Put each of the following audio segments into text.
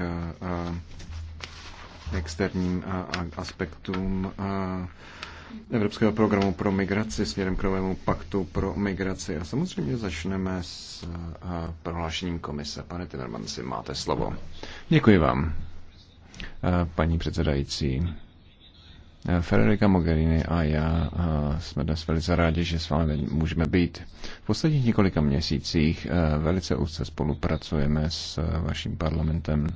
Eh, k externím eh, aspektům eh, Evropského programu pro migraci směrem k novému paktu pro migraci. A samozřejmě začneme s prohlášením komise. Pane Timmermansi, máte slovo. Děkuji vám, paní předsedající. Eh, Federica Mogherini a já eh, jsme dnes velice rádi, že s vámi můžeme být. V posledních několika měsících eh, velice úzce spolupracujeme s vaším parlamentem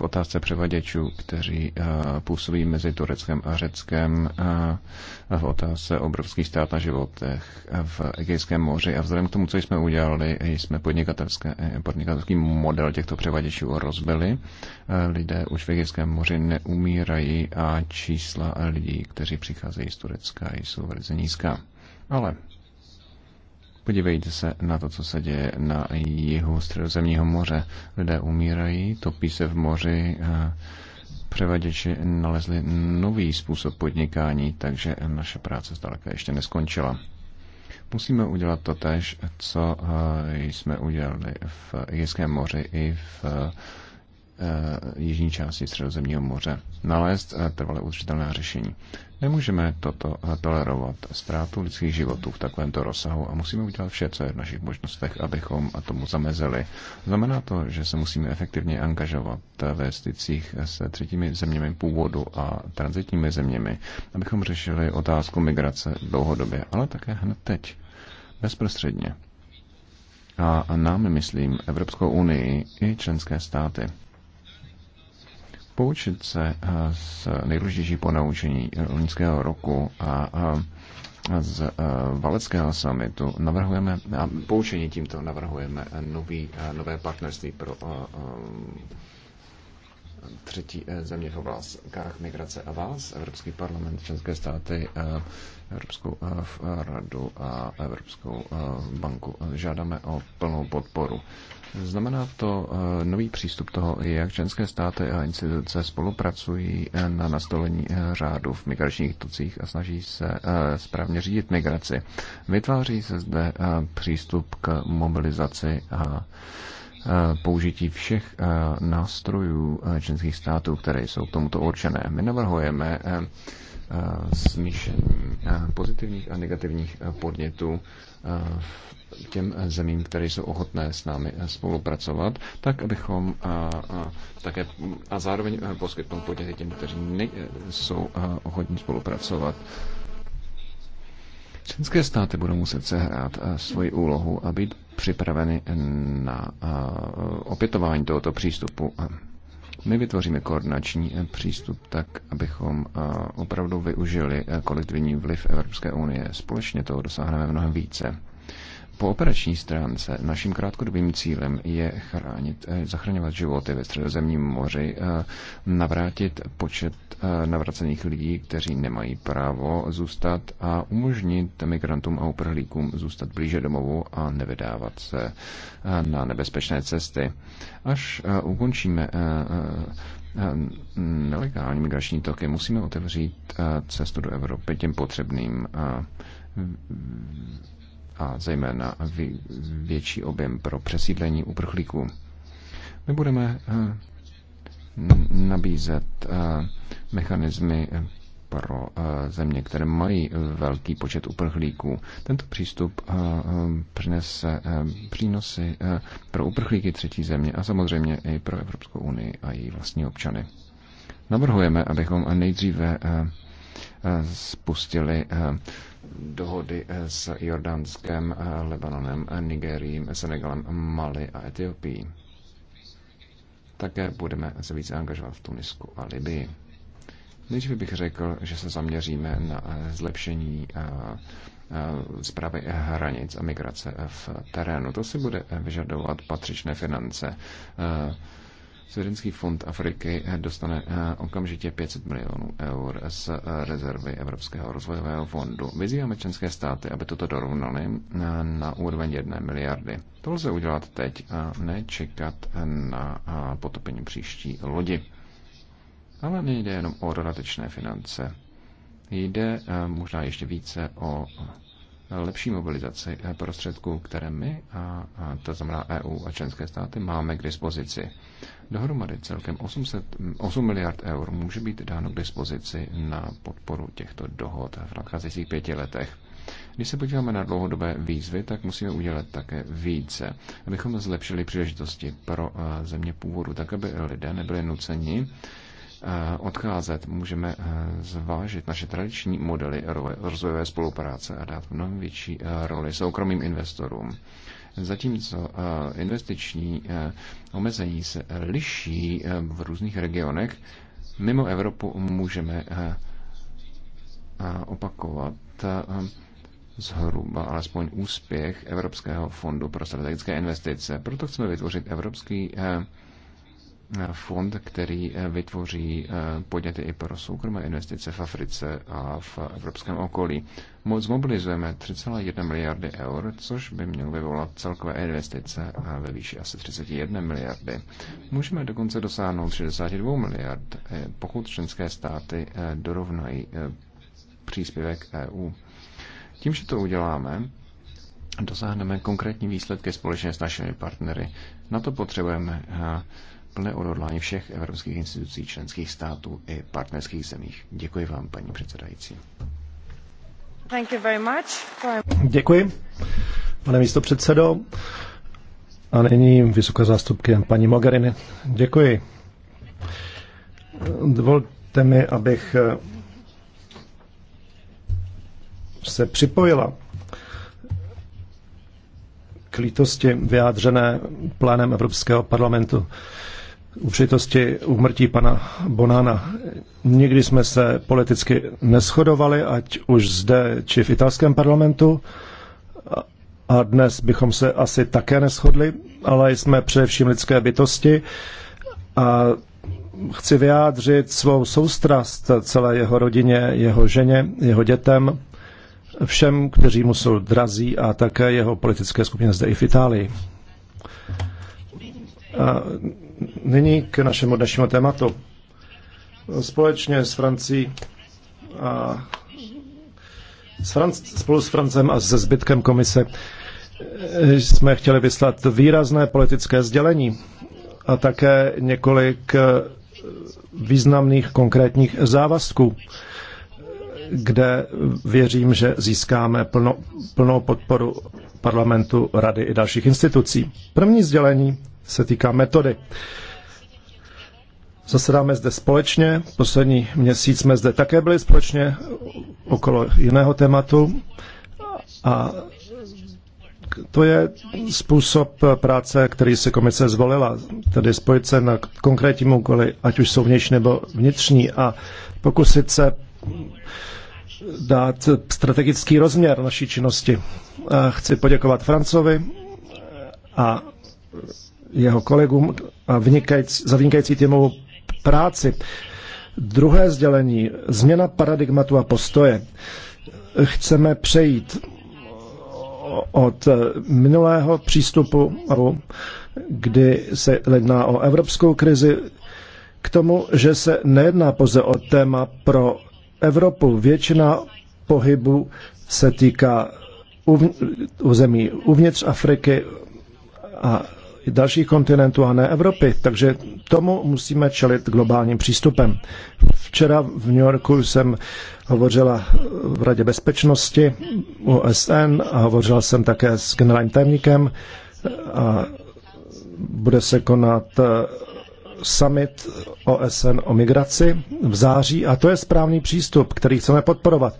v otázce převaděčů, kteří eh, působí mezi Tureckem a Řeckem, eh, v otázce obrovských stát na životech v Egejském moři. A vzhledem k tomu, co jsme udělali, jsme eh, podnikatelský model těchto převaděčů rozbili. Lidé už v Egejském moři neumírají a čísla lidí, kteří přicházejí z Turecka, jsou velice nízká. Ale Podívejte se na to, co se děje na jihu středozemního moře. Lidé umírají, topí se v moři, převaděči nalezli nový způsob podnikání, takže naše práce zdaleka ještě neskončila. Musíme udělat to tež, co jsme udělali v Jirském moři i v Eh, jižní části Středozemního moře nalézt eh, trvale udržitelné řešení. Nemůžeme toto eh, tolerovat ztrátu lidských životů v takovémto rozsahu a musíme udělat vše, co je v našich možnostech, abychom a tomu zamezili. Znamená to, že se musíme efektivně angažovat ve stycích se třetími zeměmi původu a transitními zeměmi, abychom řešili otázku migrace dlouhodobě, ale také hned teď, bezprostředně a nám myslím Evropskou unii i členské státy poučit se eh, z nejdůležitější ponaučení loňského roku a, z eh, Valeckého summitu navrhujeme, a poučení tímto navrhujeme nový, eh, nové partnerství pro třetí země v oblastkách migrace a vás, Evropský parlament, České státy, Evropskou radu a Evropskou banku. Žádáme o plnou podporu. Znamená to eh, nový přístup toho, jak členské státy a instituce spolupracují eh, na nastolení eh, řádu v migračních tocích a snaží se správně řídit migraci. Vytváří se zde přístup k mobilizaci a použití všech nástrojů členských států, které jsou k tomuto určené. My navrhujeme smíšení pozitivních a negativních podnětů těm eh, zemím, které jsou ochotné s námi eh, spolupracovat, tak abychom a, eh, a, také a zároveň poskytnout podněty těm, kteří nejsou ochotní spolupracovat. Členské státy budou muset sehrát svoji úlohu a být připraveny na opětování tohoto přístupu. My vytvoříme koordinační přístup tak, abychom opravdu využili kolektivní vliv Evropské unie. Společně toho dosáhneme mnohem více. Po operační stránce naším krátkodobým cílem je chránit, eh, zachraňovat životy ve středozemním moři, eh, navrátit počet eh, navracených lidí, kteří nemají právo zůstat a umožnit migrantům a uprhlíkům zůstat blíže domovu a nevydávat se na nebezpečné cesty. Až ukončíme nelegální migrační toky, musíme otevřít cestu do Evropy těm potřebným a zejména větší objem pro přesídlení uprchlíků. My budeme eh, nabízet eh, mechanismy pro eh, země, které mají velký počet uprchlíků. Tento přístup přinese přínosy pro uprchlíky třetí země a samozřejmě i pro Evropskou unii a její vlastní občany. Navrhujeme, abychom nejdříve spustili dohody eh, s Jordánskem, eh, Lebanonem, eh, Nigerií, Senegalem, Mali a Etiopií. Také budeme se více angažovat v Tunisku a Libii. Než bych řekl, že se zaměříme na zlepšení zprávy hranic a migrace v terénu. To si bude vyžadovat patřičné finance Svěřenský fond Afriky dostane eh, okamžitě 500 milionů eur z eh, rezervy Evropského rozvojového fondu. Vyzýváme členské státy, aby toto dorovnali eh, na úroveň 1 miliardy. To lze udělat teď a nečekat na potopení příští lodi. Ale nejde jenom o dodatečné finance. Jde možná ještě více o lepší mobilizaci prostředků, které my, a, a to znamená EU a členské státy, máme k dispozici. Dohromady celkem 800, 8 miliard eur může být dáno k dispozici na podporu těchto dohod v nadcházejících pěti letech. Když se podíváme na dlouhodobé výzvy, tak musíme udělat také více, abychom zlepšili příležitosti pro země původu, tak aby lidé nebyli nuceni Eh, odcházet, můžeme eh, zvážit naše tradiční modely rozvojové spolupráce a dát mnohem větší eh, roli soukromým investorům. Zatímco investiční omezení se liší v různých regionech, mimo Evropu můžeme opakovat zhruba alespoň úspěch Evropského fondu pro strategické investice. Proto chceme vytvořit Evropský fond, který eh, vytvoří eh, podněty i pro soukromé investice v Africe a v evropském okolí. mobilizujeme 3,1 miliardy eur, což by mělo vyvolat celkové investice eh, ve výši asi 31 miliardy. Můžeme dokonce dosáhnout 62 miliard, pokud členské státy dorovnají příspěvek EU. Tím, že to uděláme, dosáhneme konkrétní výsledky společně s našimi partnery. Na to potřebujeme plné odhodlání všech evropských institucí, členských států i partnerských zemích. Děkuji vám, paní předsedající. Thank you very much. Děkuji, pane místo předsedo. A nyní vysoká zástupky paní Mogherini. Děkuji. Dovolte mi, abych eh, se připojila k lítosti vyjádřené plánem Evropského parlamentu u přitosti umrtí pana Bonana. Nikdy jsme se politicky neschodovali, ať už zde, či v italském parlamentu. A dnes bychom se asi také neschodli, ale jsme především lidské bytosti. A chci vyjádřit svou soustrast celé jeho rodině, jeho ženě, jeho dětem, všem, kteří mu jsou drazí a také jeho politické skupině zde i v Itálii. A Nyní k našemu dnešnímu tématu. Společně s Francí a s Franc, spolu s Francem a se zbytkem komise eh, jsme chtěli vyslat výrazné politické sdělení a také několik eh, významných konkrétních závazků, kde věřím, že získáme plno, plnou podporu parlamentu, rady i dalších institucí. První sdělení se týká metody. Zasedáme zde společně, poslední měsíc jsme zde také byli společně okolo jiného tématu a to je způsob práce, který se komise zvolila, tedy spojit se na konkrétním úkoly, ať už jsou vnější nebo vnitřní a pokusit se dát strategický rozměr naší činnosti. A chci poděkovat Francovi a jeho kolegům a vynikající, za vynikající týmovou práci. Druhé sdělení, změna paradigmatu a postoje. Chceme přejít od minulého přístupu, kdy se jedná o evropskou krizi, k tomu, že se nejedná pouze o téma pro Evropu. Většina pohybu se týká území uvnitř Afriky a dalších kontinentů a ne Evropy. Takže tomu musíme čelit globálním přístupem. Včera v New Yorku jsem hovořila v Radě bezpečnosti OSN a hovořila jsem také s generálním tajemníkem a bude se konat eh, summit OSN o migraci v září a to je správný přístup, který chceme podporovat.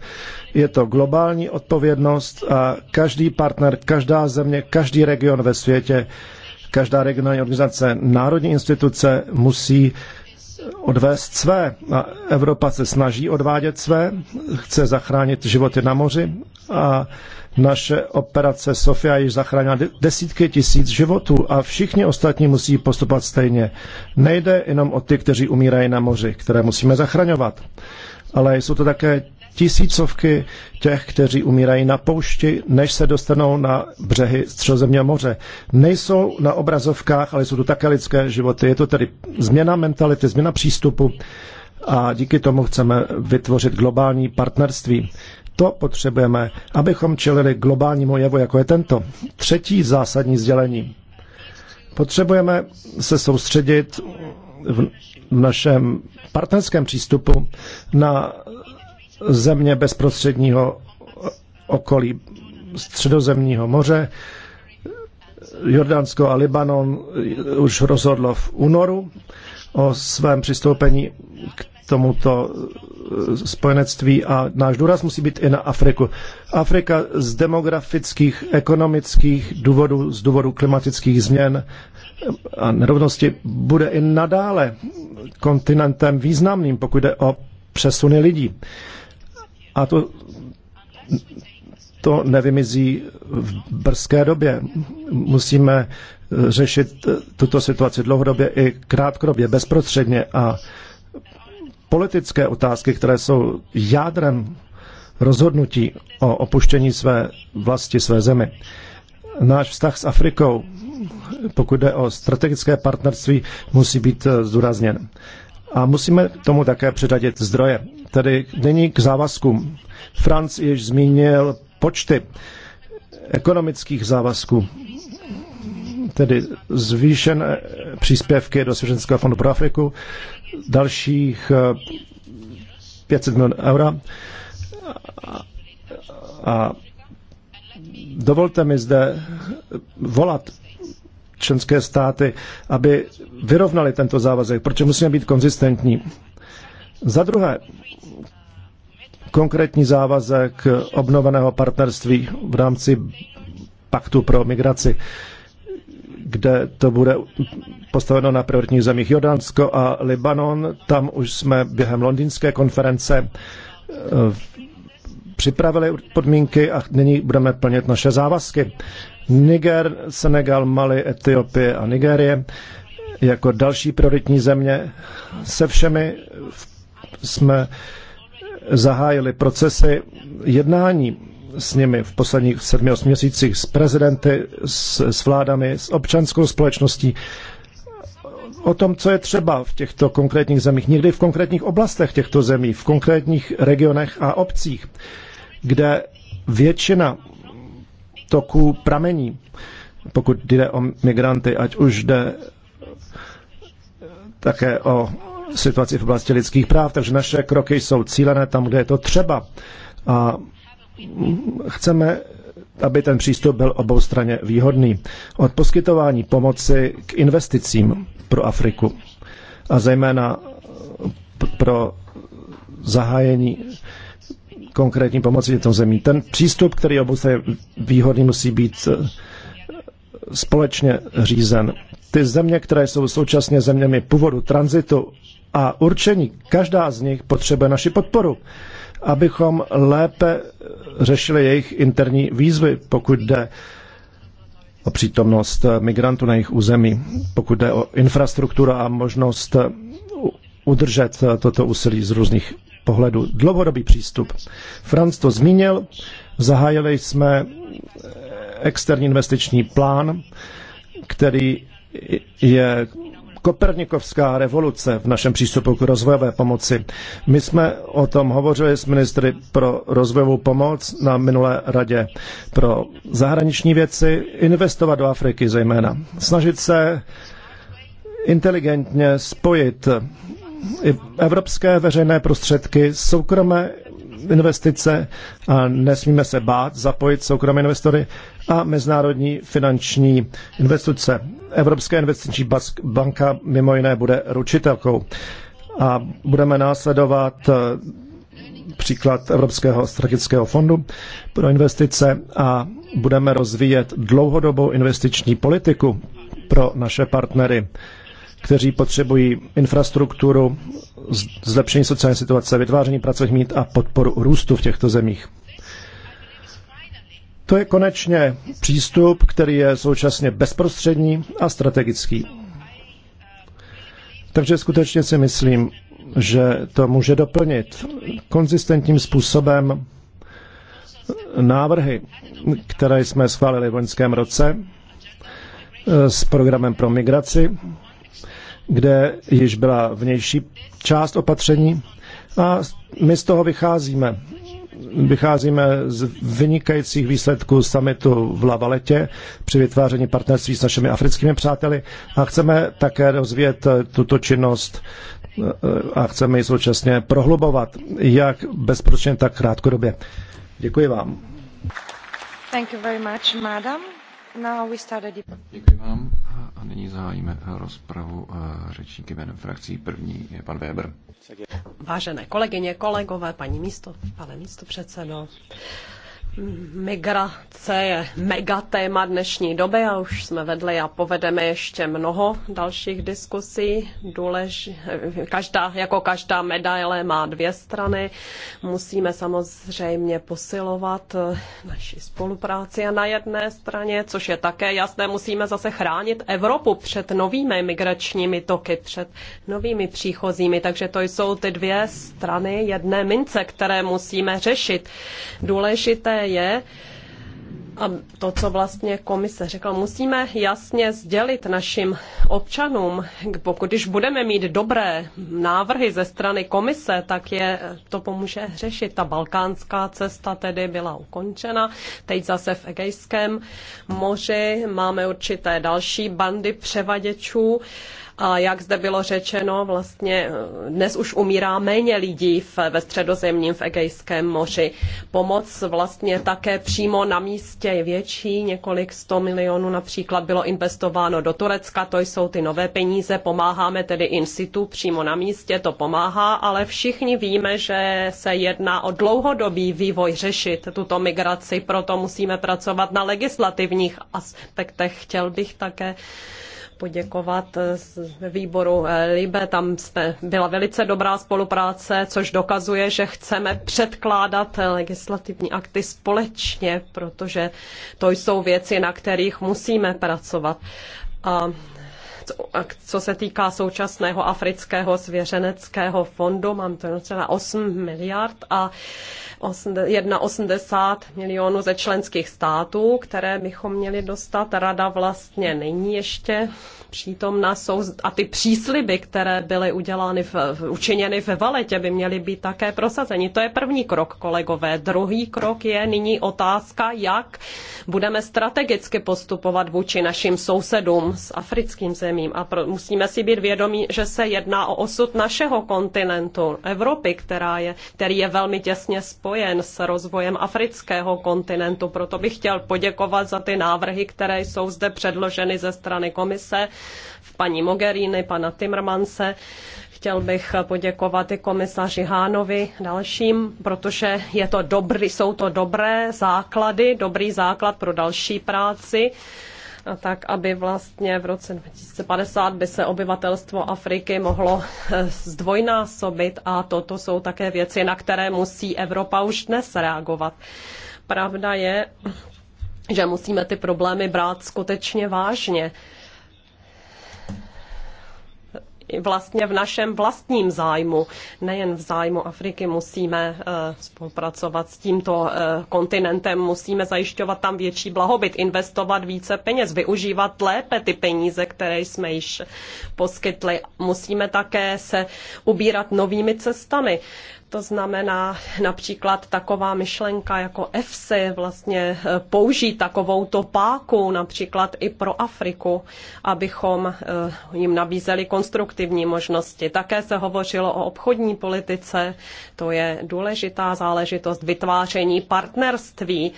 Je to globální odpovědnost a každý partner, každá země, každý region ve světě Každá regionální organizace, národní instituce musí odvést své. A Evropa se snaží odvádět své, chce zachránit životy na moři a naše operace Sofia již zachránila desítky tisíc životů a všichni ostatní musí postupovat stejně. Nejde jenom o ty, kteří umírají na moři, které musíme zachraňovat, ale jsou to také tisícovky těch, kteří umírají na poušti, než se dostanou na břehy Středozemního moře. Nejsou na obrazovkách, ale jsou to také lidské životy. Je to tedy změna mentality, změna přístupu a díky tomu chceme vytvořit globální partnerství. To potřebujeme, abychom čelili globálnímu jevu, jako je tento. Třetí zásadní sdělení. Potřebujeme se soustředit v našem partnerském přístupu na země bezprostředního okolí středozemního moře. Jordánsko a Libanon už rozhodlo v únoru o svém přistoupení k tomuto spojenectví a náš důraz musí být i na Afriku. Afrika z demografických, ekonomických důvodů, z důvodu klimatických změn a nerovnosti bude i nadále kontinentem významným, pokud jde o přesuny lidí. A to, to nevymizí v brzké době. Musíme eh, řešit eh, tuto situaci dlouhodobě i krátkodobě, bezprostředně. A politické otázky, které jsou jádrem rozhodnutí o opuštění své vlasti, své zemi. Náš vztah s Afrikou, pokud jde o strategické partnerství, musí být eh, zdůrazněn. A musíme tomu také přiřadit zdroje. Tedy není k závazkům. Franc již zmínil počty ekonomických závazků, tedy zvýšené eh, příspěvky do Svěřenského fondu pro Afriku, dalších 500 eh, milionů eura. A dovolte mi zde volat členské státy, aby vyrovnali tento závazek, protože musíme být konzistentní. Za druhé, konkrétní závazek obnoveného partnerství v rámci paktu pro migraci, kde to bude postaveno na prioritních zemích Jordánsko a Libanon. Tam už jsme během londýnské konference eh, připravili podmínky a nyní budeme plnit naše závazky. Niger, Senegal, Mali, Etiopie a Nigérie jako další prioritní země. Se všemi jsme zahájili procesy jednání s nimi v posledních sedmi, osmi měsících s prezidenty, s, s vládami, s občanskou společností o tom, co je třeba v těchto konkrétních zemích, někdy v konkrétních oblastech těchto zemí, v konkrétních regionech a obcích, kde většina toků pramení, pokud jde o migranty, ať už jde také o situaci v oblasti lidských práv, takže naše kroky jsou cílené tam, kde je to třeba. A chceme, aby ten přístup byl oboustranně výhodný. Od poskytování pomoci k investicím pro Afriku a zejména pro zahájení konkrétní pomoci těmto zemí. Ten přístup, který obou je výhodný, musí být eh, společně řízen. Ty země, které jsou současně zeměmi původu, tranzitu a určení, každá z nich potřebuje naši podporu, abychom lépe řešili jejich interní výzvy, pokud jde o přítomnost eh, migrantů na jejich území, pokud jde o infrastrukturu a možnost eh, udržet toto úsilí z různých pohledu. Dlouhodobý přístup. Franc to zmínil, zahájili jsme eh, externí investiční plán, který je Kopernikovská revoluce v našem přístupu k rozvojové pomoci. My jsme o tom hovořili s ministry pro rozvojovou pomoc na minulé radě pro zahraniční věci, investovat do Afriky zejména. Snažit se inteligentně spojit evropské veřejné prostředky, soukromé investice a nesmíme se bát zapojit soukromé investory a mezinárodní finanční investice. Evropská investiční banka mimo jiné bude ručitelkou a budeme následovat eh, příklad Evropského strategického fondu pro investice a budeme rozvíjet dlouhodobou investiční politiku pro naše partnery kteří potřebují infrastrukturu, zlepšení sociální situace, vytváření pracovních mít a podporu růstu v těchto zemích. To je konečně přístup, který je současně bezprostřední a strategický. Takže skutečně si myslím, že to může doplnit konzistentním způsobem návrhy, které jsme schválili v loňském roce eh, s programem pro migraci kde již byla vnější část opatření a my z toho vycházíme. Vycházíme z vynikajících výsledků summitu v Lavaletě při vytváření partnerství s našimi africkými přáteli a chceme také rozvíjet tuto činnost a chceme ji současně prohlubovat, jak bezprostředně, tak krátkodobě. Děkuji vám. Thank you very much, madam. Now we Děkuji vám. A nyní zahájíme rozpravu eh, řečníky jménem frakcí. První je pan Weber. Vážené kolegyně, kolegové, paní místo, pane místo předsedo. Migrace je megatéma dnešní doby a už jsme vedli a povedeme ještě mnoho dalších diskusí. Důlež, každá, jako každá medaile má dvě strany. Musíme samozřejmě posilovat eh, naši spolupráci a na jedné straně, což je také jasné, musíme zase chránit Evropu před novými migračními toky, před novými příchozími. Takže to jsou ty dvě strany jedné mince, které musíme řešit. Důležité je, a to, co vlastně komise řekla, musíme jasně sdělit našim občanům, pokud když budeme mít dobré návrhy ze strany komise, tak je to pomůže řešit. Ta balkánská cesta tedy byla ukončena, teď zase v Egejském moři máme určité další bandy převaděčů a jak zde bylo řečeno, vlastně eh, dnes už umírá méně lidí v, ve středozemním, v Egejském moři. Pomoc vlastně také přímo na místě je větší, několik sto milionů například bylo investováno do Turecka, to jsou ty nové peníze, pomáháme tedy in situ přímo na místě, to pomáhá, ale všichni víme, že se jedná o dlouhodobý vývoj řešit tuto migraci, proto musíme pracovat na legislativních aspektech. Chtěl bych také poděkovat eh, z výboru eh, Libe. Tam jste byla velice dobrá spolupráce, což dokazuje, že chceme předkládat eh, legislativní akty společně, protože to jsou věci, na kterých musíme pracovat. A co se týká současného afrického svěřeneckého fondu, mám to 8 miliard a 1,80 milionů ze členských států, které bychom měli dostat. Rada vlastně není ještě přítomna jsou a ty přísliby, které byly udělány v, učiněny ve Valetě, by měly být také prosazeny. To je první krok, kolegové. Druhý krok je nyní otázka, jak budeme strategicky postupovat vůči našim sousedům s africkým zemím zemím a pro, musíme si být vědomí, že se jedná o osud našeho kontinentu, Evropy, která je, který je velmi těsně spojen s rozvojem afrického kontinentu. Proto bych chtěl poděkovat za ty návrhy, které jsou zde předloženy ze strany komise, v paní Mogherini, pana Timmermanse. Chtěl bych poděkovat i komisaři Hánovi dalším, protože je to dobrý, jsou to dobré základy, dobrý základ pro další práci tak aby vlastně v roce 2050 by se obyvatelstvo Afriky mohlo eh, zdvojnásobit a toto jsou také věci, na které musí Evropa už dnes reagovat. Pravda je, že musíme ty problémy brát skutečně vážně vlastně v našem vlastním zájmu. Nejen v zájmu Afriky musíme eh, spolupracovat s tímto eh, kontinentem, musíme zajišťovat tam větší blahobyt, investovat více peněz, využívat lépe ty peníze, které jsme již poskytli. Musíme také se ubírat novými cestami. To znamená například taková myšlenka jako EFSI vlastně e, použít takovou topáku například i pro Afriku, abychom e, jim nabízeli konstruktivní možnosti. Také se hovořilo o obchodní politice, to je důležitá záležitost vytváření partnerství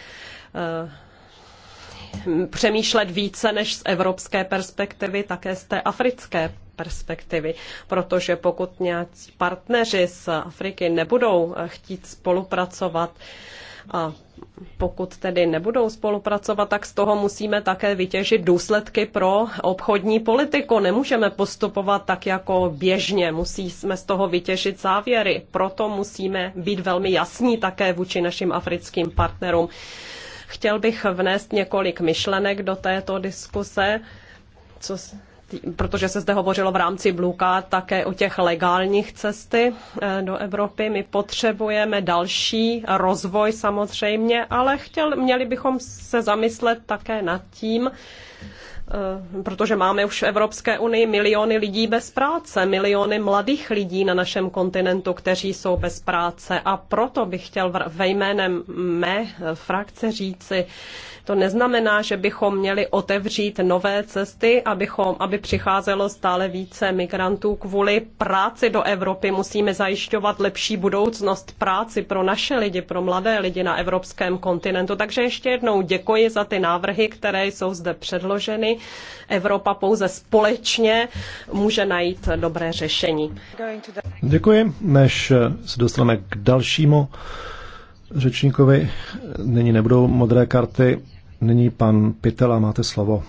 e, přemýšlet více než z evropské perspektivy, také z té africké perspektivy, protože pokud nějací partneři z Afriky nebudou eh, chtít spolupracovat, a pokud tedy nebudou spolupracovat, tak z toho musíme také vytěžit důsledky pro obchodní politiku. Nemůžeme postupovat tak jako běžně, musíme z toho vytěžit závěry. Proto musíme být velmi jasní také vůči našim africkým partnerům. Chtěl bych vnést několik myšlenek do této diskuse. Co, protože se zde hovořilo v rámci Bluka také o těch legálních cesty eh, do Evropy. My potřebujeme další rozvoj samozřejmě, ale chtěl, měli bychom se zamyslet také nad tím, eh, protože máme už v Evropské unii miliony lidí bez práce, miliony mladých lidí na našem kontinentu, kteří jsou bez práce. A proto bych chtěl ve jménem mé frakce říci, to neznamená, že bychom měli otevřít nové cesty, abychom, aby přicházelo stále více migrantů kvůli práci do Evropy. Musíme zajišťovat lepší budoucnost práci pro naše lidi, pro mladé lidi na evropském kontinentu. Takže ještě jednou děkuji za ty návrhy, které jsou zde předloženy. Evropa pouze společně může najít dobré řešení. Děkuji. Než se dostaneme k dalšímu řečníkovi, nyní nebudou modré karty, Nyní pan Pitela, máte slovo.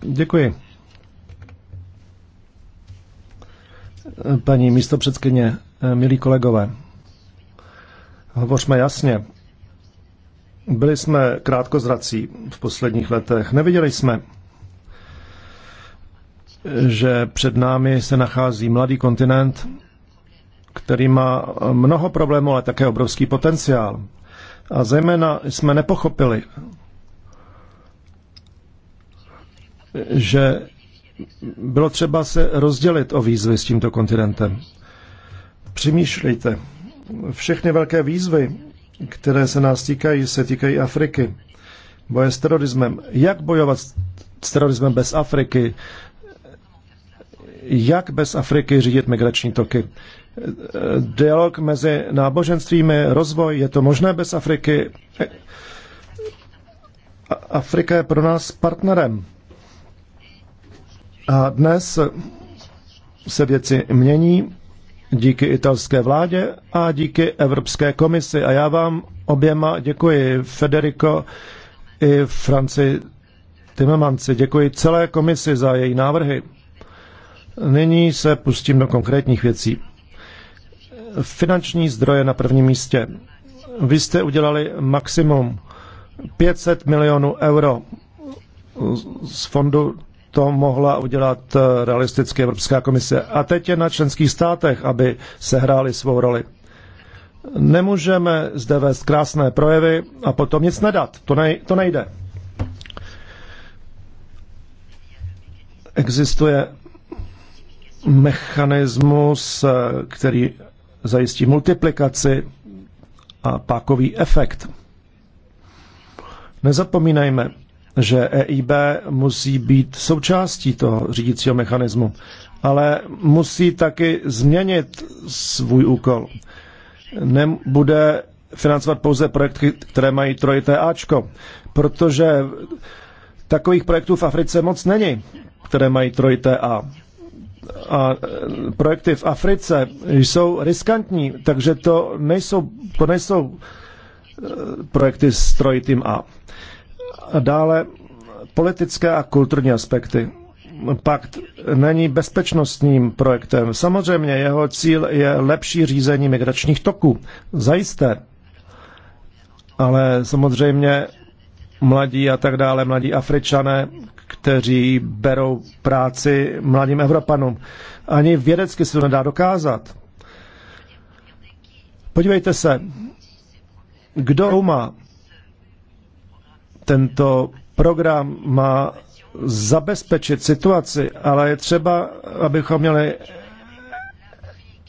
Děkuji. Paní místopředsedkyně, milí kolegové, hovořme jasně. Byli jsme krátkozrací v posledních letech. Neviděli jsme, že před námi se nachází mladý kontinent, který má mnoho problémů, ale také obrovský potenciál. A zejména jsme nepochopili, že bylo třeba se rozdělit o výzvy s tímto kontinentem. Přemýšlejte, všechny velké výzvy, které se nás týkají, se týkají Afriky. Boje s terorismem. Jak bojovat s terorismem bez Afriky? Jak bez Afriky řídit migrační toky? dialog mezi náboženstvími, rozvoj, je to možné bez Afriky. Afrika je pro nás partnerem. A dnes se věci mění díky italské vládě a díky Evropské komisi. A já vám oběma děkuji, Federico i Franci Timmermansi. Děkuji celé komisi za její návrhy. Nyní se pustím do konkrétních věcí. Finanční zdroje na prvním místě. Vy jste udělali maximum 500 milionů euro z fondu to mohla udělat eh, realisticky Evropská komise. A teď je na členských státech, aby sehráli svou roli. Nemůžeme zde vést krásné projevy a potom nic nedat. To, nej, to nejde. Existuje mechanismus, eh, který zajistí multiplikaci a pákový efekt. Nezapomínejme, že EIB musí být součástí toho řídícího mechanismu, ale musí taky změnit svůj úkol. Nebude financovat pouze projekty, které mají trojité Ačko, protože takových projektů v Africe moc není, které mají trojité A a e, projekty v Africe jsou riskantní, takže to nejsou, to nejsou e, projekty s trojitým A. a dále politické a kulturní aspekty. Pakt není bezpečnostním projektem. Samozřejmě jeho cíl je lepší řízení migračních toků. Zajisté. Ale samozřejmě mladí a tak dále, mladí Afričané, kteří berou práci mladým Evropanům. Ani vědecky se to nedá dokázat. Podívejte se, kdo má tento program má zabezpečit situaci, ale je třeba, abychom měli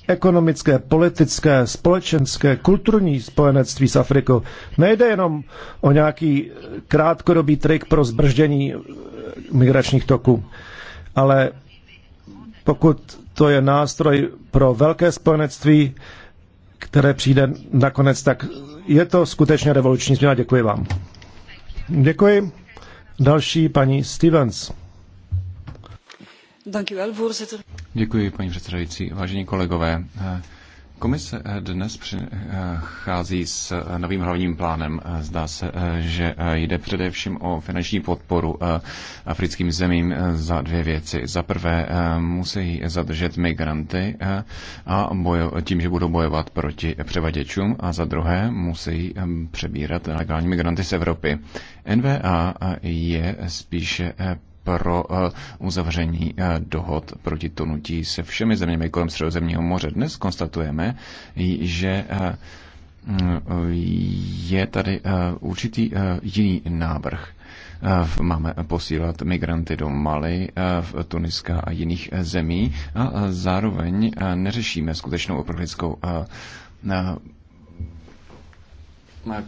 ekonomické, politické, společenské, kulturní spojenectví s Afrikou. Nejde jenom o nějaký krátkodobý trik pro zbrždění eh, migračních toků, ale pokud to je nástroj pro velké spojenectví, které přijde nakonec, tak je to skutečně revoluční změna. Děkuji vám. Děkuji. Další paní Stevens. Děkuji, paní předsedající. Vážení kolegové, Komise dnes přichází s novým hlavním plánem. Zdá se, že jde především o finanční podporu africkým zemím za dvě věci. Za prvé musí zadržet migranty a bojo, tím, že budou bojovat proti převaděčům a za druhé musí přebírat legální migranty z Evropy. NVA je spíše pro eh, uzavření eh, dohod proti tonutí se všemi zeměmi kolem Středozemního moře. Dnes konstatujeme, že eh, mm, je tady určitý jiný návrh. Máme posílat migranty do Mali, Tuniska a jiných zemí a zároveň neřešíme skutečnou uprchlickou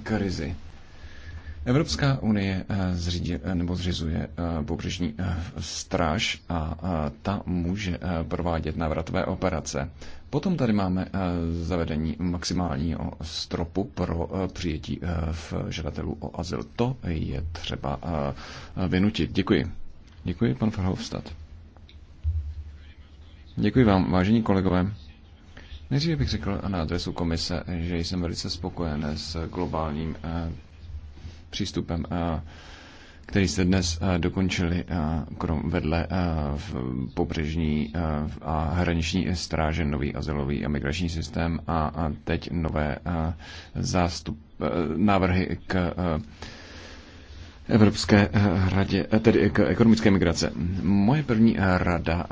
krizi. Evropská unie eh, zřídě, eh, nebo zřizuje eh, pobřežní stráž a ta může provádět návratové operace. Potom tady máme zavedení maximálního stropu pro přijetí v žadatelů o azyl. To je třeba vynutit. Děkuji. Děkuji, pan Verhofstadt. Děkuji vám, vážení kolegové. Nejdříve bych řekl na adresu komise, že jsem velice spokojen s globálním přístupem, eh, který se dnes eh, dokončili eh, krom vedle v pobřežní a hraniční stráže nový azylový a migrační systém a teď nové zástup, návrhy k Evropské eh, radě, eh, tedy k ekonomické migrace. Moje první eh, rada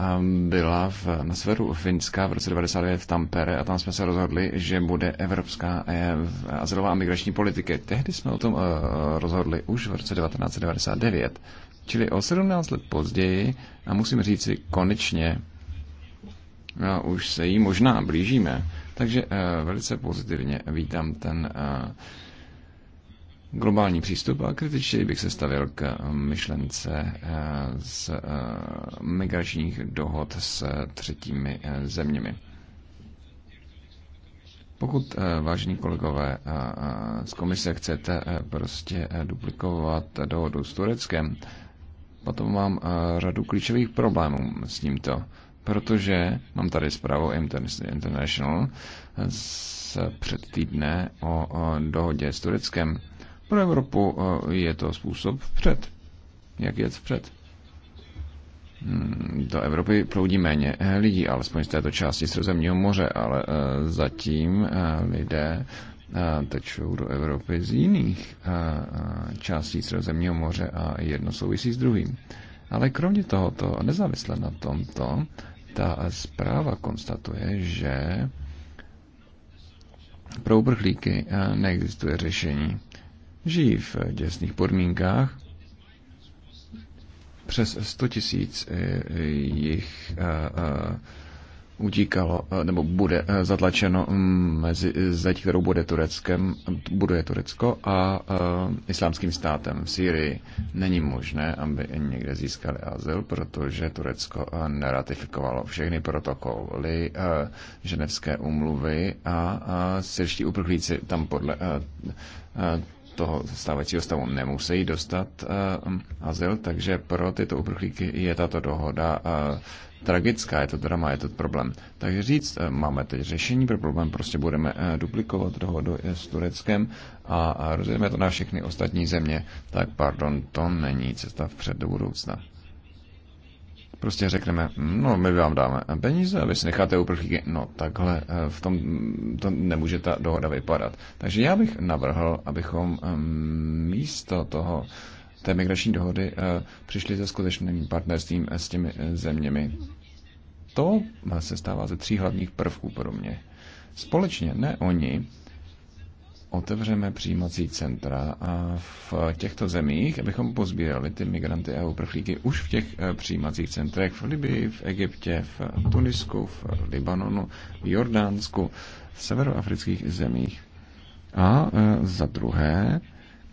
byla v, na severu Finska v roce 1999 v Tampere a tam jsme se rozhodli, že bude evropská azylová migrační politika. Tehdy jsme o tom rozhodli už v roce 1999, čili o 17 let později a musím říci konečně, a už se jí možná blížíme. Takže velice pozitivně vítám ten globální přístup a kritičtěji bych se stavil k myšlence eh, z eh, migračních dohod s eh, třetími zeměmi. Pokud, vážení kolegové, z komise chcete prostě duplikovat dohodu s Tureckem, potom mám radu klíčových problémů s tímto, protože mám tady zprávu International z před týdne o dohodě s Tureckem pro Evropu eh, je to způsob vpřed. Jak jet vpřed? Hmm, do Evropy proudí méně eh, lidí, alespoň z této části Středozemního moře, ale eh, zatím lidé tečou do Evropy z jiných částí Středozemního moře a jedno souvisí s druhým. Ale kromě tohoto, nezávisle na tomto, ta zpráva konstatuje, že pro uprchlíky neexistuje řešení žijí v děsných podmínkách. Přes 100 tisíc eh, jich eh, eh, utíkalo, nebo bude zatlačeno mm, mezi zeď, kterou bude Tureckem, buduje Turecko a islámským státem v Sýrii. Není možné, aby někde získali azyl, protože Turecko neratifikovalo všechny protokoly ženevské úmluvy a syrští uprchlíci tam podle toho stávajícího stavu nemusí dostat eh, mm, azyl, takže pro tyto uprchlíky je tato dohoda eh, tragická, je to drama, je to problém. Takže říct, eh, máme teď řešení pro problém, prostě budeme duplikovat dohodu s Tureckem a rozjedeme to na všechny ostatní země, tak pardon, to není cesta vpřed do budoucna. Prostě řekneme, no my vám dáme peníze a vy si necháte uprchlíky. No takhle eh, v tom to nemůže ta dohoda vypadat. Takže já bych navrhl, abychom eh, místo toho té migrační dohody eh, přišli se skutečným partnerstvím s těmi zeměmi. To se stává ze tří hlavních prvků pro mě. Společně, ne oni, otevřeme přijímací centra a v těchto zemích, abychom pozbírali ty migranty a uprchlíky už v těch eh, přijímacích centrech v Libii, v Egyptě, v Tunisku, v Libanonu, v Jordánsku, v severoafrických zemích. A eh, za druhé,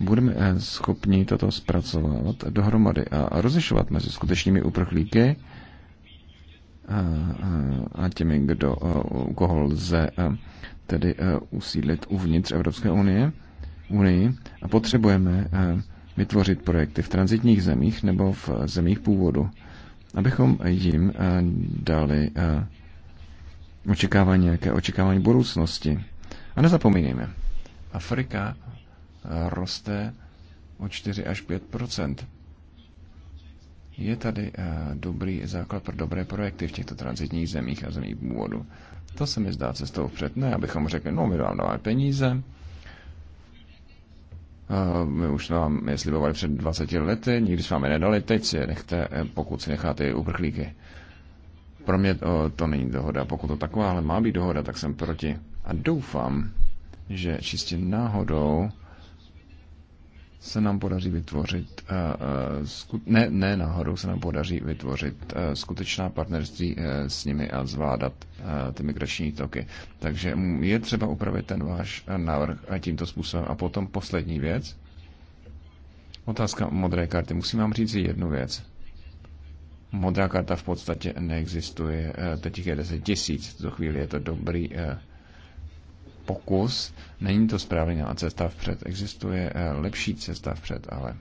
budeme eh, schopni toto zpracovat dohromady a rozlišovat mezi skutečnými uprchlíky a těmi, kdo, u koho lze tedy eh, usídlit uvnitř Evropské unie, unii a potřebujeme eh, vytvořit projekty v transitních zemích nebo v eh, zemích původu, abychom jim dali očekávání, nějaké očekávání budoucnosti. A nezapomínejme, Afrika roste o 4 až 5 Je tady dobrý základ pro dobré projekty v těchto transitních zemích a zemích původu. To se mi zdá cestou vpřed. Ne, abychom řekli, no my vám dáváme peníze, my už vám je slibovali před 20 lety, nikdy s vámi nedali, teď si je nechte, eh, pokud si necháte uprchlíky. Pro mě to, eh, to není dohoda. Pokud to taková, ale má být dohoda, tak jsem proti. A doufám, že čistě náhodou se nám podaří vytvořit, eh, eh, ne, ne náhodou se nám podaří vytvořit eh, skutečná partnerství s nimi a zvládat ty migrační toky. Takže je třeba upravit ten váš návrh tímto způsobem. A potom poslední věc. Otázka modré karty. Musím vám říct jednu věc. Modrá karta v podstatě neexistuje. Teď je 10 tisíc. Do chvíli je to dobrý pokus. Není to správně, ale cesta vpřed. Existuje eh, lepší cesta vpřed, ale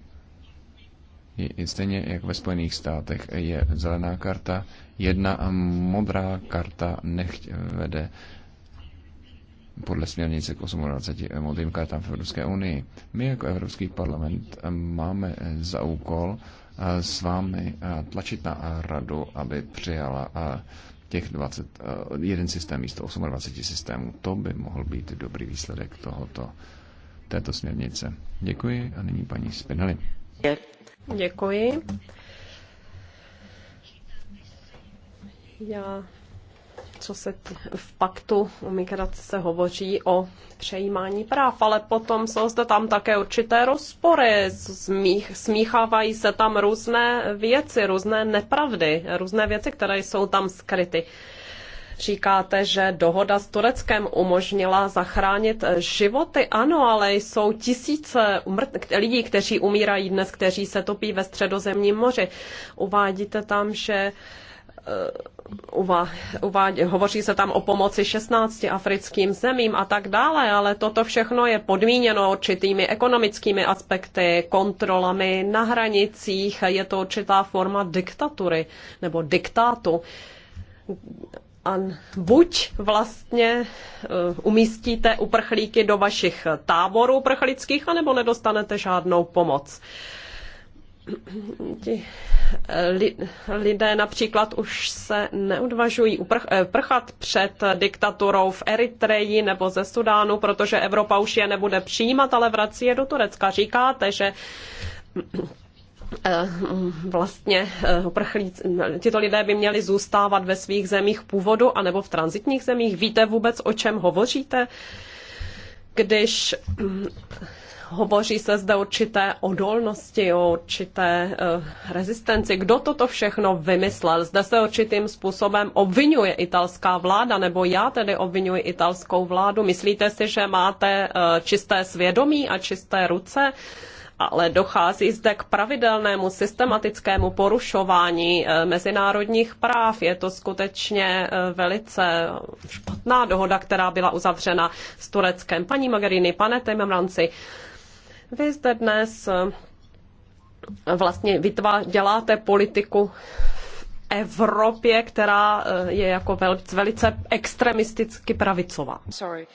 je stejně jak ve Spojených státech je zelená karta, jedna a modrá karta nechť eh, vede podle směrnice k 28 eh, modrým kartám v Evropské unii. My jako Evropský parlament máme za úkol s vámi tlačit na radu, aby přijala těch 20, eh, jeden systém místo 28 systémů. To by mohl být dobrý výsledek tohoto, této směrnice. Děkuji a nyní paní Spinelli. Děkuji. Já co se t- v paktu o migraci se hovoří o přejímání práv, ale potom jsou zde tam také určité rozpory, smích, smíchávají se tam různé věci, různé nepravdy, různé věci, které jsou tam skryty. Říkáte, že dohoda s Tureckem umožnila zachránit životy. Ano, ale jsou tisíce lidí, kteří umírají dnes, kteří se topí ve středozemním moři. Uvádíte tam, že uh, uva, eh, uva, hovoří se tam o pomoci 16 africkým zemím a tak dále, ale toto všechno je podmíněno určitými ekonomickými aspekty, kontrolami na hranicích, je to určitá forma diktatury nebo diktátu. A buď vlastně eh, umístíte uprchlíky do vašich táborů uprchlických, anebo nedostanete žádnou pomoc. Eh, lidé například už se neodvažují eh, prchat před diktaturou v Eritreji nebo ze Sudánu, protože Evropa už je nebude přijímat, ale vrací je do Turecka. Říkáte, že eh, vlastně tito lidé by měli zůstávat ve svých zemích původu anebo v transitních zemích. Víte vůbec, o čem hovoříte? Když Hovoří se zde určité odolnosti, o určité uh, rezistenci. Kdo toto všechno vymyslel? Zde se určitým způsobem obvinuje italská vláda, nebo já tedy obvinuji italskou vládu. Myslíte si, že máte uh, čisté svědomí a čisté ruce? ale dochází zde k pravidelnému systematickému porušování eh, mezinárodních práv. Je to skutečně velice špatná dohoda, která byla uzavřena s Tureckem. Paní Mogherini, pane Timmermansi, vy zde dnes eh, vlastně vytvá, děláte politiku v Evropě, která eh, je jako velice, velice extremisticky pravicová. Sorry,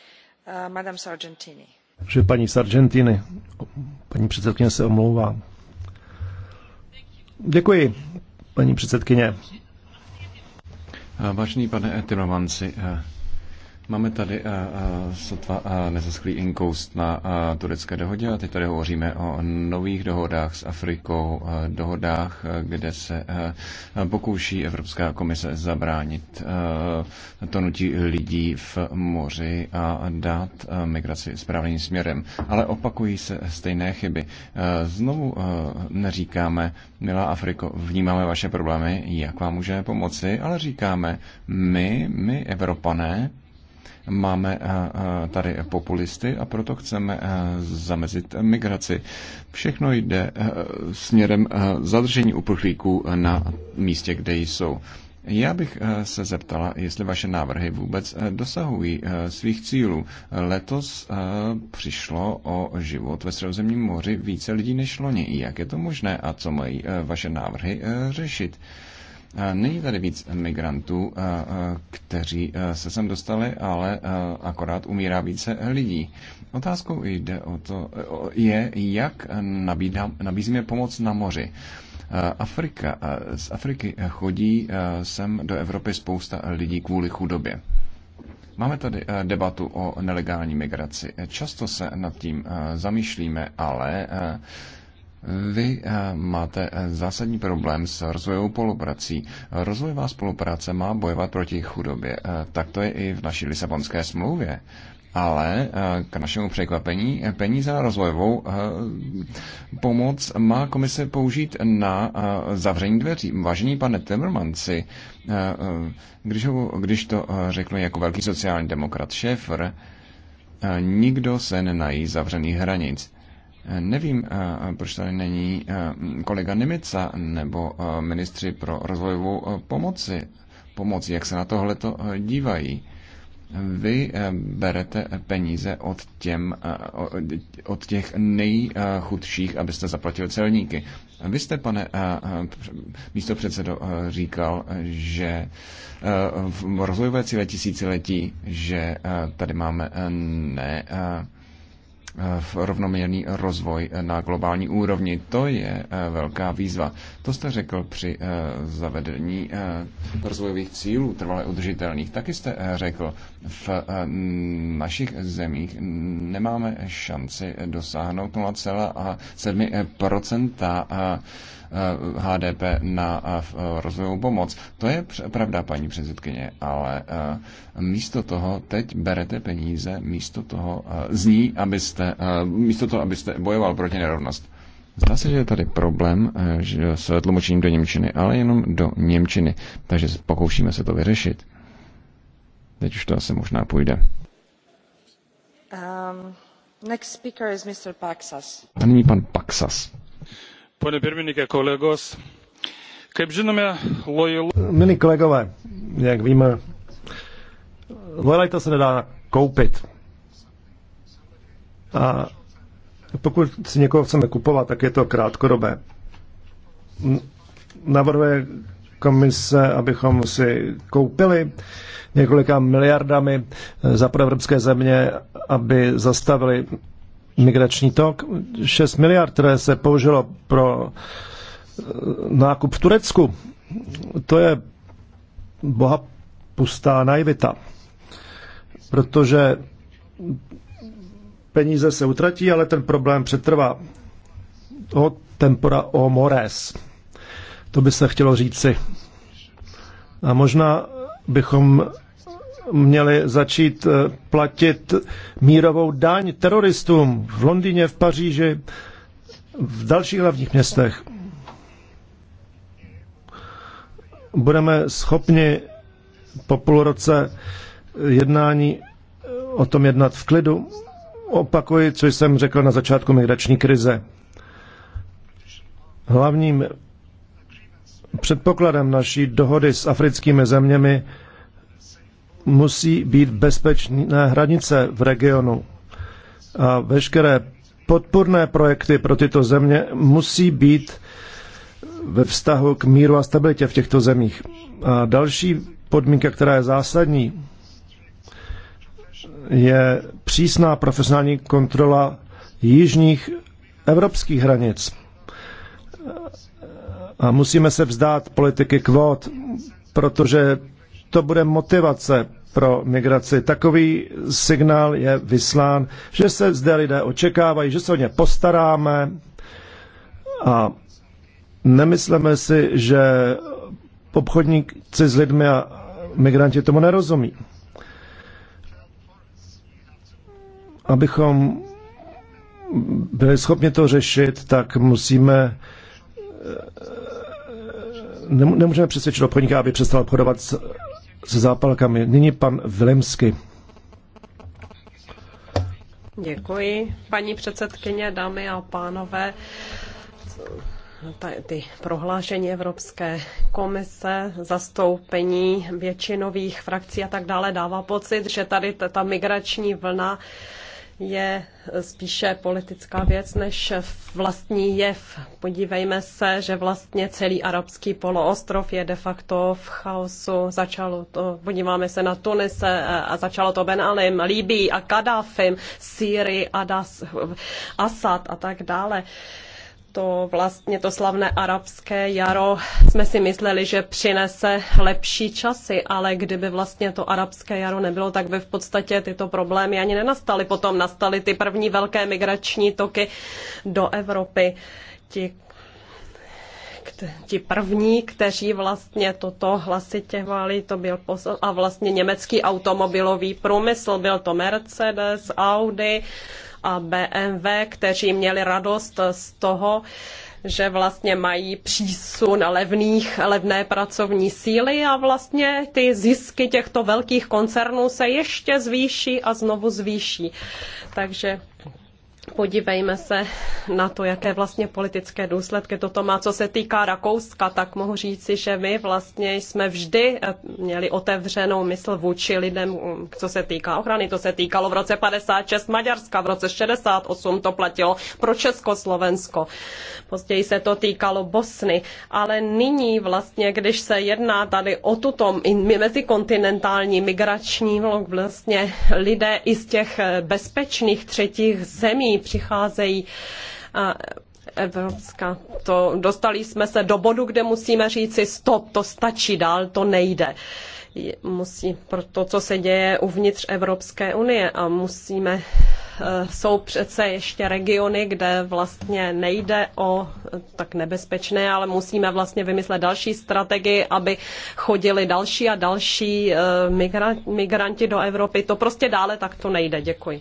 uh, Madame Sargentini. Že paní Sargentini, paní předsedkyně se omlouvá. Děkuji, paní předsedkyně. Eh, vážený pane Timmermansi, Máme tady a, eh, a, eh, sotva a eh, nezaschlý inkoust na a, turecké dohodě a teď tady hovoříme o nových dohodách s Afrikou, a, dohodách, kde se a, pokouší Evropská komise zabránit to tonutí lidí v moři a dát a, migraci správným směrem. Ale opakují se stejné chyby. A, znovu a, neříkáme, milá Afriko, vnímáme vaše problémy, jak vám můžeme pomoci, ale říkáme, my, my Evropané, Máme eh, eh, tady populisty a proto chceme eh, zamezit migraci. Všechno jde směrem zadržení uprchlíků na místě, kde jsou. Já bych se zeptala, jestli vaše návrhy vůbec dosahují svých cílů. Letos přišlo o život ve Středozemním moři více lidí než loni. Jak je to možné a co mají vaše návrhy řešit? Eh, není tady víc migrantů, eh, eh, kteří se sem dostali, ale akorát umírá více lidí. Otázkou jde o to, je, jak nabízíme pomoc na moři. Afrika, z Afriky chodí sem do Evropy spousta lidí kvůli chudobě. Máme tady debatu o nelegální migraci. Často se nad tím zamýšlíme, ale vy eh, máte eh, zásadní problém s rozvojovou spoluprací. Rozvojová spolupráce má bojovat proti chudobě. Eh, tak to je i v naší Lisabonské smlouvě. Ale k našemu překvapení peníze na rozvojovou pomoc má komise použít na zavření dveří. Vážený pane Temermanci, když, ho, když to řeknu jako velký sociální demokrat Šéfr, nikdo se nenají zavřených hranic Eh, nevím, eh, proč tady není eh, kolega Nimica nebo ministři pro rozvojovou pomoci, pomoc, jak se na tohle to dívají. Vy berete peníze od, těm, od těch nejchudších, abyste zaplatili celníky. Vy jste, pane místo předsedo, říkal, že v rozvojové cíle tisíciletí, že tady máme ne Eh, v rovnoměrný rozvoj na globální úrovni. To je eh, velká výzva. To jste řekl při eh, zavedení rozvojových cílů trvale udržitelných. Taky jste řekl, v našich zemích nemáme šanci dosáhnout 0,7 HDP eh, na eh, eh, rozvojovou pomoc. To je pravda, paní předsedkyně, ale místo toho teď berete peníze místo toho z ní, abyste, místo toho, abyste bojoval proti nerovnost. Zdá se, že je tady problém že s tlumočením do Němčiny, ale jenom do Němčiny, takže pokoušíme se to vyřešit. Teď už to asi možná půjde. Um, next speaker is Mr. Paxas. A nyní pan Paxas. Pane pirmininke, Milí kolegové, jak víme, lojalita se nedá koupit. A pokud si někoho chceme kupovat, tak je to krátkodobé. Navrhuje komise, abychom si koupili několika miliardami za země, aby zastavili migrační tok. 6 miliard, které se použilo pro eh, nákup v Turecku, to je boha pustá naivita, protože peníze se utratí, ale ten problém přetrvá. O tempora o mores. To by se chtělo říci. A možná bychom měli začít eh, platit mírovou daň teroristům v Londýně, v Paříži, v dalších hlavních městech. Budeme schopni po půl roce jednání eh, o tom jednat v klidu. Opakuji, co jsem řekl na začátku migrační krize. Hlavním předpokladem naší dohody s africkými zeměmi musí být bezpečné hranice v regionu. A veškeré podporné projekty pro tyto země musí být ve vztahu k míru a stabilitě v těchto zemích. A další podmínka, která je zásadní, je přísná profesionální kontrola jižních evropských hranic. A musíme se vzdát politiky kvót, protože to bude motivace pro migraci. Takový signál je vyslán, že se zde lidé očekávají, že se o ně postaráme a nemyslíme si, že obchodníci s lidmi a migranti tomu nerozumí. Abychom byli schopni to řešit, tak musíme nemůžeme přesvědčit obchodníka, aby přestal obchodovat s se zápalkami. Nyní pan Vilemsky. Děkuji, paní předsedkyně, dámy a pánové ty prohlášení Evropské komise, zastoupení většinových frakcí a tak dále dává pocit, že tady ta migrační vlna je spíše politická věc než vlastní jev. Podívejme se, že vlastně celý arabský poloostrov je de facto v chaosu. Začalo to, podíváme se na Tunise eh, a začalo to Ben Alim, Líbí a Kadáfim, Sýrii, Asad a tak dále to vlastně to slavné arabské jaro jsme si mysleli, že přinese lepší časy, ale kdyby vlastně to arabské jaro nebylo, tak by v podstatě tyto problémy ani nenastaly. Potom nastaly ty první velké migrační toky do Evropy. Ti ti první, kteří vlastně toto hlasitěvali, to byl posl a vlastně německý automobilový průmysl, byl to Mercedes, Audi, a BMW, kteří měli radost z toho, že vlastně mají přísun levných, levné pracovní síly a vlastně ty zisky těchto velkých koncernů se ještě zvýší a znovu zvýší. Takže podívejme se na to, jaké vlastně politické důsledky toto má. Co se týká Rakouska, tak mohu říci, že my vlastně jsme vždy eh, měli otevřenou mysl vůči lidem, mm, co se týká ochrany. To se týkalo v roce 56 Maďarska, v roce 68 to platilo pro Československo. Později se to týkalo Bosny. Ale nyní vlastně, když se jedná tady o tuto mezikontinentální migrační vlog, vlastně lidé i z těch eh, bezpečných třetích zemí přicházejí. A Evropská, to dostali jsme se do bodu, kde musíme říci stop, to stačí, dál to nejde musí pro to, co se děje uvnitř Evropské unie a musíme eh, jsou přece ještě regiony, kde vlastně nejde o eh, tak nebezpečné, ale musíme vlastně vymyslet další strategii, aby chodili další a další eh, migranti do Evropy. To prostě dále tak to nejde. Děkuji.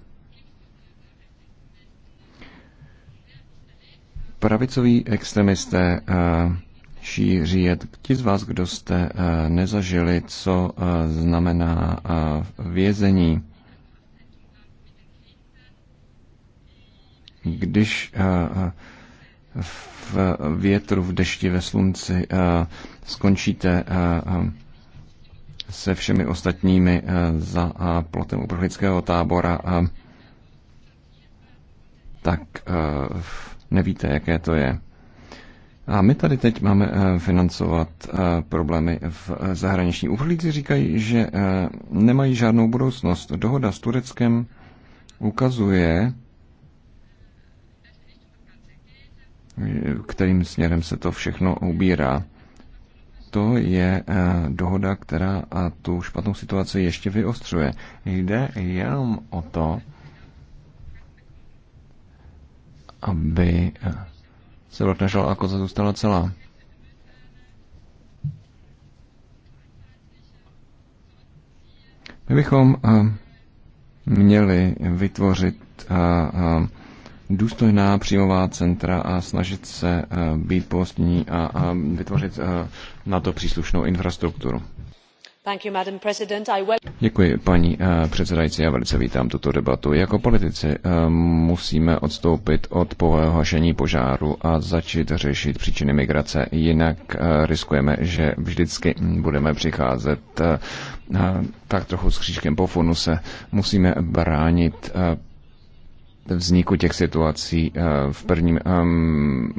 Pravicoví extremisté eh, šíří Ti z vás, kdo jste eh, nezažili, co eh, znamená vězení, když v větru, v dešti, ve slunci skončíte se všemi ostatními za plotem uprchlického tábora, tak Nevíte, jaké to je. A my tady teď máme eh, financovat eh, problémy v eh, zahraniční. Uprchlíci říkají, že nemají žádnou budoucnost. Dohoda s Tureckem ukazuje, kterým směrem se to všechno ubírá. To je dohoda, která tu špatnou situaci ještě vyostřuje. Jde jenom o to, aby eh, se vlk našel a koza zůstala celá. My bychom eh, měli vytvořit eh, důstojná příjmová centra a snažit se být postní a vytvořit na to příslušnou infrastrukturu. Děkuji, paní eh, předsedající. Já velice vítám tuto debatu. Jako politici eh, musíme odstoupit od pouhého hašení požáru a začít řešit příčiny migrace. Jinak eh, riskujeme, že vždycky budeme přicházet tak trochu s křížkem po funuse. Musíme bránit vzniku těch situací v, prvním, ehm,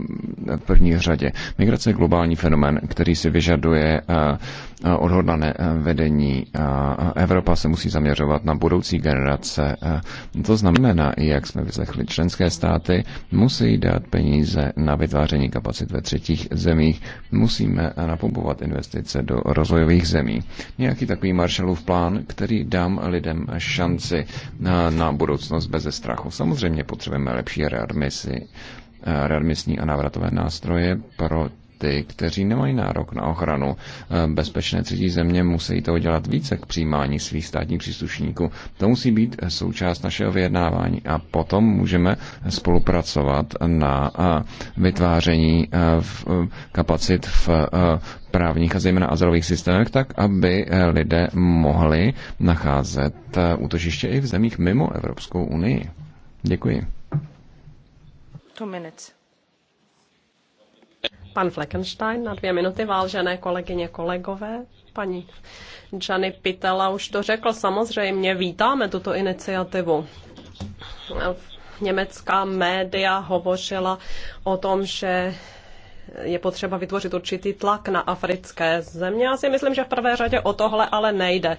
v první řadě. Migrace je globální fenomén, který si vyžaduje odhodlané eh, vedení. Evropa se musí zaměřovat na budoucí generace. To znamená, jak jsme vyslechli, členské státy musí dát peníze na vytváření kapacit ve třetích zemích. Musíme napumpovat investice do rozvojových zemí. Nějaký takový Marshallův plán, který dám lidem šanci na budoucnost bez strachu. Samozřejmě potřebujeme lepší readmisy readmisní a návratové nástroje pro ty, kteří nemají nárok na ochranu. Eh, bezpečné třetí země musí to dělat více k přijímání svých státních příslušníků. To musí být součást našeho vyjednávání a potom můžeme spolupracovat na eh, vytváření eh, kapacit v právních a zejména azylových systémech, tak aby lidé mohli nacházet útočiště i v zemích mimo Evropskou unii. Děkuji. Two minutes. Pan Fleckenstein na dvě minuty, vážené kolegyně, kolegové. Paní Jany Pitela už to řekl, samozřejmě vítáme tuto iniciativu. Německá média hovořila o tom, že je potřeba vytvořit určitý tlak na africké země. Já si myslím, že v prvé řadě o tohle ale nejde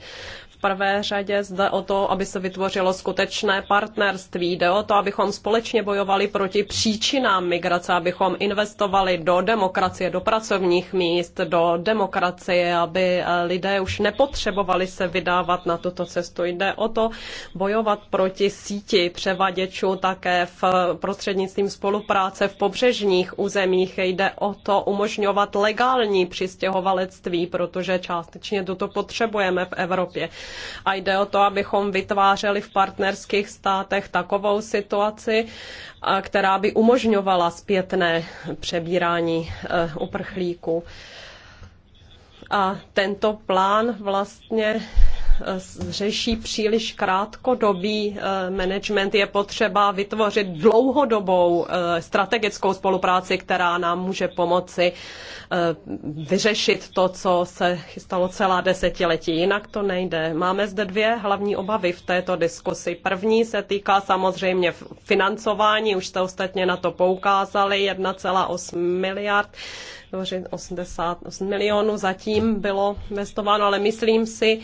prvé řadě zde o to, aby se vytvořilo skutečné partnerství. Jde o to, abychom společně bojovali proti příčinám migrace, abychom investovali do demokracie, do pracovních míst, do demokracie, aby eh, lidé už nepotřebovali se vydávat na tuto cestu. Jde o to bojovat proti síti převaděčů také v prostřednictvím spolupráce v pobřežních územích. Jde o to umožňovat legální přistěhovalectví, protože částečně toto potřebujeme v Evropě. A jde o to, abychom vytvářeli v partnerských státech takovou situaci, která by umožňovala zpětné přebírání e, uprchlíků. A tento plán vlastně řeší příliš krátkodobý eh, management. Je potřeba vytvořit dlouhodobou eh, strategickou spolupráci, která nám může pomoci eh, vyřešit to, co se chystalo celá desetiletí. Jinak to nejde. Máme zde dvě hlavní obavy v této diskusi. První se týká samozřejmě financování, už jste ostatně na to poukázali, 1,8 miliard 88 milionů zatím bylo investováno, ale myslím si,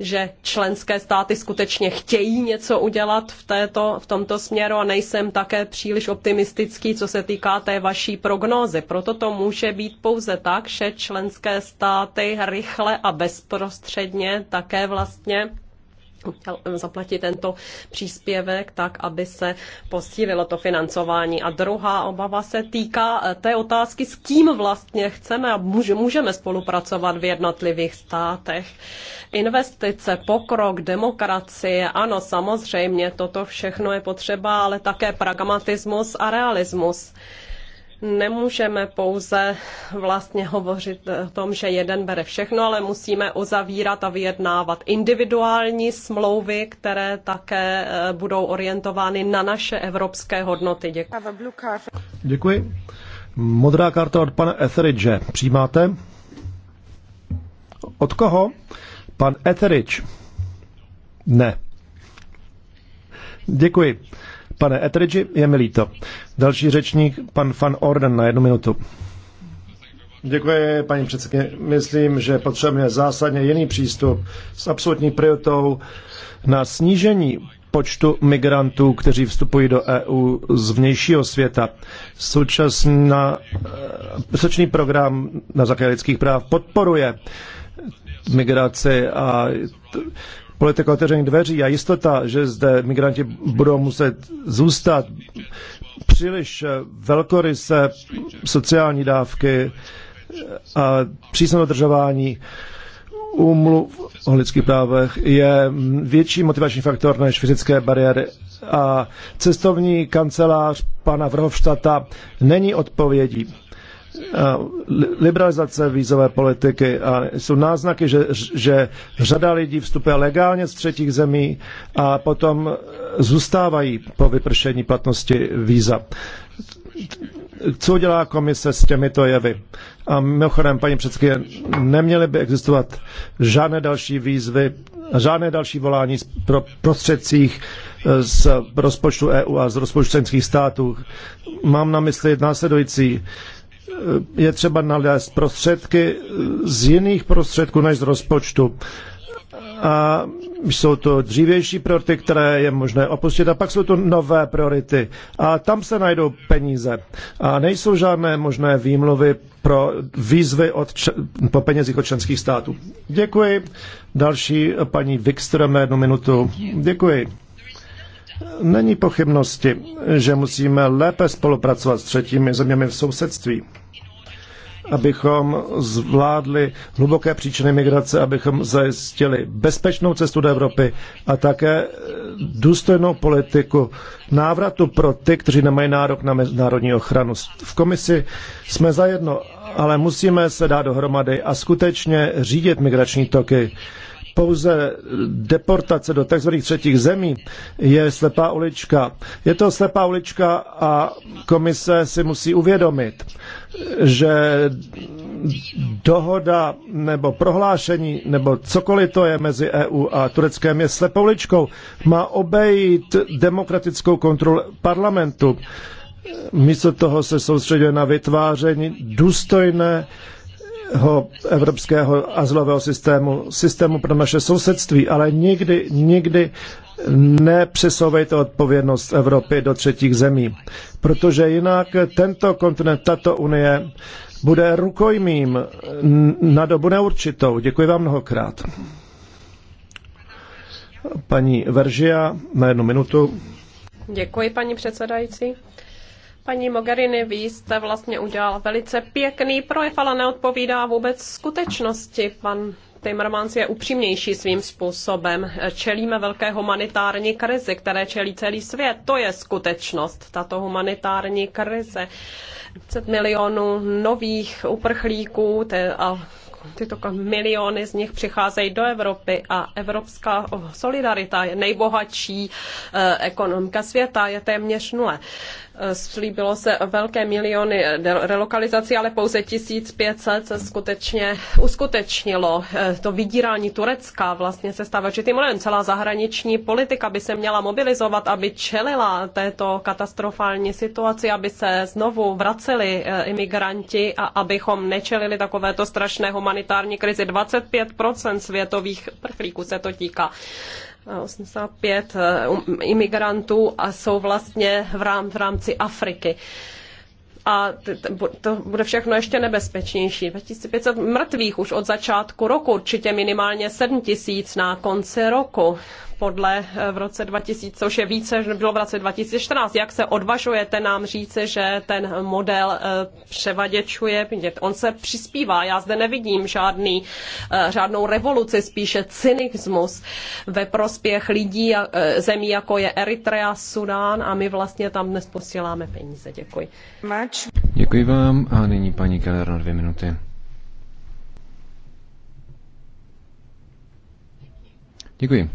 že členské státy skutečně chtějí něco udělat v, této, v tomto směru a nejsem také příliš optimistický, co se týká té vaší prognózy. Proto to může být pouze tak, že členské státy rychle a bezprostředně také vlastně Eh, zaplatit tento příspěvek tak, aby se posílilo to financování. A druhá obava se týká eh, té otázky, s kým vlastně chceme a můžeme spolupracovat v jednotlivých státech. Investice, pokrok, demokracie, ano, samozřejmě, toto všechno je potřeba, ale také pragmatismus a realismus nemůžeme pouze vlastně hovořit o tom, že jeden bere všechno, ale musíme uzavírat a vyjednávat individuální smlouvy, které také eh, budou orientovány na naše evropské hodnoty. Děkuji. Děkuji. Modrá karta od pana Etheridge. Přijímáte? Od koho? Pan Etheridge. Ne. Děkuji. Pane Etridži, je mi líto. Další řečník, pan Van Orden, na jednu minutu. Děkuji, paní předsedkyně. Myslím, že potřebujeme zásadně jiný přístup s absolutní prioritou na snížení počtu migrantů, kteří vstupují do EU z vnějšího světa. Současná, eh, současný program na základě lidských práv podporuje migraci a politika otevřených dveří a jistota, že zde migranti budou muset zůstat, příliš velkoryse sociální dávky a přísné dodržování úmluv o lidských právech je větší motivační faktor než fyzické bariéry. A cestovní kancelář pana Vrhovštata není odpovědí Eh, liberalizace vízové politiky a jsou náznaky, že, že řada lidí vstupuje legálně z třetích zemí a potom eh, zůstávají po vypršení platnosti víza. Co dělá komise s těmito jevy? A mimochodem, paní předsedkyně, neměly by existovat žádné další výzvy, žádné další volání pro prostředcích eh, z rozpočtu EU a z rozpočtu členských států. Mám na mysli následující je třeba nalézt prostředky z jiných prostředků než z rozpočtu. A jsou to dřívější priority, které je možné opustit, a pak jsou to nové priority. A tam se najdou peníze. A nejsou žádné možné výmluvy pro výzvy od č- po penězích od členských států. Děkuji. Další paní Wikström jednu minutu. Děkuji. Není pochybnosti, že musíme lépe spolupracovat s třetími zeměmi v sousedství, abychom zvládli hluboké příčiny migrace, abychom zajistili bezpečnou cestu do Evropy a také důstojnou politiku návratu pro ty, kteří nemají nárok na mezinárodní ochranu. V komisi jsme zajedno, ale musíme se dát dohromady a skutečně řídit migrační toky pouze deportace do tzv. třetích zemí je slepá ulička. Je to slepá ulička a komise si musí uvědomit, že dohoda nebo prohlášení nebo cokoliv to je mezi EU a Tureckem je slepou uličkou. Má obejít demokratickou kontrolu parlamentu. Místo toho se soustředuje na vytváření důstojné evropského azylového systému, systému pro naše sousedství, ale nikdy, nikdy nepřesouvejte odpovědnost Evropy do třetích zemí, protože jinak tento kontinent, tato unie bude rukojmím na dobu neurčitou. Děkuji vám mnohokrát. Paní Veržia na jednu minutu. Děkuji, paní předsedající. Paní Mogherini, vy jste vlastně udělal velice pěkný projev, ale neodpovídá vůbec skutečnosti. Pan Timmermans je upřímnější svým způsobem. Čelíme velké humanitární krizi, které čelí celý svět. To je skutečnost, tato humanitární krize. 20 milionů nových uprchlíků a tyto miliony z nich přicházejí do Evropy a evropská solidarita je nejbohatší eh, ekonomika světa, je téměř nule. Eh, slíbilo se velké miliony relokalizací, ale pouze 1500 se skutečně uskutečnilo. Eh, to vydírání Turecka vlastně se stává určitým modelem. Celá zahraniční politika by se měla mobilizovat, aby čelila této katastrofální situaci, aby se znovu vraceli eh, imigranti a abychom nečelili takovéto strašné humanitární krizi. 25% světových prchlíků se to týká. 85 eh, um, imigrantů a jsou vlastně v, rám, v rámci Afriky. A to bude všechno ještě nebezpečnější. 2500 mrtvých už od začátku roku, určitě minimálně 7000 na konci roku podle eh, v roce 2000, což je více, než bylo v roce 2014. Jak se odvažujete nám říci, že ten model eh, převaděčuje, on se přispívá, já zde nevidím žádný, eh, žádnou revoluci, spíše cynismus ve prospěch lidí a zemí, jako je Eritrea, Sudán a my vlastně tam dnes posíláme peníze. Děkuji. Děkuji vám a nyní paní Keller na dvě minuty. Děkuji.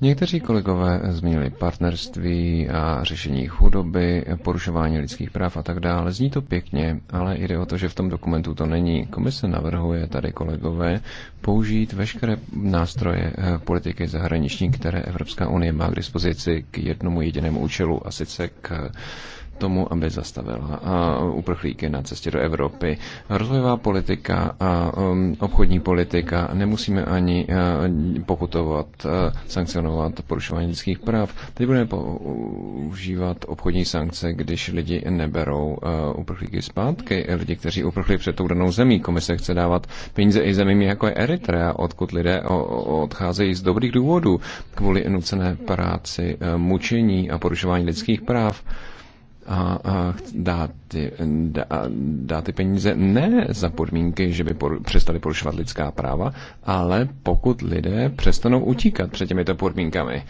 Někteří kolegové zmínili partnerství a řešení chudoby, porušování lidských práv a tak dále. Zní to pěkně, ale jde o to, že v tom dokumentu to není. Komise navrhuje tady kolegové použít veškeré nástroje eh, politiky zahraniční, které Evropská unie má k dispozici k jednomu jedinému účelu a sice k tomu, aby zastavila uprchlíky na cestě do Evropy. Rozvojová politika a um, obchodní politika nemusíme ani pokutovat, sankcionovat porušování lidských práv. Teď budeme používat obchodní sankce, když lidi neberou uprchlíky zpátky, lidi, kteří uprchli před tou danou zemí. Komise chce dávat peníze i zemím jako je Eritrea, odkud lidé odcházejí z dobrých důvodů kvůli nucené práci, mučení a porušování lidských práv a, a dát, ty, dá, ty peníze ne za podmínky, že by por, přestali porušovat lidská práva, ale pokud lidé přestanou utíkat před těmito podmínkami.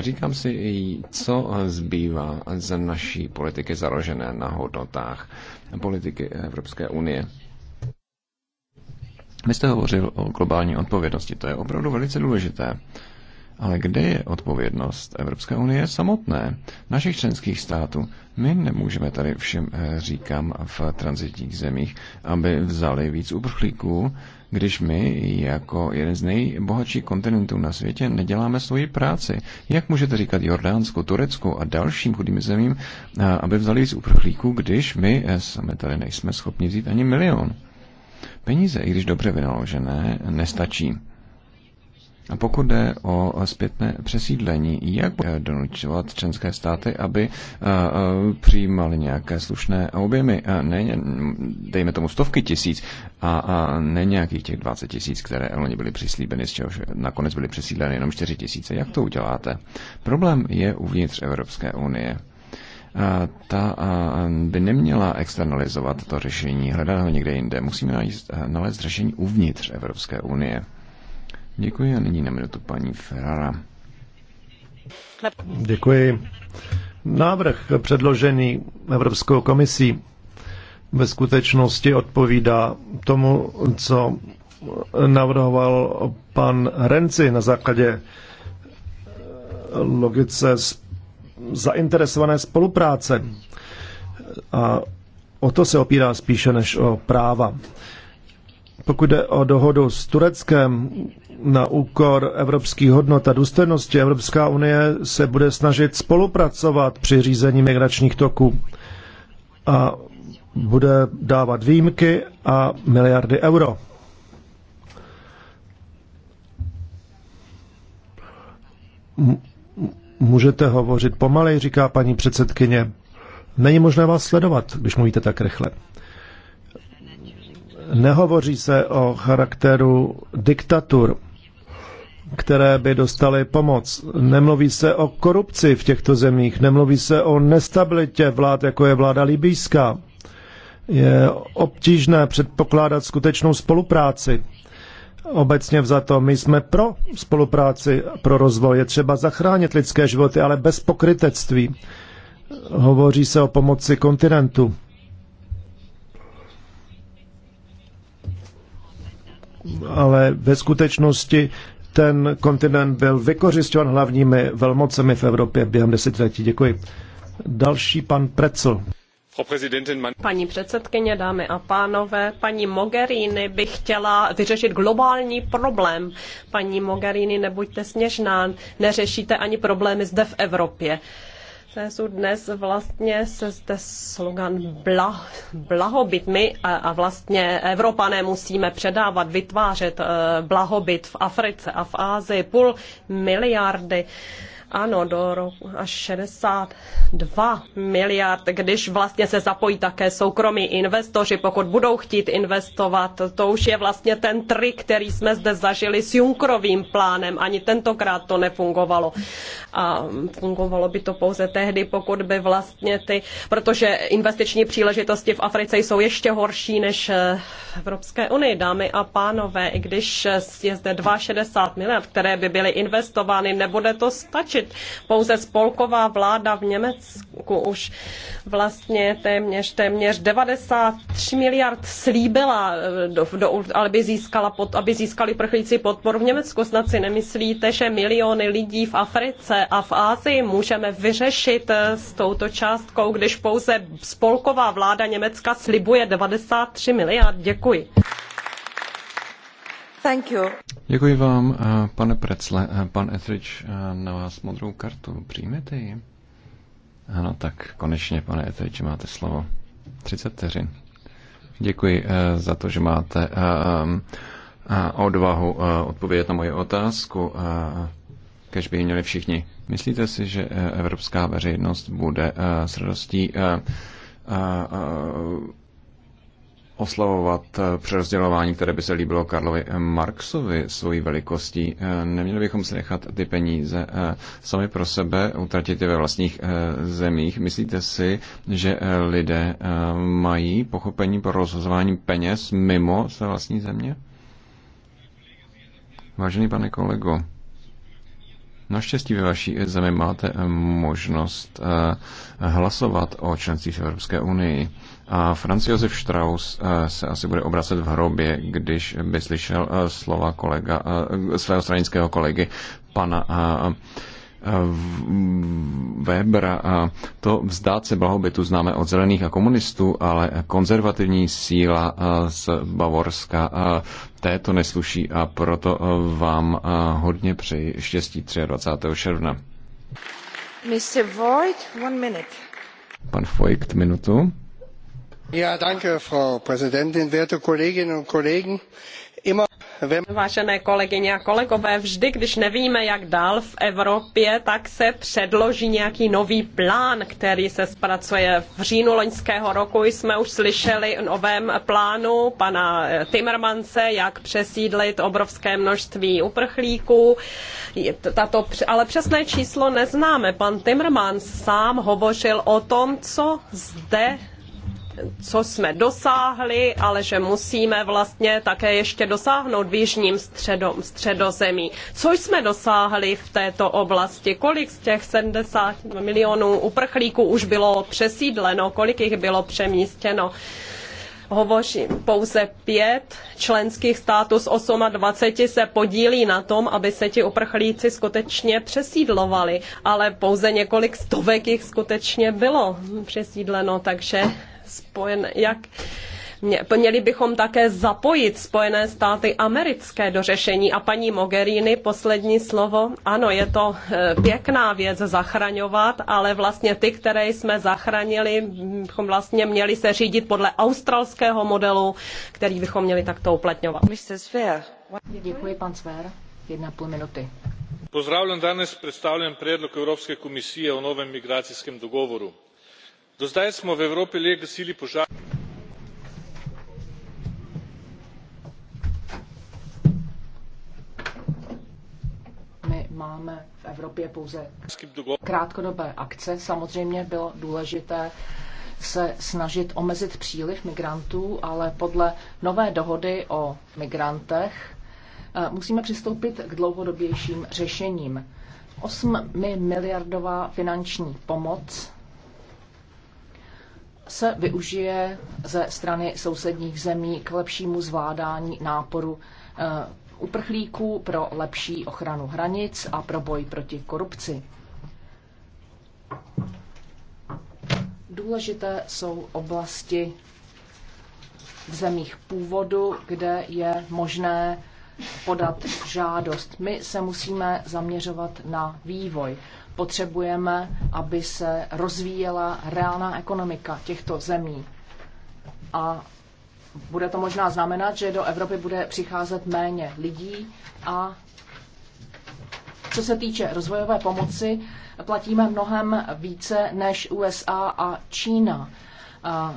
Říkám si, co zbývá z naší politiky založené na hodnotách politiky Evropské unie. Vy jste hovořil o globální odpovědnosti, to je opravdu velice důležité. Ale kde je odpovědnost Evropské unie samotné, našich členských států? My nemůžeme tady všem, eh, říkám, v transitních zemích, aby vzali víc uprchlíků, když my jako jeden z nejbohatších kontinentů na světě neděláme svoji práci. Jak můžete říkat Jordánsku, Turecku a dalším chudým zemím, eh, aby vzali víc uprchlíků, když my eh, sami tady nejsme schopni vzít ani milion? Peníze, i když dobře vynaložené, nestačí. A pokud jde o zpětné přesídlení, jak donučovat členské státy, aby eh, eh, přijímali nějaké slušné objemy, ne, dejme tomu stovky tisíc a ne nějakých těch 20 tisíc, které oni byly přislíbeny, z čehož nakonec byly přesídleny jenom 4 tisíce. Jak to uděláte? Problém je uvnitř Evropské unie ta by neměla externalizovat to řešení, hledat ho někde jinde. Musíme najít, eh, nalézt řešení uvnitř Evropské unie. Děkuji a nyní na minutu paní Ferrara. Děkuji. Návrh předložený Evropskou komisí ve skutečnosti odpovídá tomu, co navrhoval pan Renci na základě eh, logice zainteresované spolupráce. A o to se opírá spíše než o práva. Pokud jde o dohodu s Tureckem, na úkor evropských hodnot a důstojnosti. Evropská unie se bude snažit spolupracovat při řízení migračních toků a bude dávat výjimky a miliardy euro. Můžete hovořit pomalej, říká paní předsedkyně. Není možné vás sledovat, když mluvíte tak rychle. Nehovoří se o charakteru diktatur které by dostaly pomoc. Nemluví se o korupci v těchto zemích, nemluví se o nestabilitě vlád, jako je vláda libýská. Je obtížné předpokládat skutečnou spolupráci. Obecně vzato, my jsme pro spolupráci, pro rozvoj. Je třeba zachránit lidské životy, ale bez pokrytectví. Hovoří se o pomoci kontinentu. ale ve skutečnosti ten kontinent byl vykořišťován hlavními velmocemi v Evropě během desetiletí. Děkuji. Další pan Precl. Paní předsedkyně, dámy a pánové, paní Mogherini by chtěla vyřešit globální problém. Paní Mogherini, nebuďte sněžná, neřešíte ani problémy zde v Evropě. Jsou dnes vlastně se zde slogan bla, blahobyt. My a, a vlastně Evropané musíme předávat, vytvářet eh, blahobyt v Africe a v Ázii půl miliardy ano, do roku až 62 miliard, když vlastně se zapojí také soukromí investoři, pokud budou chtít investovat. To už je vlastně ten trik, který jsme zde zažili s Junkrovým plánem. Ani tentokrát to nefungovalo. A fungovalo by to pouze tehdy, pokud by vlastně ty, protože investiční příležitosti v Africe jsou ještě horší než v Evropské unii. Dámy a pánové, i když je zde 62 miliard, které by byly investovány, nebude to stačit řešit. Pouze spolková vláda v Německu už vlastně téměř, téměř 93 miliard slíbila, eh, do, do, aby, získala pod, aby získali prchlíci podporu v Německu. Snad si nemyslíte, že miliony lidí v Africe a v Ázii můžeme vyřešit eh, s touto částkou, když pouze spolková vláda Německa slibuje 93 miliard. Děkuji. Thank you. Děkuji vám, eh, pane Precle. Eh, pan Etrič eh, na vás modrou kartu. Přijmete ji? Ano, tak konečně, pane Etrič, máte slovo. 30 vteřin. Děkuji za to, že máte odvahu odpovědět na moje otázku. Kež by ji měli všichni. Myslíte si, že evropská veřejnost bude s radostí oslavovat eh, přerozdělování, které by se líbilo Karlovi Marxovi svojí velikostí. Eh, neměli bychom si nechat ty peníze eh, sami pro sebe utratit je ve vlastních zemích. Myslíte si, že lidé mají pochopení pro rozhozování peněz mimo své vlastní země? Vážený pane kolego, Naštěstí ve vaší zemi máte možnost hlasovat o členství v Evropské unii. A Franz Josef Strauss eh, se asi bude obracet v hrobě, když by slyšel eh, slova kolega, eh, svého stranického kolegy, pana Webera. To vzdát se blahobytu známe od zelených a komunistů, ale konzervativní síla z Bavorska této to nesluší a proto vám hodně přeji štěstí 23. června. Mr. Voigt, one minute. Pan Voigt, minutu. Vážené kolegyně a kolegové, vždy, když nevíme, jak dál v Evropě, tak se předloží nějaký nový plán, který se zpracuje. V říjnu loňského roku jsme už slyšeli o novém plánu pana eh, Timmermanse, jak přesídlit obrovské množství uprchlíků. Tato, ale přesné číslo neznáme. Pan Timmermans sám hovořil o tom, co zde co jsme dosáhli, ale že musíme vlastně také ještě dosáhnout v jižním středom, středozemí. Co jsme dosáhli v této oblasti? Kolik z těch 70 milionů uprchlíků už bylo přesídleno? Kolik jich bylo přemístěno? hovořím, pouze pět členských států z 28 se podílí na tom, aby se ti uprchlíci skutečně přesídlovali, ale pouze několik stovek jich skutečně bylo přesídleno, takže spojen, jak měli bychom také zapojit Spojené státy americké do řešení. A paní Mogherini, poslední slovo. Ano, je to eh, pěkná věc zachraňovat, ale vlastně ty, které jsme zachránili, bychom vlastně měli se řídit podle australského modelu, který bychom měli takto uplatňovat. Děkuji, pan Svér. Jedna půl minuty. Pozdravljam danes predstavljen predlog Evropske komisije o novem migracijskem dogovoru do zdaj smo v evropi le gasili požare. my máme v evropě pouze krátkodobé akce samozřejmě bylo důležité se snažit omezit příliv migrantů, ale podle nové dohody o migrantech eh, musíme přistoupit k dlouhodobějším řešením. 8 miliardová finanční pomoc se využije ze strany sousedních zemí k lepšímu zvládání náporu eh, uprchlíků pro lepší ochranu hranic a pro boj proti korupci. Důležité jsou oblasti v zemích původu, kde je možné podat žádost. My se musíme zaměřovat na vývoj potřebujeme, aby se rozvíjela reálná ekonomika těchto zemí. A bude to možná znamenat, že do Evropy bude přicházet méně lidí a co se týče rozvojové pomoci, platíme mnohem více než USA a Čína. A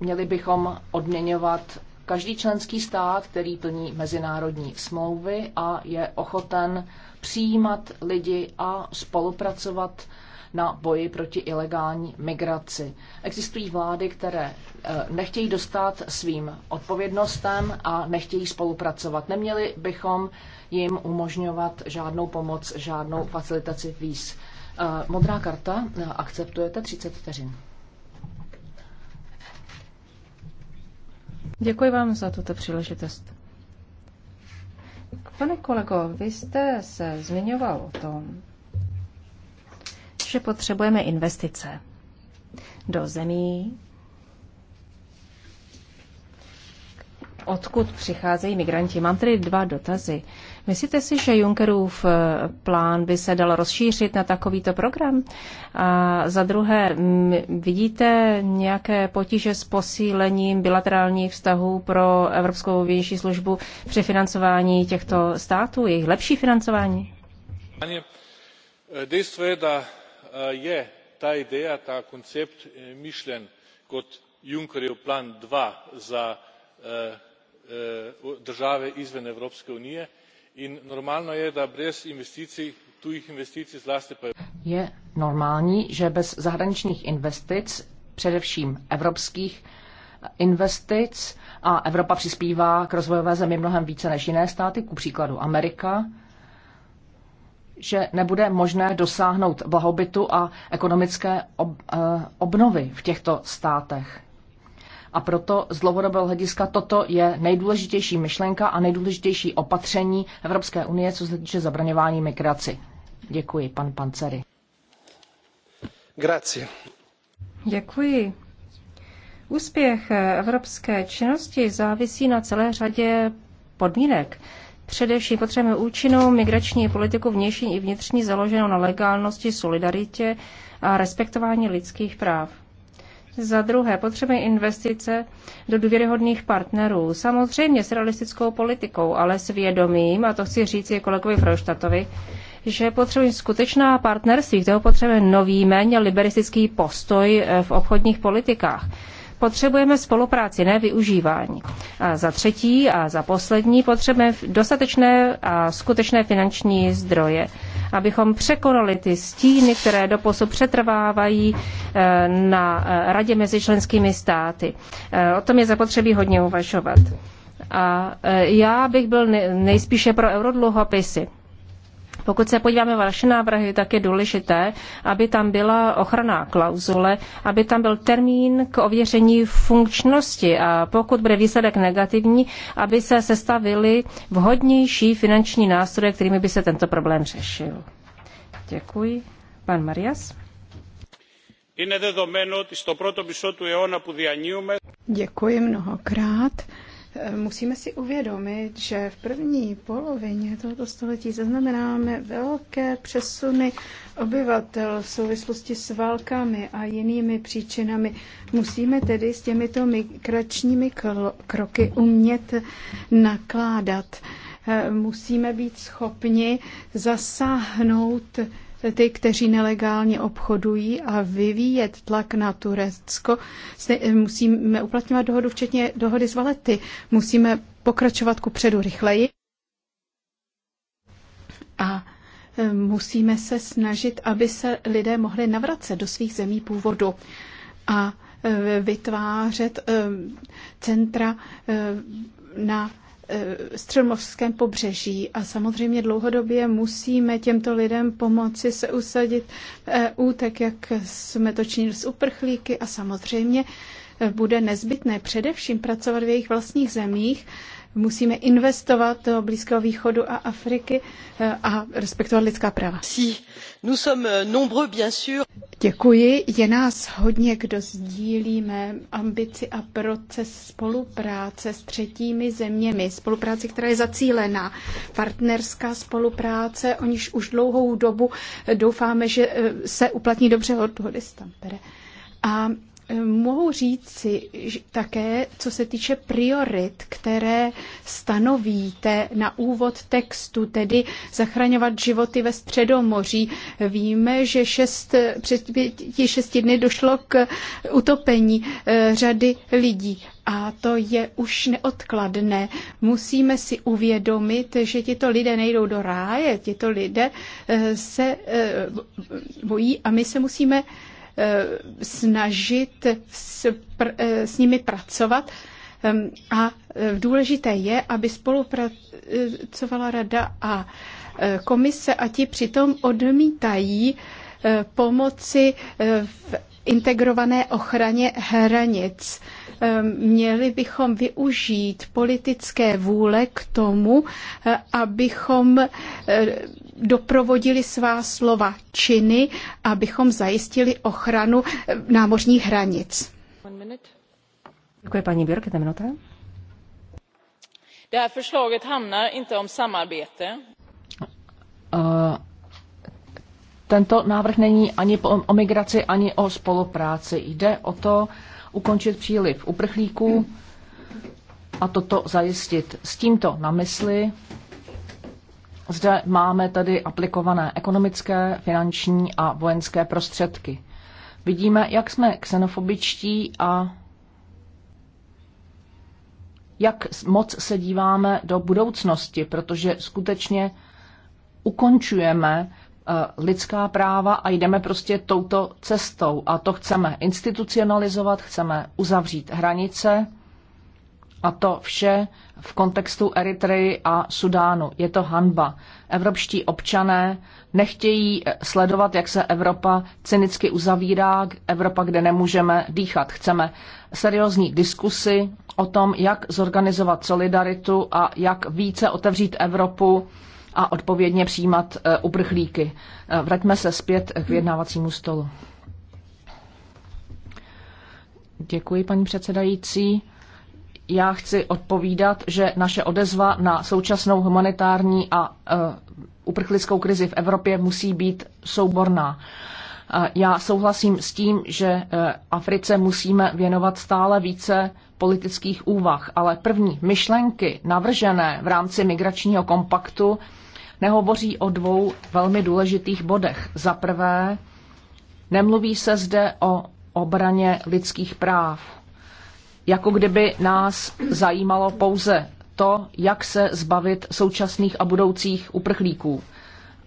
měli bychom odměňovat každý členský stát, který plní mezinárodní smlouvy a je ochoten přijímat lidi a spolupracovat na boji proti ilegální migraci. Existují vlády, které eh, nechtějí dostat svým odpovědnostem a nechtějí spolupracovat. Neměli bychom jim umožňovat žádnou pomoc, žádnou facilitaci víz. Eh, modrá karta, eh, akceptujete 30 vteřin. Děkuji vám za tuto příležitost. Pane kolego, vy jste se zmiňoval o tom, že potřebujeme investice do zemí, odkud přicházejí migranti. Mám tedy dva dotazy. Myslíte si, že Junckerův eh, plán by se dal rozšířit na takovýto program? A za druhé, vidíte nějaké potíže s posílením bilaterálních vztahů pro Evropskou vnější službu při financování těchto států, jejich lepší financování? Eh, dejstvo je, da eh, je ta ideja, ta koncept myšlen kot junckerjev plan 2 za države izven evropske unije in normalno je da brez investicij tujih investicij zlasti pa. je normální že bez zahraničních investic především evropských investic a Evropa přispívá k rozvojové zemi mnohem více než jiné státy, ku příkladu Amerika, že nebude možné dosáhnout blahobytu a ekonomické ob, eh, obnovy v těchto státech. A proto z dlouhodobého hlediska toto je nejdůležitější myšlenka a nejdůležitější opatření Evropské unie, co se týče zabraňování migraci. Děkuji, pan Panceri. Grazie. Děkuji. Úspěch evropské činnosti závisí na celé řadě podmínek. Především potřebujeme účinnou migrační politiku vnější i vnitřní založenou na legálnosti, solidaritě a respektování lidských práv. Za druhé, potřebujeme investice do důvěryhodných partnerů. Samozřejmě s realistickou politikou, ale s vědomím, a to chci říct i kolegovi Froštatovi, že potřebujeme skutečná partnerství, k toho potřebujeme nový, méně liberistický postoj eh, v obchodních politikách. Potřebujeme spolupráci, ne využívání. A za třetí a za poslední potřebujeme dostatečné a skutečné finanční zdroje abychom překonali ty stíny, které doposud přetrvávají eh, na eh, radě mezi členskými státy. Eh, o tom je zapotřebí hodně uvažovat. A já bych byl nejspíše pro eurodluhopisy. Pokud se podíváme na vaše návrhy, tak je důležité, aby tam byla ochranná klauzule, aby tam byl termín k ověření funkčnosti a pokud bude výsledek negativní, aby se sestavili vhodnější finanční nástroje, kterými by se tento problém řešil. Děkuji. Pan Marias. Děkuji mnohokrát. Musíme si uvědomit, že v první polovině tohoto století zaznamenáme velké přesuny obyvatel v souvislosti s válkami a jinými příčinami. Musíme tedy s těmito migračními kroky umět nakládat. Musíme být schopni zasáhnout ty, kteří nelegálně obchodují a vyvíjet tlak na Turecko. Eh, musíme uplatňovat dohodu, včetně dohody z Valety. Musíme pokračovat ku předu rychleji. A eh, musíme se snažit, aby se lidé mohli navracet do svých zemí původu a eh, vytvářet centra na Eh, středomořském pobřeží a samozřejmě dlouhodobě musíme těmto lidem pomoci se usadit v EU, tak jak jsme to činili s uprchlíky a samozřejmě eh, bude nezbytné především pracovat v jejich vlastních zemích musíme investovat do Blízkého východu a Afriky eh, a respektovat lidská práva. Eh, Děkuji. Je nás hodně, kdo sdílíme ambici a proces spolupráce s třetími zeměmi. Spolupráce, která je zacílená. Partnerská spolupráce, o níž už dlouhou dobu eh, doufáme, že se uplatní dobře od Hodestampere. A Eh, Mohu říct si také, co se týče priorit, které stanovíte na úvod textu, tedy zachraňovat životy ve Středomoří. Víme, že šest, před pěti, šesti dny došlo k utopení eh, řady lidí. A to je už neodkladné. Musíme si uvědomit, že tito lidé nejdou do ráje, tito lidé eh, se bojí a my se musíme Eh, snažit s, pr, eh, s nimi pracovat. A eh, důležité je, aby spolupracovala rada a komise a ti přitom odmítají pomoci v integrované ochraně hranic. Měli bychom využít politické vůle k tomu, abychom doprovodili svá slova činy, abychom zajistili ochranu eh, námořních hranic. Děkuji, paní Björk, jedna minuta. Det här förslaget handlar inte om samarbete. Uh, tento návrh není ani o migraci, ani o spolupráci. Jde o to ukončit příliv uprchlíků a toto zajistit. S tímto na mysli zde máme tady aplikované ekonomické, finanční a vojenské prostředky. Vidíme, jak jsme xenofobičtí a jak moc se díváme do budoucnosti, protože skutečně ukončujeme eh, lidská práva a jdeme prostě touto cestou. A to chceme institucionalizovat, chceme uzavřít hranice a to vše v kontextu Eritreji a Sudánu. Je to hanba. Evropští občané nechtějí sledovat, jak se Evropa cynicky uzavírá, Evropa, kde nemůžeme dýchat. Chceme seriózní diskusy o tom, jak zorganizovat solidaritu a jak více otevřít Evropu a odpovědně přijímat e, uprchlíky. E, vraťme se zpět k vyjednávacímu stolu. Děkuji, paní předsedající já chci odpovídat, že naše odezva na současnou humanitární a uh, uprchlickou krizi v Evropě musí být souborná. E, já souhlasím s tím, že e, Africe musíme věnovat stále více politických úvah, ale první myšlenky navržené v rámci migračního kompaktu nehovoří o dvou velmi důležitých bodech. Za prvé, nemluví se zde o obraně lidských práv jako kdyby nás zajímalo pouze to, jak se zbavit současných a budoucích uprchlíků.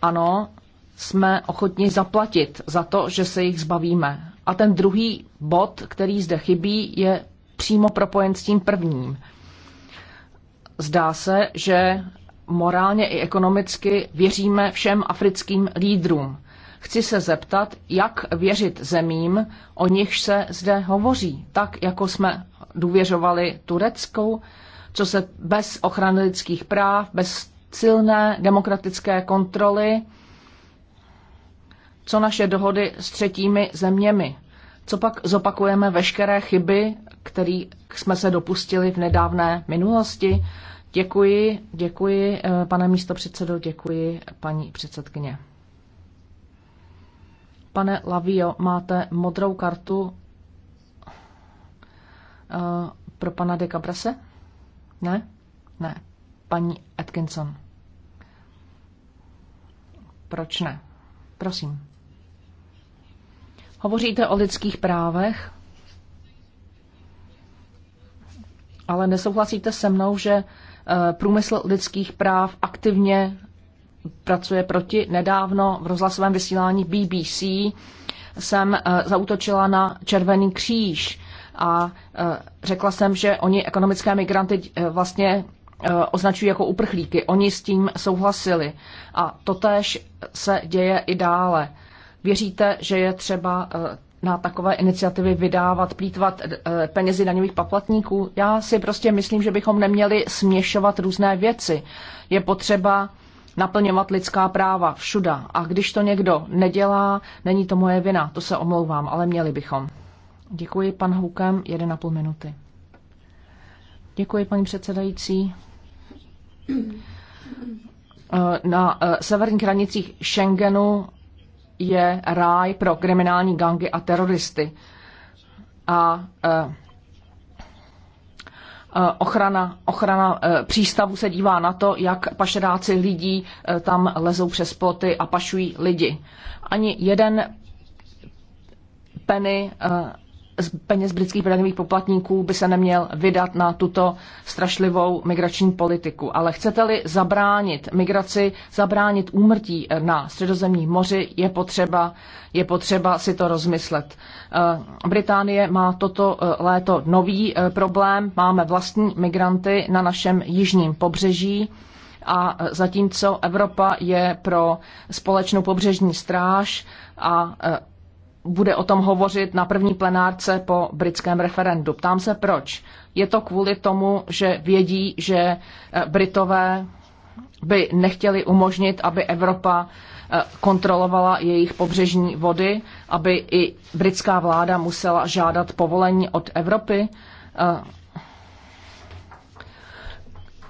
Ano, jsme ochotni zaplatit za to, že se jich zbavíme. A ten druhý bod, který zde chybí, je přímo propojen s tím prvním. Zdá se, že morálně i ekonomicky věříme všem africkým lídrům. Chci se zeptat, jak věřit zemím, o nichž se zde hovoří, tak jako jsme důvěřovali Tureckou, co se bez ochrany lidských práv, bez silné demokratické kontroly, co naše dohody s třetími zeměmi. Co pak zopakujeme veškeré chyby, které jsme se dopustili v nedávné minulosti? Děkuji, děkuji, eh, pane předsedo, děkuji, paní předsedkyně. Pane Lavio, máte modrou kartu eh, pro pana de Cabrese? Ne? Ne. Paní Atkinson. Proč ne? Prosím. Hovoříte o lidských právech, ale nesouhlasíte se mnou, že eh, průmysl lidských práv aktivně pracuje proti. Nedávno v rozhlasovém vysílání BBC jsem eh, zautočila na Červený kříž a eh, řekla jsem, že oni ekonomické migranty eh, vlastně označují jako uprchlíky. Oni s tím souhlasili. A totéž se děje i dále. Věříte, že je třeba na takové iniciativy vydávat, plítvat penězi daňových poplatníků? Já si prostě myslím, že bychom neměli směšovat různé věci. Je potřeba naplňovat lidská práva všuda. A když to někdo nedělá, není to moje vina, to se omlouvám, ale měli bychom. Děkuji, pan Houkem, 1,5 minuty. Děkuji, paní předsedající. Eh, na eh, severních hranicích Schengenu je ráj pro kriminální gangy a teroristy. A eh, Eh, ochrana, ochrana eh, přístavu se dívá na to, jak pašeráci lidí eh, tam lezou přes ploty a pašují lidi. Ani jeden penny z peněz britských daňových poplatníků by se neměl vydat na tuto strašlivou migrační politiku. Ale chcete-li zabránit migraci, zabránit úmrtí na středozemním moři, je potřeba, je potřeba si to rozmyslet. Eh, Británie má toto eh, léto nový eh, problém. Máme vlastní migranty na našem jižním pobřeží a zatímco Evropa je pro společnou pobřežní stráž a bude o tom hovořit na první plenárce po britském referendu. Ptám se proč. Je to kvůli tomu, že vědí, že eh, Britové by nechtěli umožnit, aby Evropa eh, kontrolovala jejich pobřežní vody, aby i britská vláda musela žádat povolení od Evropy. Eh,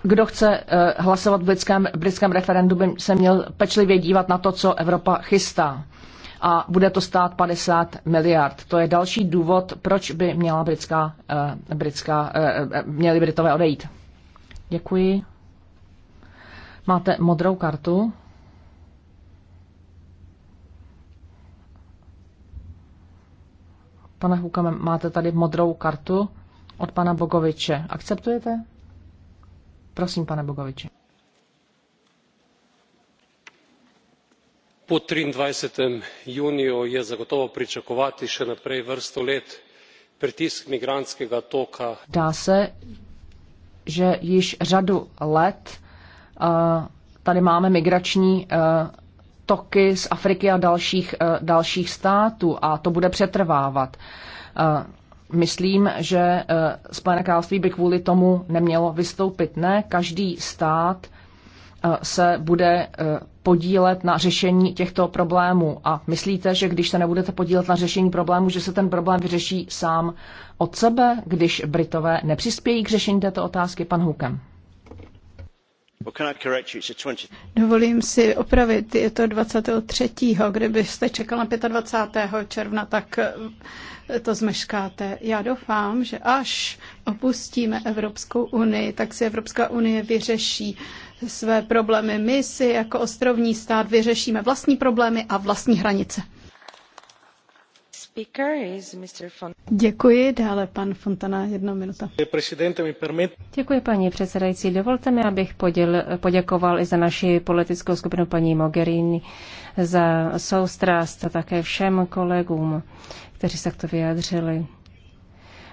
kdo chce hlasovat v britském, britském referendu, by se měl pečlivě dívat na to, co Evropa chystá a bude to stát 50 miliard. To je další důvod, proč by měla britská, eh, britská, eh, eh měli Britové odejít. Děkuji. Máte modrou kartu. Pane Huka, máte tady modrou kartu od pana Bogoviče. Akceptujete? Prosím, pane Bogoviče. po triindvajset juniju je zagotovo pričakovati še naprej vrsto let pritisk migrantskega toka. dá se že již řadu let eh, tady máme migrační eh, toky z Afriky a dalších, eh, dalších států a to bude přetrvávat. Myslím, že Spojené království by kvůli tomu nemělo vystoupit. Ne, každý stát Eh, se bude eh, podílet na řešení těchto problémů. A myslíte, že když se nebudete podílet na řešení problémů, že se ten problém vyřeší sám od sebe, když Britové nepřispějí k řešení této otázky? Pan Hukem. Dovolím si opravit, je to 23. Kdybyste čekal na 25. června, tak eh, to zmeškáte. Já doufám, že až opustíme Evropskou unii, tak si Evropská unie vyřeší uh, své problémy. My si jako ostrovní stát vyřešíme vlastní problémy a vlastní hranice. Děkuji, dále pan Fontana, jedna minuta. Děkuji, paní předsedající. Dovolte mi, abych poděl, poděkoval i za naši politickou skupinu paní Mogherini, za soustrast a také všem kolegům, kteří se k to vyjádřili.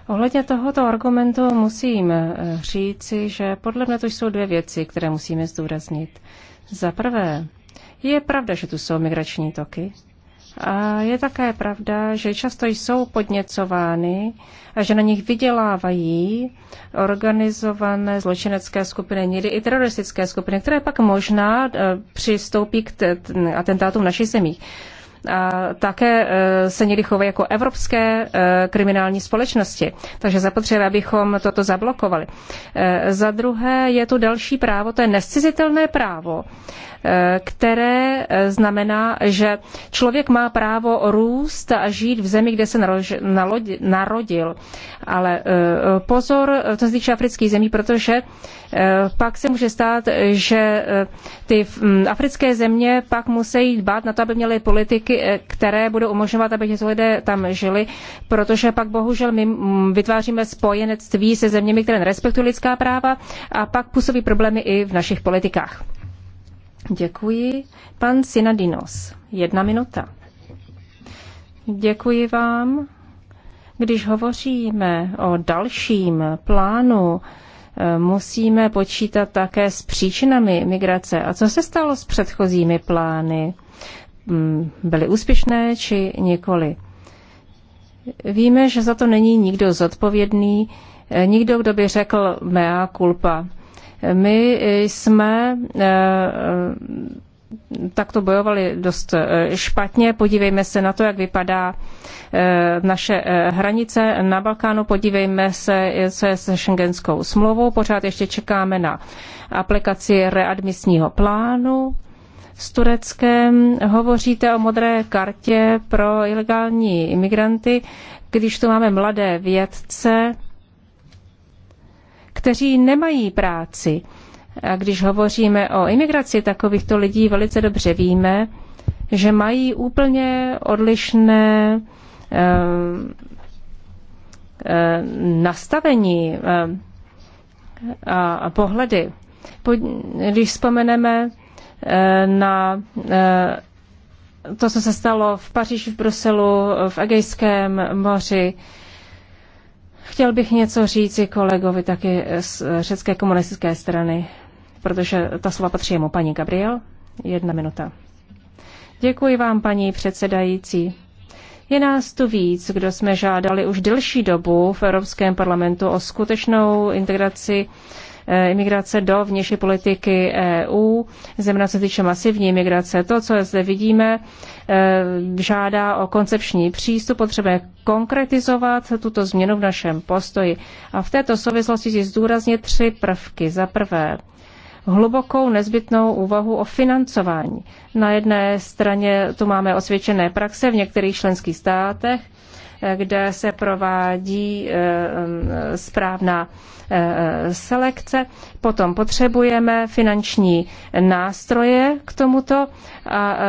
Ohledně tohoto argumentu musím eh, říci, že podle mě to jsou dvě věci, které musíme zdůraznit. Za prvé, je pravda, že tu jsou migrační toky. A je také pravda, že často jsou podněcovány a že na nich vydělávají organizované zločinecké skupiny, někdy i teroristické skupiny, které pak možná eh, přistoupí k atentátům v našich zemích a také e, se někdy chovají jako evropské e, kriminální společnosti. Takže zapotřebí, abychom toto zablokovali. E, za druhé je tu další právo, to je nescizitelné právo které znamená, že člověk má právo růst a žít v zemi, kde se narodil. Ale e, pozor, co se týče afrických zemí, protože e, pak se může stát, že e, ty africké země pak musí dbát na to, aby měly politiky, které budou umožňovat, aby těto lidé tam žili, protože pak bohužel my vytváříme spojenectví se zeměmi, které nerespektují lidská práva a pak působí problémy i v našich politikách. Děkuji. Pan Sinadinos, jedna minuta. Děkuji vám. Když hovoříme o dalším plánu, eh, musíme počítat také s příčinami migrace. A co se stalo s předchozími plány? Mm, byly úspěšné či nikoli? Víme, že za to není nikdo zodpovědný, eh, nikdo, kdo by řekl mea culpa. My jsme eh, eh, takto bojovali dost eh, špatně. Podívejme se na to, jak vypadá naše hranice na Balkánu, podívejme se, co je se šengenskou smlouvou. Pořád ještě čekáme na aplikaci readmisního plánu s Tureckem. Hovoříte o modré kartě pro ilegální imigranty, když tu máme mladé vědce, kteří nemají práci. A když hovoříme o imigraci takovýchto lidí, velice dobře víme, že mají úplně odlišné eh, eh, nastavení eh, a, pohledy. když vzpomeneme na to, co se stalo v Paříži, v Bruselu, v Egejském moři, Chtěl bych něco říci kolegovi taky z řecké komunistické strany, protože ta slova patří jemu. Paní Gabriel, jedna minuta. Děkuji vám, paní předsedající. Je nás tu víc, kdo jsme žádali už delší dobu v Evropském parlamentu o skutečnou integraci Eh, imigrace do vnější politiky EU, zejména se týče masivní imigrace. To, co zde vidíme, eh, žádá o koncepční přístup, potřebuje konkretizovat tuto změnu v našem postoji. A v této souvislosti si zdůraznit tři prvky. Za prvé, hlubokou nezbytnou úvahu o financování. Na jedné straně tu máme osvědčené praxe v některých členských státech, eh, kde se provádí mm, správná Eh, selekce. Potom potřebujeme finanční nástroje k tomuto a eh,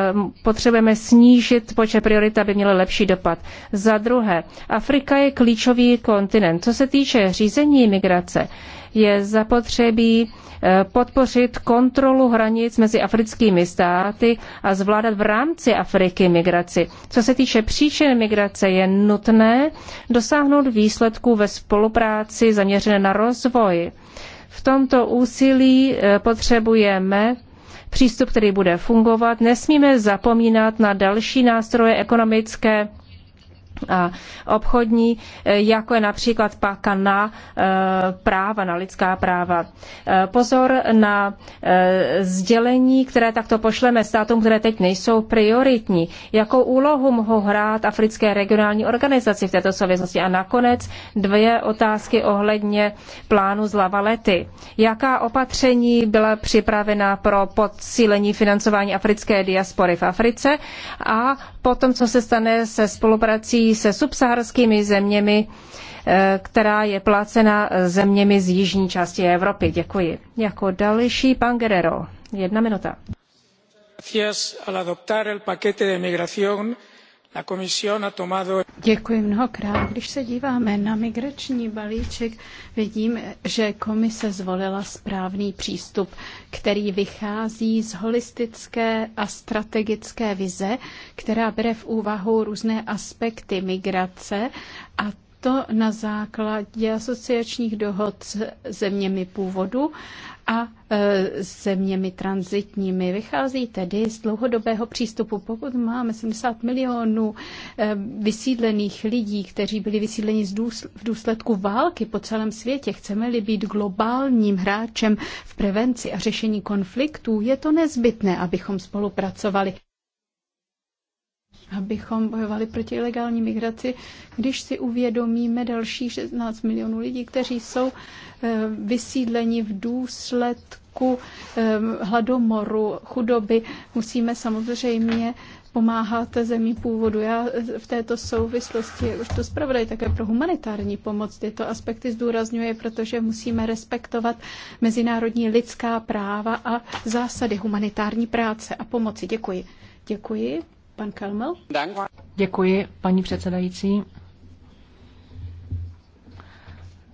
potřebujeme snížit počet priorit, aby měly lepší dopad. Za druhé, Afrika je klíčový kontinent. Co se týče řízení migrace, je zapotřebí eh, podpořit kontrolu hranic mezi africkými státy a zvládat v rámci Afriky migraci. Co se týče příčin migrace, je nutné dosáhnout výsledků ve spolupráci zaměřené na rozvoj. V tomto úsilí e, potřebujeme přístup, který bude fungovat. Nesmíme zapomínat na další nástroje ekonomické obchodní, e, jako je například páka na e, práva, na lidská práva. E, pozor na sdělení, které takto pošleme státům, které teď nejsou prioritní. Jakou úlohu mohou hrát africké regionální organizace v této souvislosti? A nakonec dvě otázky ohledně plánu z Lavalety. Jaká opatření byla připravena pro podsílení financování africké diaspory v Africe a potom, co se stane se spoluprací se subsaharskými zeměmi, eh, která je placena zeměmi z jižní části Evropy. Děkuji. Jako další pan Guerrero. Jedna minuta. Děkuji mnohokrát. Když se díváme na migrační balíček, vidím, že komise zvolila správný přístup, který vychází z holistické a strategické vize, která bere v úvahu různé aspekty migrace a to na základě asociačních dohod s zeměmi původu a e, zeměmi transitními. Vychází tedy z dlouhodobého přístupu. Pokud máme 70 milionů e, vysídlených lidí, kteří byli vysídleni v důsledku války po celém světě, chceme-li být globálním hráčem v prevenci a řešení konfliktů, je to nezbytné, abychom spolupracovali abychom bojovali proti ilegální migraci, když si uvědomíme další 16 milionů lidí, kteří jsou eh, vysídleni v důsledku eh, hladomoru, chudoby. Musíme samozřejmě pomáhat zemí původu. Já eh, v této souvislosti, už to zpravodaj také pro humanitární pomoc, tyto aspekty zdůrazňuje, protože musíme respektovat mezinárodní lidská práva a zásady humanitární práce a pomoci. Děkuji. Děkuji. Pan Kelmel? Děkuji, paní předsedající.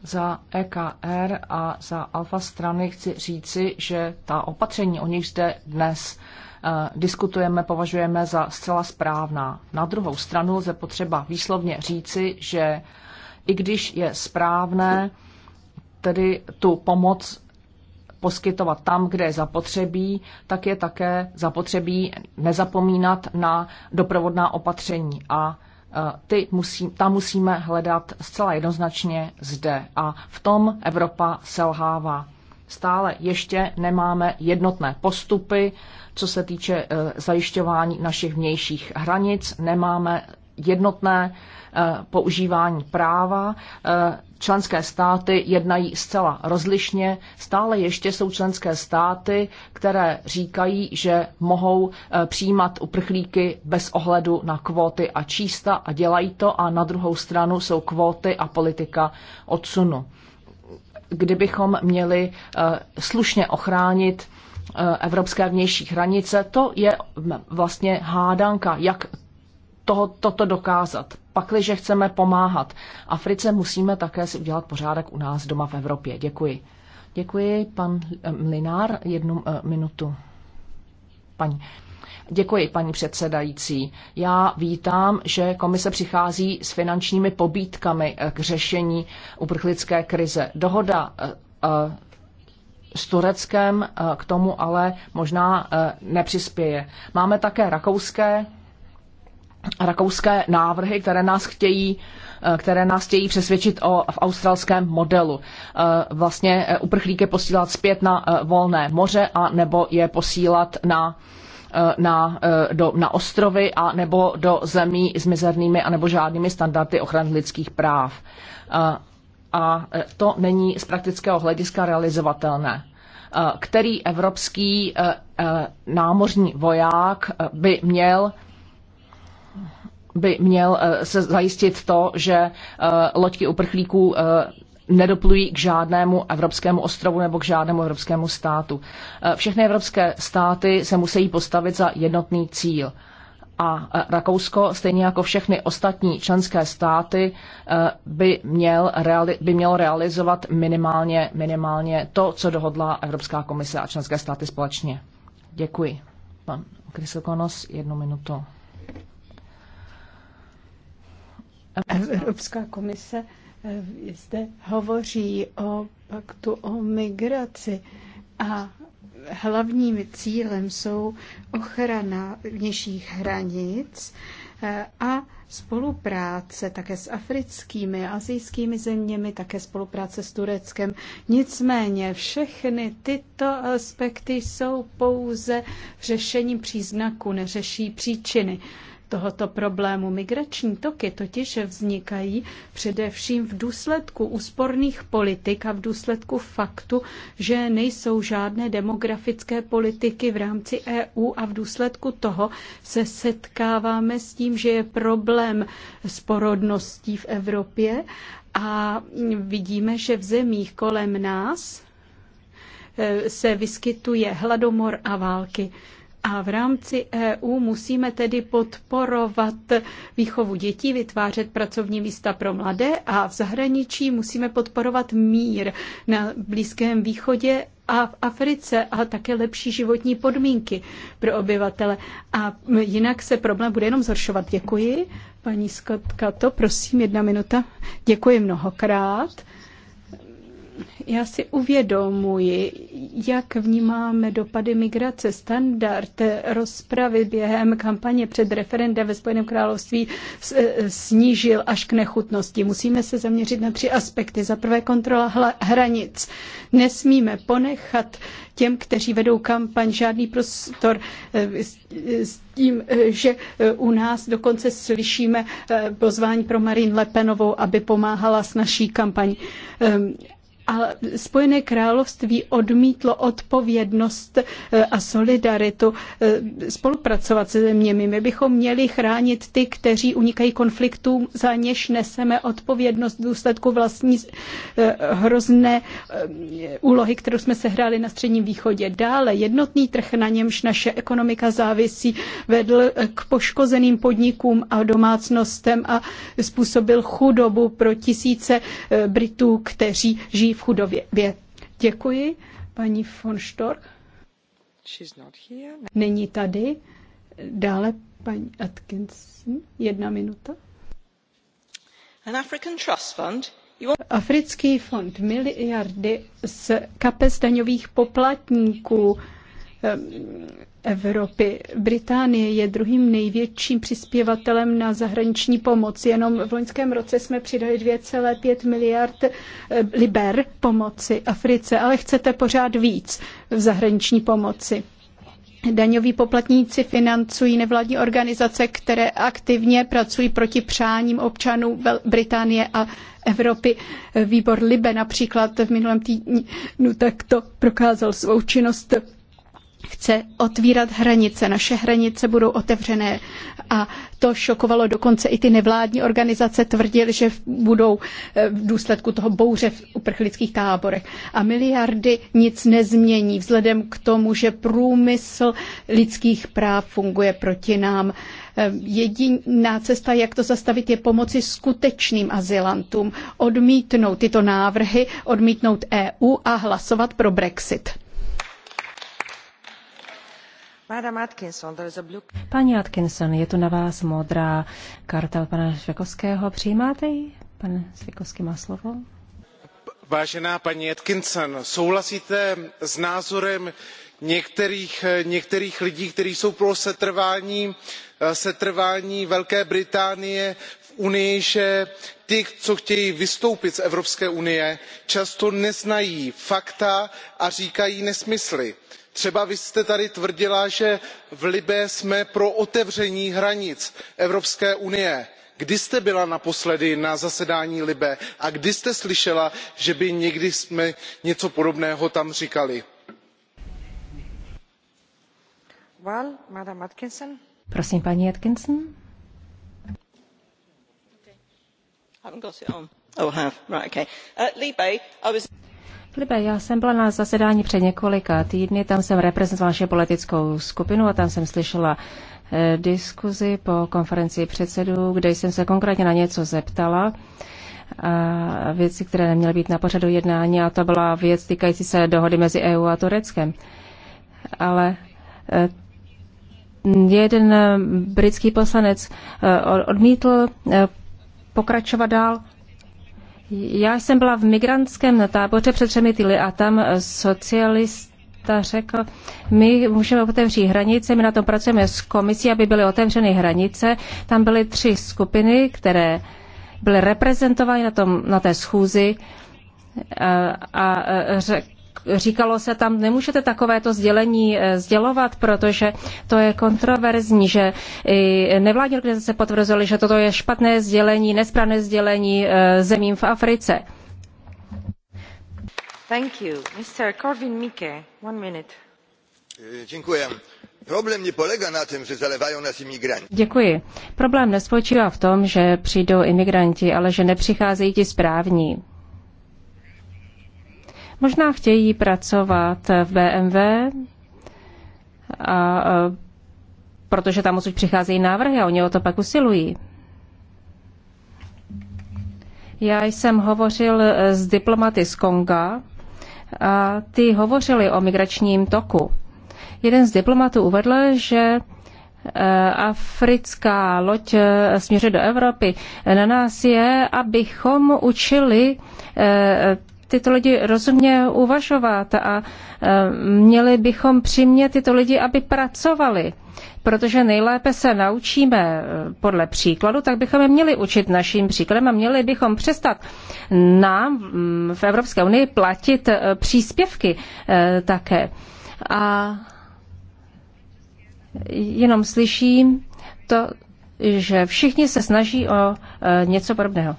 Za EKR a za Alfa strany chci říci, že ta opatření, o nich zde dnes eh, diskutujeme, považujeme za zcela správná. Na druhou stranu lze potřeba výslovně říci, že i když je správné tedy tu pomoc poskytovat tam, kde je zapotřebí, tak je také zapotřebí nezapomínat na doprovodná opatření a e, ty musí, ta musíme hledat zcela jednoznačně zde. A v tom Evropa selhává. Stále ještě nemáme jednotné postupy, co se týče e, zajišťování našich vnějších hranic, nemáme jednotné e, používání práva členské státy jednají zcela rozlišně. Stále ještě jsou členské státy, které říkají, že mohou eh, přijímat uprchlíky bez ohledu na kvóty a čísta a dělají to a na druhou stranu jsou kvóty a politika odsunu. Kdybychom měli eh, slušně ochránit eh, evropské vnější hranice, to je vlastně hádanka, jak toto dokázat pakliže chceme pomáhat Africe, musíme také si udělat pořádek u nás doma v Evropě. Děkuji. Děkuji, pan eh, Mlinár, jednu eh, minutu. Paní. Děkuji, paní předsedající. Já vítám, že komise přichází s finančními pobídkami eh, k řešení uprchlické krize. Dohoda s Tureckem k tomu ale možná nepřispěje. Máme také rakouské rakouské návrhy, které nás chtějí eh, které nás chtějí přesvědčit o v australském modelu. Eh, vlastně eh, uprchlíky posílat zpět na volné moře a nebo je posílat na na, do, na ostrovy a nebo do zemí s mizernými a nebo žádnými standardy ochrany lidských práv. A, a to není z praktického hlediska realizovatelné. Který evropský námořní voják by měl by měl eh, se zajistit to, že eh, loďky uprchlíků eh, nedoplují k žádnému evropskému ostrovu nebo k žádnému evropskému státu. Všechny evropské státy se musí postavit za jednotný cíl. A Rakousko, stejně jako všechny ostatní členské státy, by, měl, by mělo realizovat minimálně, minimálně to, co dohodla Evropská komise a členské státy společně. Děkuji. Pan Krysokonos, jednu minutu. Evropská komise eh, zde hovoří o paktu o migraci a hlavním cílem jsou ochrana vnějších hranic eh, a spolupráce také s africkými, azijskými zeměmi, také spolupráce s Tureckem. Nicméně všechny tyto aspekty jsou pouze řešením příznaku, neřeší příčiny tohoto problému. Migrační toky totiž vznikají především v důsledku úsporných politik a v důsledku faktu, že nejsou žádné demografické politiky v rámci EU a v důsledku toho se setkáváme s tím, že je problém s porodností v Evropě a vidíme, že v zemích kolem nás eh, se vyskytuje hladomor a války. A v rámci EU musíme tedy podporovat výchovu dětí, vytvářet pracovní místa pro mladé a v zahraničí musíme podporovat mír na Blízkém východě a v Africe a také lepší životní podmínky pro obyvatele. A jinak se problém bude jenom zhoršovat. Děkuji. Paní Skotka, to prosím, jedna minuta. Děkuji mnohokrát já si uvědomuji, jak vnímáme dopady migrace. Standard rozpravy během kampaně před referendem ve Spojeném království e, snížil až k nechutnosti. Musíme se zaměřit na tři aspekty. Za prvé kontrola hranic. Nesmíme ponechat těm, kteří vedou kampaň, žádný prostor e, e, s tím, že u nás dokonce slyšíme pozvání pro Marin Lepenovou, aby pomáhala s naší kampaní ehm, a Spojené království odmítlo odpovědnost eh, a solidaritu eh, spolupracovat se zeměmi. My bychom měli chránit ty, kteří unikají konfliktům, za něž neseme odpovědnost v důsledku vlastní eh, hrozné úlohy, kterou jsme sehráli na Středním východě. Dále jednotný trh, na němž naše ekonomika závisí, vedl k poškozeným podnikům a domácnostem a způsobil chudobu pro tisíce Britů, kteří žijí v Chudově, chudobě. Děkuji, paní von Storch. Není tady. Dále paní Atkinson, jedna minuta. An African Trust Fund Africký fond miliardy z kapes daňových poplatníků Eh, Evropy. Británie je druhým největším přispěvatelem na zahraniční pomoc. Jenom v loňském roce jsme přidali 2,5 miliard eh, liber pomoci Africe, ale chcete pořád víc v zahraniční pomoci. Daňoví poplatníci financují nevládní organizace, které aktivně pracují proti přáním občanů Británie a Evropy. Výbor Libe například v minulém týdnu takto prokázal svou činnost chce otvírat hranice. Naše hranice budou otevřené a to šokovalo dokonce i ty nevládní organizace, tvrdili, že budou eh, v důsledku toho bouře v uprchlických táborech. A miliardy nic nezmění vzhledem k tomu, že průmysl lidských práv funguje proti nám. Eh, jediná cesta, jak to zastavit, je pomoci skutečným azylantům odmítnout tyto návrhy, odmítnout EU a hlasovat pro Brexit. Paní Atkinson, je tu na vás modrá karta pana Švekovského. Přijímáte ji? Pan Švekovský má slovo. Vážená paní Atkinson, souhlasíte s názorem některých, některých lidí, kteří jsou pro setrvání, setrvání Velké Británie v Unii, že ti, co chtějí vystoupit z Evropské unie, často neznají fakta a říkají nesmysly třeba vy jste tady tvrdila že v libyi jsme pro otevření hranic evropské unie. kdy jste byla naposledy na zasedání libe a kdy jste slyšela že by jsme někdy něco podobného tam říkali? Prosím, oh, Okay. Libe, já jsem byla na zasedání před několika týdny, tam jsem reprezentovala naše politickou skupinu a tam jsem slyšela eh, diskuzi po konferenci předsedů, kde jsem se konkrétně na něco zeptala a věci, které neměly být na pořadu jednání a to byla věc týkající se dohody mezi EU a Tureckem. Ale eh, jeden britský poslanec eh, odmítl eh, pokračovat dál já jsem byla v migrantském táboře před třemi týdny a tam socialista řekl, my můžeme otevřít hranice, my na tom pracujeme s komisí, aby byly otevřeny hranice. Tam byly tři skupiny, které byly reprezentovány na, tom, na té schůzi a, a řekl, říkalo se tam, nemůžete takovéto sdělení eh, sdělovat, protože to je kontroverzní, že i nevládní organizace potvrzovaly, že toto je špatné sdělení, nesprávné sdělení eh, zemím v Africe. Thank you. Mr. Corvin Mike, one minute. Eh, Děkuji. Problém nepolega na tom, že zalevají nás imigranti. Děkuji. Problém nespočívá v tom, že přijdou imigranti, ale že nepřicházejí ti správní. Možná chtějí pracovat v BMW, a, e, protože tam odsud přicházejí návrhy a oni o to pak usilují. Já jsem hovořil e, s diplomaty z Konga a ty hovořili o migračním toku. Jeden z diplomatů uvedl, že e, africká loď směřuje do Evropy. Na nás je, abychom učili tyto lidi rozumně uvažovat a e, měli bychom přimět tyto lidi, aby pracovali. Protože nejlépe se naučíme e, podle příkladu, tak bychom je měli učit naším příkladem a měli bychom přestat nám mm, v Evropské unii platit e, příspěvky také. A jenom slyším to, že všichni se snaží o něco podobného.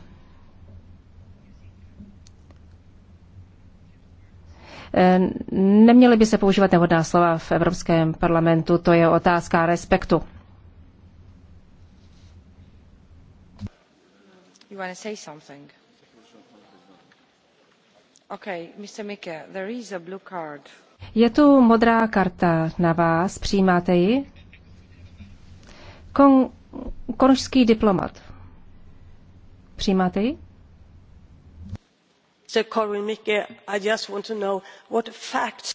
Neměly by se používat nevhodná slova v Evropském parlamentu, to je otázka respektu. You want to say something? Okay, Mr. Mike, there is a blue card. Je tu modrá karta na vás, přijímáte ji? Kon- konžský diplomat. Přijímáte ji?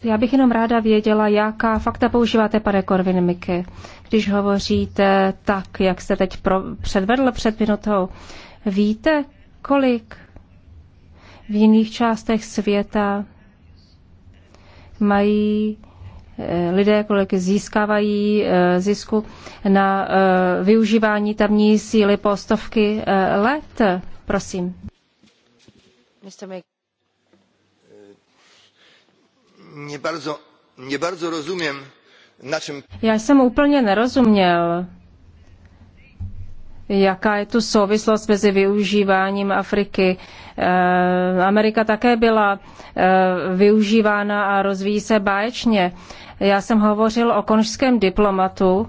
Já bych jenom ráda věděla, jaká fakta používáte, pane Korvin Mikke, když hovoříte tak, jak jste teď pro, předvedl před minutou. Víte, kolik v jiných částech světa mají eh, lidé, kolik získávají eh, zisku na eh, využívání tamní síly po stovky let? Prosím. Já jsem úplně nerozuměl, jaká je tu souvislost mezi využíváním Afriky. Eh, Amerika také byla eh, využívána a rozvíjí se báječně. Já jsem hovořil o konžském diplomatu,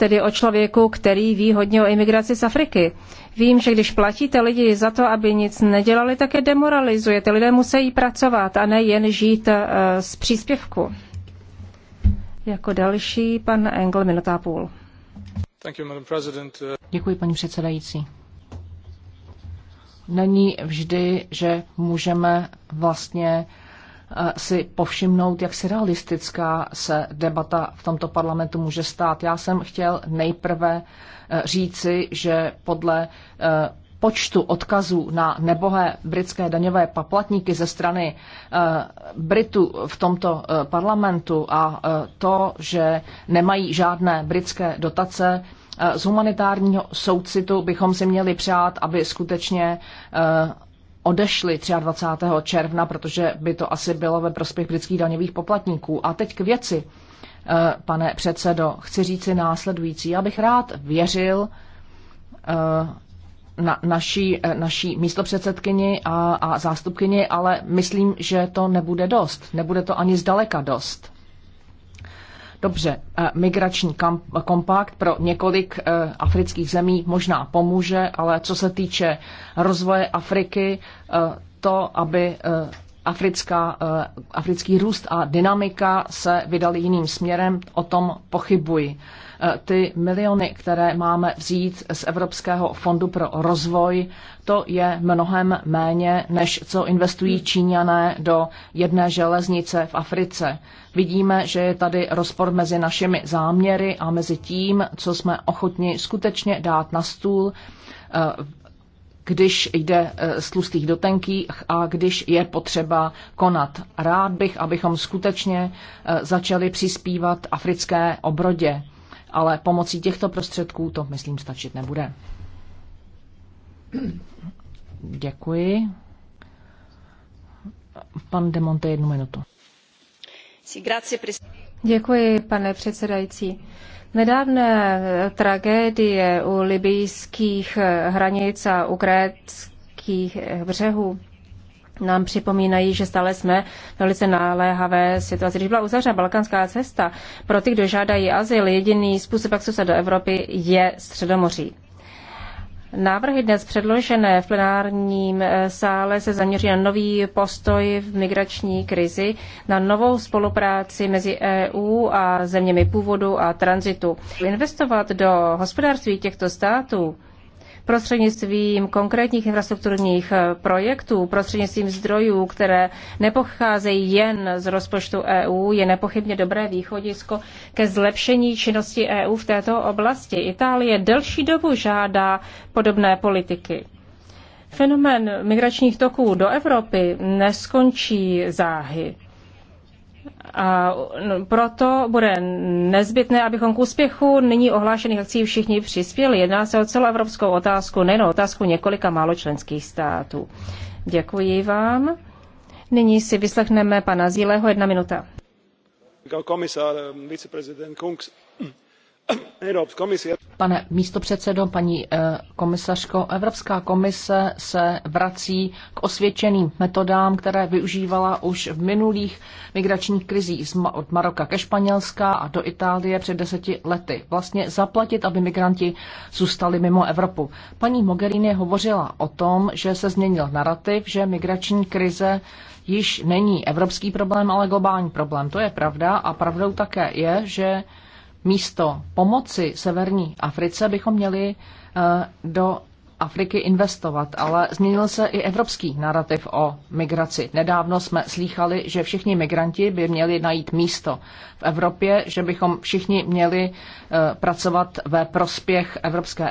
tedy o člověku, který ví hodně o imigraci z Afriky. Vím, že když platíte lidi za to, aby nic nedělali, tak je demoralizujete. Lidé musí pracovat a ne jen žít eh, z příspěvku. Jako další pan Engel, minuta půl. Děkuji, paní předsedající. Není vždy, že můžeme vlastně Eh, si povšimnout, jak si realistická se debata v tomto parlamentu může stát. Já jsem chtěl nejprve eh, říci, že podle eh, počtu odkazů na nebohé britské daňové paplatníky ze strany Britů v tomto parlamentu a to, že nemají žádné britské dotace, z humanitárního soucitu bychom si měli přát, aby skutečně odešli 23. června, protože by to asi bylo ve prospěch britských daňových poplatníků. A teď k věci, eh, pane předsedo, chci říci následující. Já bych rád věřil eh, na, naší, eh, naší místopředsedkyni a, a zástupkyni, ale myslím, že to nebude dost. Nebude to ani zdaleka dost. Dobře, eh, migrační kompakt pro několik eh, afrických zemí možná pomůže, ale co se týče rozvoje Afriky, eh, to, aby africká, africký růst a dynamika se vydali jiným směrem, o tom pochybuji. Eh, ty miliony, které máme vzít z Evropského fondu pro rozvoj, to je mnohem méně, než co investují Číňané do jedné železnice v Africe. Vidíme, že je tady rozpor mezi našimi záměry a mezi tím, co jsme ochotni skutečně dát na stůl eh, když jde eh, z tlustých do tenkých a když je potřeba konat. Rád bych, abychom skutečně začali přispívat africké obrodě ale pomocí těchto prostředků to, myslím, stačit nebude. Děkuji. Pan Demonte, jednu minutu. Děkuji, pane předsedající. Nedávné tragédie u libijských hranic a ukrajinských břehů nám připomínají, že stále jsme velice naléhavé situaci. Když byla uzavřena balkánská cesta, pro ty, kdo žádají azyl, jediný způsob, jak se do Evropy, je Středomoří. Návrhy dnes předložené v plenárním eh, sále se zaměří na nový postoj v migrační krizi, na novou spolupráci mezi EU a zeměmi původu a tranzitu. Investovat do hospodářství těchto států prostřednictvím konkrétních infrastrukturních eh, projektů, prostřednictvím zdrojů, které nepocházejí jen z rozpočtu EU, je nepochybně dobré východisko ke zlepšení činnosti EU v této oblasti. Itálie delší dobu žádá podobné politiky. Fenomén migračních toků do Evropy neskončí záhy. A no, proto bude nezbytné, abychom k úspěchu nyní ohlášených akcí všichni přispěli. Jedná se o celoevropskou otázku, nejen o otázku několika málo členských států. Děkuji vám. Nyní si vyslechneme pana Zíleho, jedna minuta. Komisár, viceprezident Kungs, Pane místopředsedo, paní eh, komisařko, Evropská komise se vrací k osvědčeným metodám, které využívala už v minulých migračních krizích od Maroka ke Španělska a do Itálie před deseti lety. Vlastně zaplatit, aby migranti zůstali mimo Evropu. Paní Mogherini hovořila o tom, že se změnil narrativ, že migrační krize již není evropský problém, ale globální problém. To je pravda a pravdou také je, že místo pomoci severní Africe bychom měli eh, do Afriky investovat, ale změnil se i evropský narrativ o migraci. Nedávno jsme slýchali, že všichni migranti by měli najít místo v Evropě, že bychom všichni měli eh, pracovat ve prospěch evropské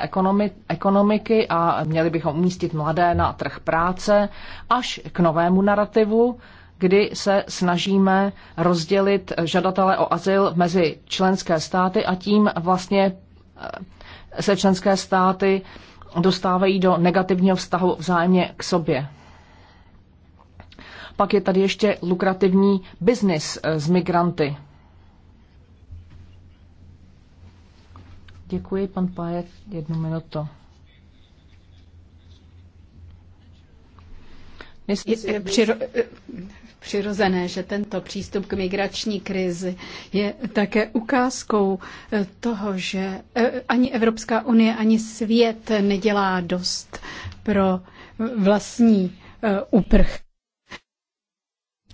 ekonomiky a měli bychom umístit mladé na trh práce až k novému narrativu, kdy se snažíme rozdělit žadatele o azyl mezi členské státy a tím vlastně eh, se členské státy dostávají do negativního vztahu vzájemně k sobě. Pak je tady ještě lukrativní biznis eh, s migranty. Děkuji, pan Pájet, jednu minutu. Je, je, přiro, přirozené, že tento přístup k migrační krizi je také ukázkou eh, toho, že eh, ani Evropská unie, ani svět nedělá dost pro vlastní uprch eh,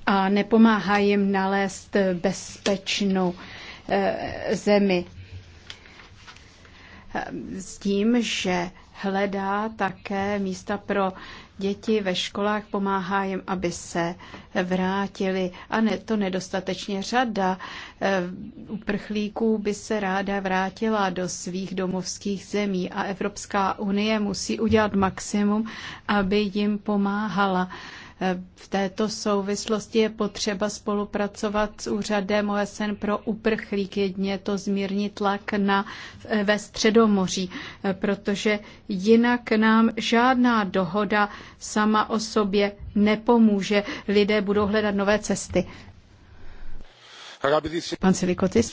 a nepomáhá jim nalézt bezpečnou zemi. S tím, že hledá také místa pro děti ve školách, pomáhá jim, aby se vrátili. A ne, to nedostatečně řada eh, uprchlíků by se ráda vrátila do svých domovských zemí a Evropská unie musí udělat maximum, aby jim pomáhala. V této souvislosti je potřeba spolupracovat s úřadem OSN pro uprchlík. Jedně to zmírnit tlak na, ve Středomoří, protože jinak nám žádná dohoda sama o sobě nepomůže. Lidé budou hledat nové cesty. Pan Silikotis.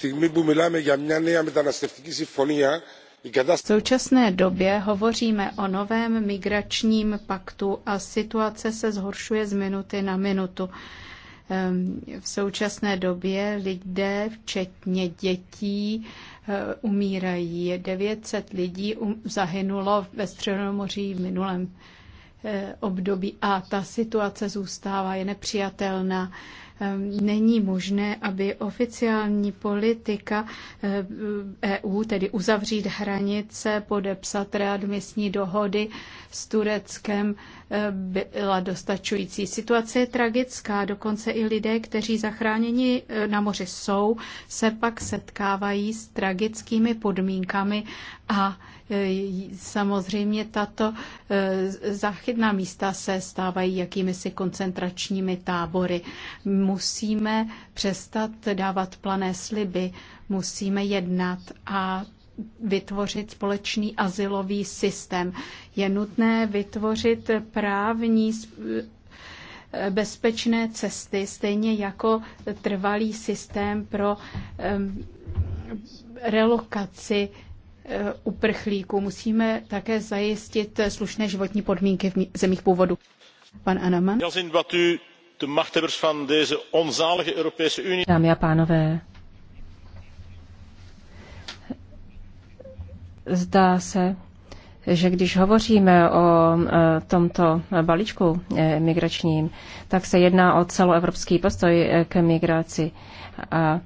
V současné době hovoříme o novém migračním paktu a situace se zhoršuje z minuty na minutu. Ehm, v současné době lidé, včetně dětí, eh, umírají. 900 lidí um- zahynulo ve Středomoří v minulém eh, období a ta situace zůstává, je nepřijatelná. Ehm, není možné, aby oficiální politika EU, ehm, e tedy uzavřít hranice, podepsat readmisní dohody s Tureckem, ehm, byla dostačující. Situace je tragická, dokonce i lidé, kteří zachráněni na moři jsou, se pak setkávají s tragickými podmínkami a E, samozřejmě tato e, záchytná místa se stávají jakýmisi koncentračními tábory. Musíme přestat dávat plané sliby, musíme jednat a vytvořit společný asilový systém. Je nutné vytvořit právní e, bezpečné cesty, stejně jako trvalý systém pro relokaci Eh, uprchlíků. Musíme také zajistit slušné životní podmínky v zemích původu. Pan Anaman. Dámy a pánové, zdá se, že když hovoříme o eh, tomto balíčku eh, migračním, tak se jedná o celoevropský postoj k migraci. A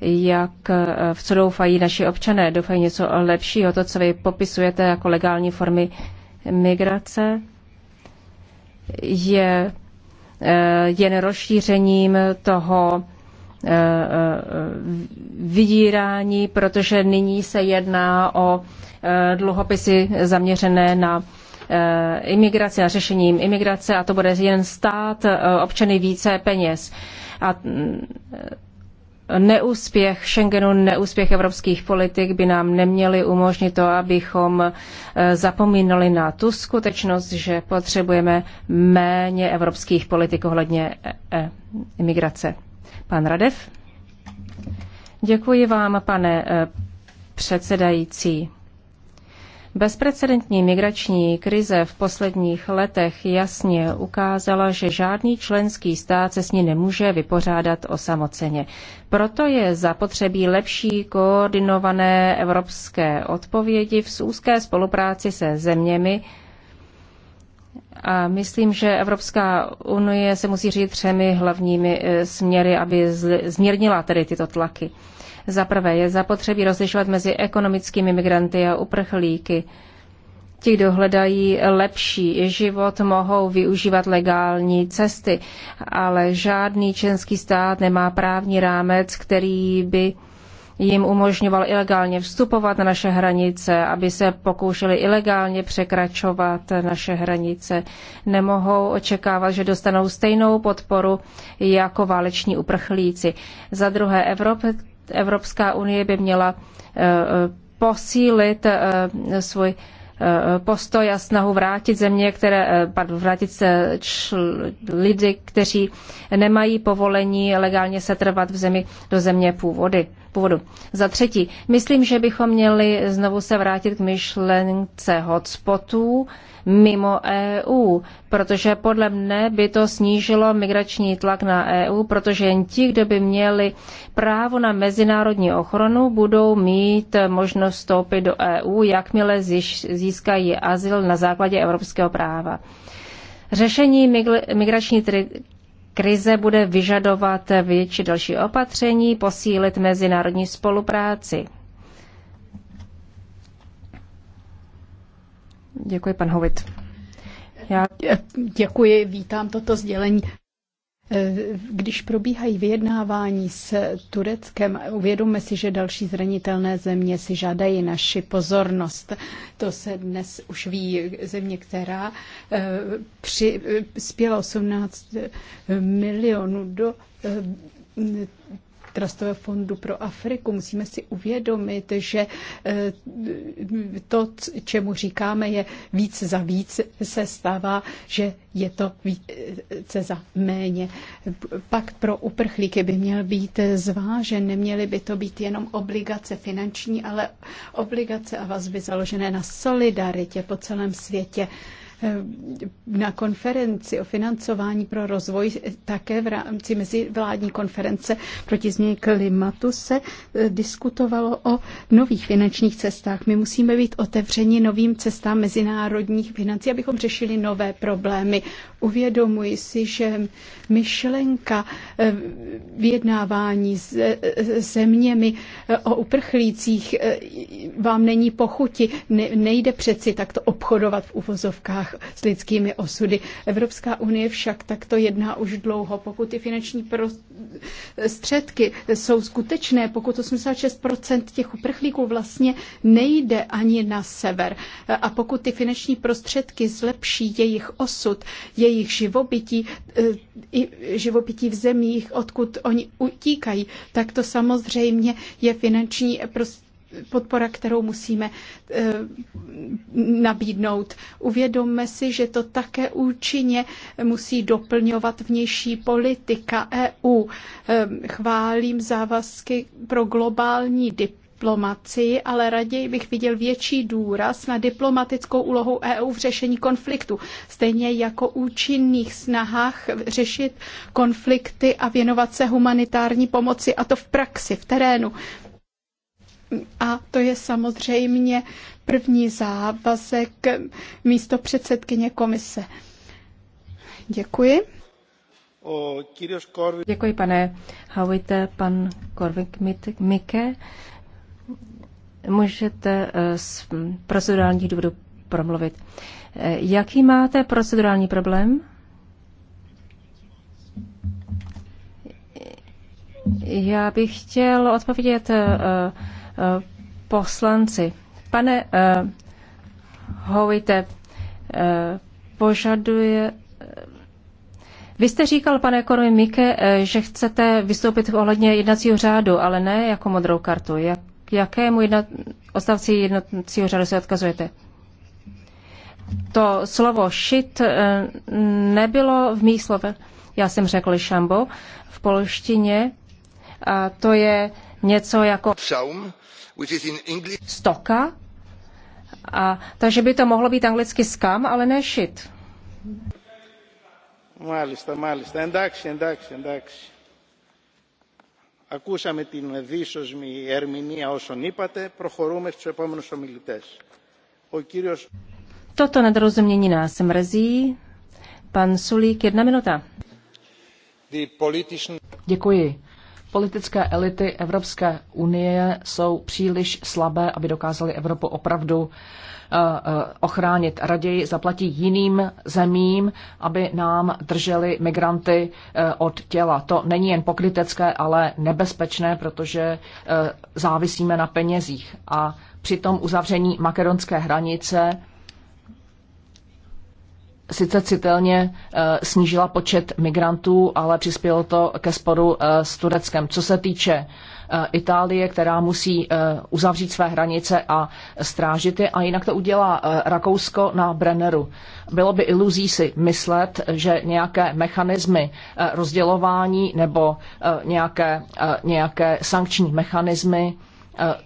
jak eh, v co doufají naši občané. Doufají něco lepšího, to, co vy popisujete jako legální formy migrace, je eh, jen rozšířením toho eh, vydírání, protože nyní se jedná o dluhopisy zaměřené na imigraci, na řešením imigrace a to bude jen stát občany více peněz. A mm, neúspěch Schengenu, neúspěch evropských politik by nám neměli umožnit to, abychom eh, zapomínali na tu skutečnost, že potřebujeme méně evropských politik ohledně eh, eh, imigrace. Pan Radev? Děkuji vám, pane předsedající. Bezprecedentní migrační krize v posledních letech jasně ukázala, že žádný členský stát se s ní nemůže vypořádat osamoceně. Proto je zapotřebí lepší koordinované evropské odpovědi v úzké spolupráci se zeměmi, a myslím, že Evropská unie se musí řídit třemi hlavními eh, směry, aby zmírnila tedy tyto tlaky. Za prvé je zapotřebí rozlišovat mezi ekonomickými migranty a uprchlíky. Ti, kdo hledají lepší život, mohou využívat legální cesty, ale žádný členský stát nemá právní rámec, který by jim umožňoval ilegálně vstupovat na naše hranice, aby se pokoušeli ilegálně překračovat naše hranice. Nemohou očekávat, že dostanou stejnou podporu jako váleční uprchlíci. Za druhé, Evropa Evropská unie by měla eh, posílit eh, svůj eh, postoj a snahu vrátit země, které, pardon, vrátit se čl, lidi, kteří nemají povolení legálně setrvat v zemi do země původy, původu. Za třetí, myslím, že bychom měli znovu se vrátit k myšlence hotspotů, mimo EU, protože podle mne by to snížilo migrační tlak na EU, protože jen ti, kdo by měli právo na mezinárodní ochranu, budou mít možnost vstoupit do EU, jakmile získají azyl na základě evropského práva. Řešení migrační krize bude vyžadovat větší další opatření, posílit mezinárodní spolupráci. Děkuji, pan Hovit. Já děkuji, vítám toto sdělení. E, když probíhají vyjednávání s Tureckem, uvědomme si, že další zranitelné země si žádají naši pozornost. To se dnes už ví země, která e, přispěla e, 18 milionů do Trustového fondu pro Afriku. Musíme si uvědomit, že eh, to, čemu říkáme, je víc za víc, se stává, že je to více za méně. Pak pro uprchlíky by měl být zvážen, neměly by to být jenom obligace finanční, ale obligace a vazby založené na solidaritě po celém světě. Eh, na konferenci o financování pro rozvoj, eh, také v rámci mezivládní konference proti změně klimatu se eh, diskutovalo o nových finančních cestách. My musíme být otevřeni novým cestám mezinárodních financí, abychom řešili nové problémy. Uvědomuji si, že myšlenka eh, vyjednávání s eh, zeměmi eh, o uprchlících vám není pochuti. Nejde přeci takto obchodovat v uvozovkách s lidskými osudy. Evropská unie však takto jedná už dlouho. Pokud ty finanční prostředky jsou skutečné, pokud 86% těch uprchlíků vlastně nejde ani na sever a pokud ty finanční prostředky zlepší jejich osud, jejich jejich živobytí, eh, živobytí v zemích, odkud oni utíkají, tak to samozřejmě je finanční podpora, kterou musíme eh, nabídnout. Uvědomme si, že to také účinně musí doplňovat vnější politika EU. Ehm, chválím závazky pro globální diplomaci diplomacii, ale raději bych viděl větší důraz na diplomatickou úlohu EU v řešení konfliktu, stejně jako účinných snahách řešit konflikty a věnovat se humanitární pomoci, a to v praxi, v terénu. A to je samozřejmě první závazek místo předsedkyně komise. Děkuji. Děkuji, pane Hawite. Pan Korvik Mike Můžete eh, z procedurálních důvodů promluvit. Eh, jaký máte procedurální problém? Já bych chtěl odpovědět eh, poslanci. Pane Hovite, požaduje. Vy jste říkal, pane Kormi Mike, že chcete vystoupit ohledně jednacího řádu, ale ne jako modrou kartu, Jak jakému jedna, odstavci jednotcího řadu se odkazujete? To slovo šit eh, nebylo v mých slove. Já jsem řekl šambo v polštině a to je něco jako stoka. A, takže by to mohlo být anglicky skam, ale ne šit. Málista, málista. endakši, endakši, endakši ακούσαμε την δύσοσμη ερμηνεία όσων είπατε. Προχωρούμε στους επόμενους ομιλητές. Ο κύριος... Toto nedorozumění nás mrzí. Pan Sulík, jedna minuta. Děkuji. Politické elity Evropské unie jsou příliš slabé, aby dokázaly Evropu opravdu Eh, eh, ochránit. Raději zaplatí jiným zemím, aby nám drželi migranty eh, od těla. To není jen pokrytecké, ale nebezpečné, protože závisíme na penězích. A při tom uzavření makedonské hranice sice citelně eh, snížila počet migrantů, ale přispělo to ke sporu eh, s Tureckem. Co se týče eh, Itálie, která musí uzavřít své hranice a strážit je, a jinak to udělá Rakousko na Brenneru. Bylo by iluzí si myslet, že nějaké mechanismy rozdělování nebo nějaké, nějaké sankční mechanismy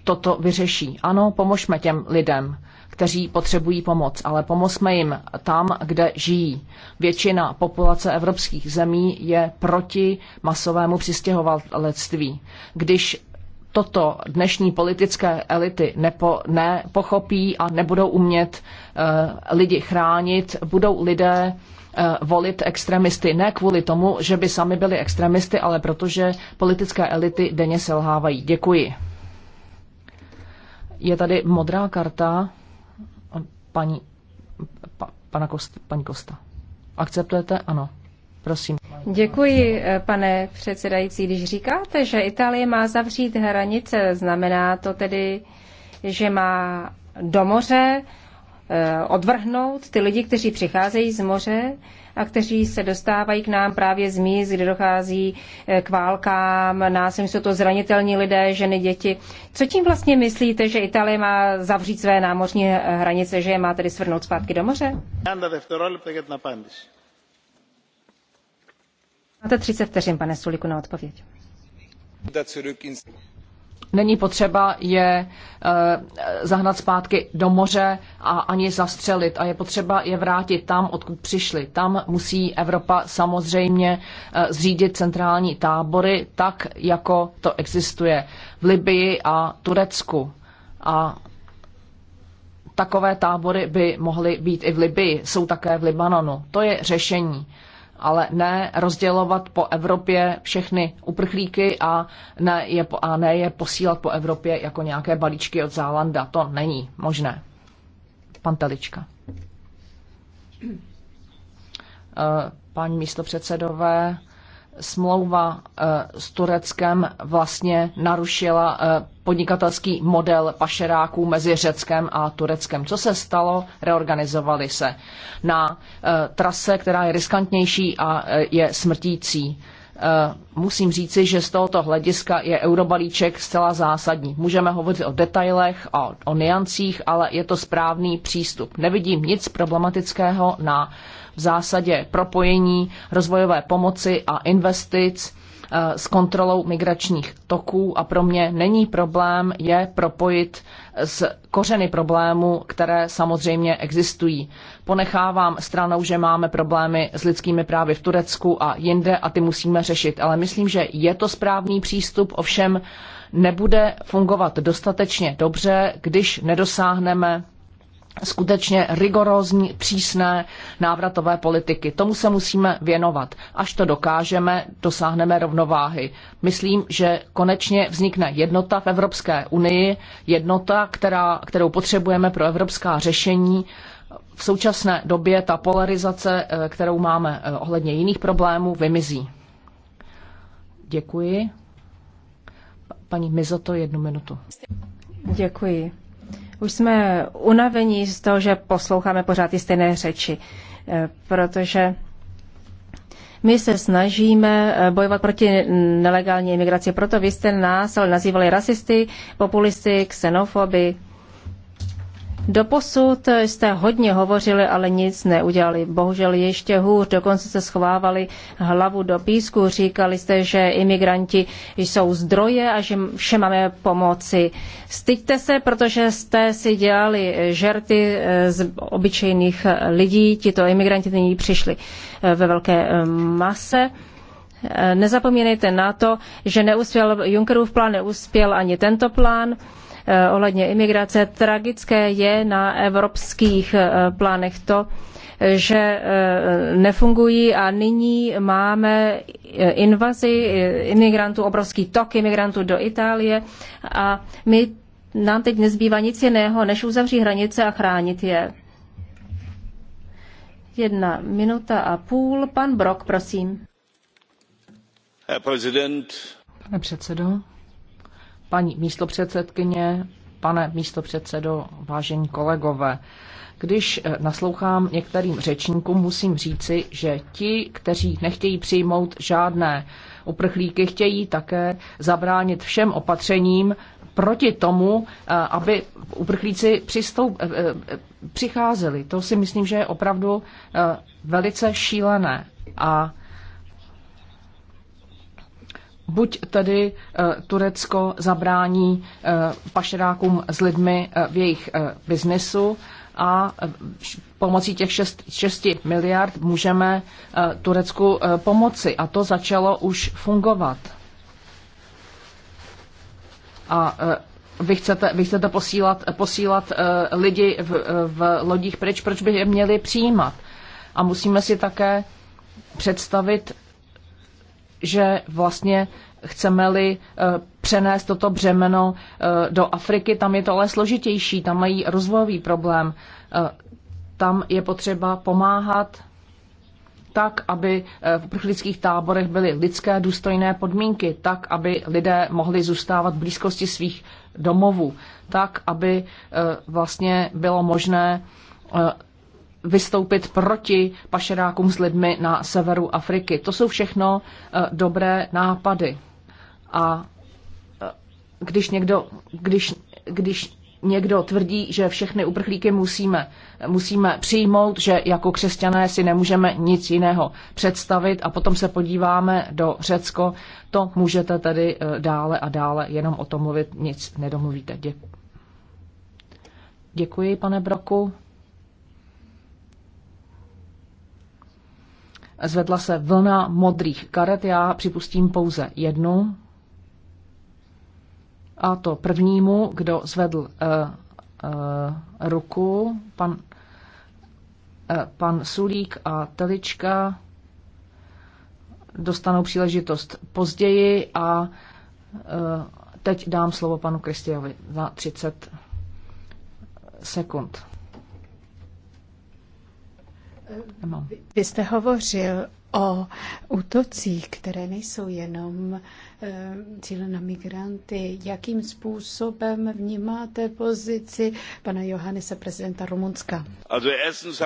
toto vyřeší. Ano, pomožme těm lidem kteří potřebují pomoc, ale pomozme jim tam, kde žijí. Většina populace evropských zemí je proti masovému přistěhovalectví. Když toto dnešní politické elity nepo, nepochopí a nebudou umět uh, lidi chránit, budou lidé eh, volit extremisty. Ne kvůli tomu, že by sami byli extremisty, ale protože politické elity denně selhávají. Děkuji. Je tady modrá karta paní, pa, pana Kost, paní Kosta. Akceptujete? Ano. Prosím. Děkuji, pane předsedající. Když říkáte, že Itálie má zavřít hranice, znamená to tedy, že má do moře Eh, odvrhnout ty lidi, kteří přicházejí z moře a kteří se dostávají k nám právě z míst, kde dochází eh, k válkám, násilím jsou to zranitelní lidé, ženy, děti. Co tím vlastně myslíte, že Itálie má zavřít své námořní eh, hranice, že je má tedy svrnout zpátky do moře? Máte 30 vteřin, pane Suliku, na odpověď. Není potřeba je eh, zahnat zpátky do moře a ani zastřelit a je potřeba je vrátit tam, odkud přišli. Tam musí Evropa samozřejmě eh, zřídit centrální tábory tak, jako to existuje v Libii a Turecku. A takové tábory by mohly být i v Libii, jsou také v Libanonu. To je řešení ale ne rozdělovat po Evropě všechny uprchlíky a ne je, a ne je posílat po Evropě jako nějaké balíčky od Zálanda. To není možné. Pantelička. Eh, paní místopředsedové, smlouva eh, s Tureckem vlastně narušila eh, podnikatelský model pašeráků mezi Řeckem a Tureckem. Co se stalo? Reorganizovali se na eh, trase, která je riskantnější a je smrtící. Eh, musím říci, že z tohoto hlediska je eurobalíček zcela zásadní. Můžeme hovořit o detailech a o niancích, ale je to správný přístup. Nevidím nic problematického na v zásadě propojení rozvojové pomoci a investic Eh, s kontrolou migračních toků a pro mě není problém je propojit s kořeny problémů, které samozřejmě existují. Ponechávám stranou, že máme problémy s lidskými právy v Turecku a jinde a ty musíme řešit, ale myslím, že je to správný přístup, ovšem nebude fungovat dostatečně dobře, když nedosáhneme skutečně rigorózní, přísné návratové politiky. Tomu se musíme věnovat. Až to dokážeme, dosáhneme rovnováhy. Myslím, že konečně vznikne jednota v Evropské unii, jednota, která, kterou potřebujeme pro evropská řešení. V současné době ta polarizace, eh, kterou máme eh, ohledně jiných problémů, vymizí. Děkuji. Paní Mizoto, jednu minutu. Děkuji. Už jsme unavení z toho, že posloucháme pořád ty stejné řeči, eh, protože my se snažíme eh, bojovat proti nelegální imigraci, proto vy jste nás ale nazývali rasisty, populisty, xenofoby. Doposud jste hodně hovořili, ale nic neudělali. Bohužel ještě hůř, dokonce se schovávali hlavu do písku. Říkali jste, že imigranti jsou zdroje a že vše máme pomoci. Styďte se, protože jste si dělali žerty eh, z obyčejných eh, lidí. Tito imigranti nyní přišli eh, ve velké mase. Nezapomínejte na to, že neuspěl Junckerův plán, neuspěl ani tento plán Eh, ohledně imigrace. Tragické je na evropských eh, plánech to, že eh, nefungují a nyní máme invazi imigrantů, obrovský tok imigrantů do Itálie a my nám teď nezbývá nic jiného, než uzavřít hranice a chránit je. Jedna minuta a půl. Pan Brok, prosím. Pane předsedo, paní místopředsedkyně, pane místopředsedo, vážení kolegové. Když eh, naslouchám některým řečníkům, musím říci, že ti, kteří nechtějí přijmout žádné uprchlíky, chtějí také zabránit všem opatřením proti tomu, eh, aby uprchlíci přistoup, eh, přicházeli. To si myslím, že je opravdu velice šílené. A buď tedy eh, Turecko zabrání eh, pašerákům s lidmi eh, v jejich biznesu a pomocí těch 6, 6 miliard můžeme Turecku pomoci. A to začalo už fungovat. A vy chcete, vy chcete posílat, posílat lidi v, v lodích pryč, proč by je měli přijímat? A musíme si také představit že vlastně chceme-li eh, přenést toto břemeno eh, do Afriky, tam je to ale složitější, tam mají rozvojový problém. Eh, tam je potřeba pomáhat tak, aby v uprchlických táborech byly lidské důstojné podmínky, tak, aby lidé mohli zůstávat v blízkosti svých domovů, tak, aby vlastně bylo možné vystoupit proti pašerákům s lidmi na severu Afriky. To jsou všechno eh, dobré nápady. A eh, když někdo, když, když někdo tvrdí, že všechny uprchlíky musíme, musíme přijmout, že jako křesťané si nemůžeme nic jiného představit a potom se podíváme do Řecko, to můžete tedy eh, dále a dále jenom o tom mluvit, nic nedomluvíte. Děkuji, pane Broku. Zvedla se vlna modrých karet, já připustím pouze jednu. A to prvnímu, kdo zvedl uh, uh, ruku, pan, uh, pan Sulík a Telička, dostanou příležitost později a uh, teď dám slovo panu Kristiovi za 30 sekund. Vy jste hovořil o útocích, které nejsou jenom eh, cíle na migranty. Jakým způsobem vnímáte pozici pana Johannese, prezidenta Rumunska? Also erstens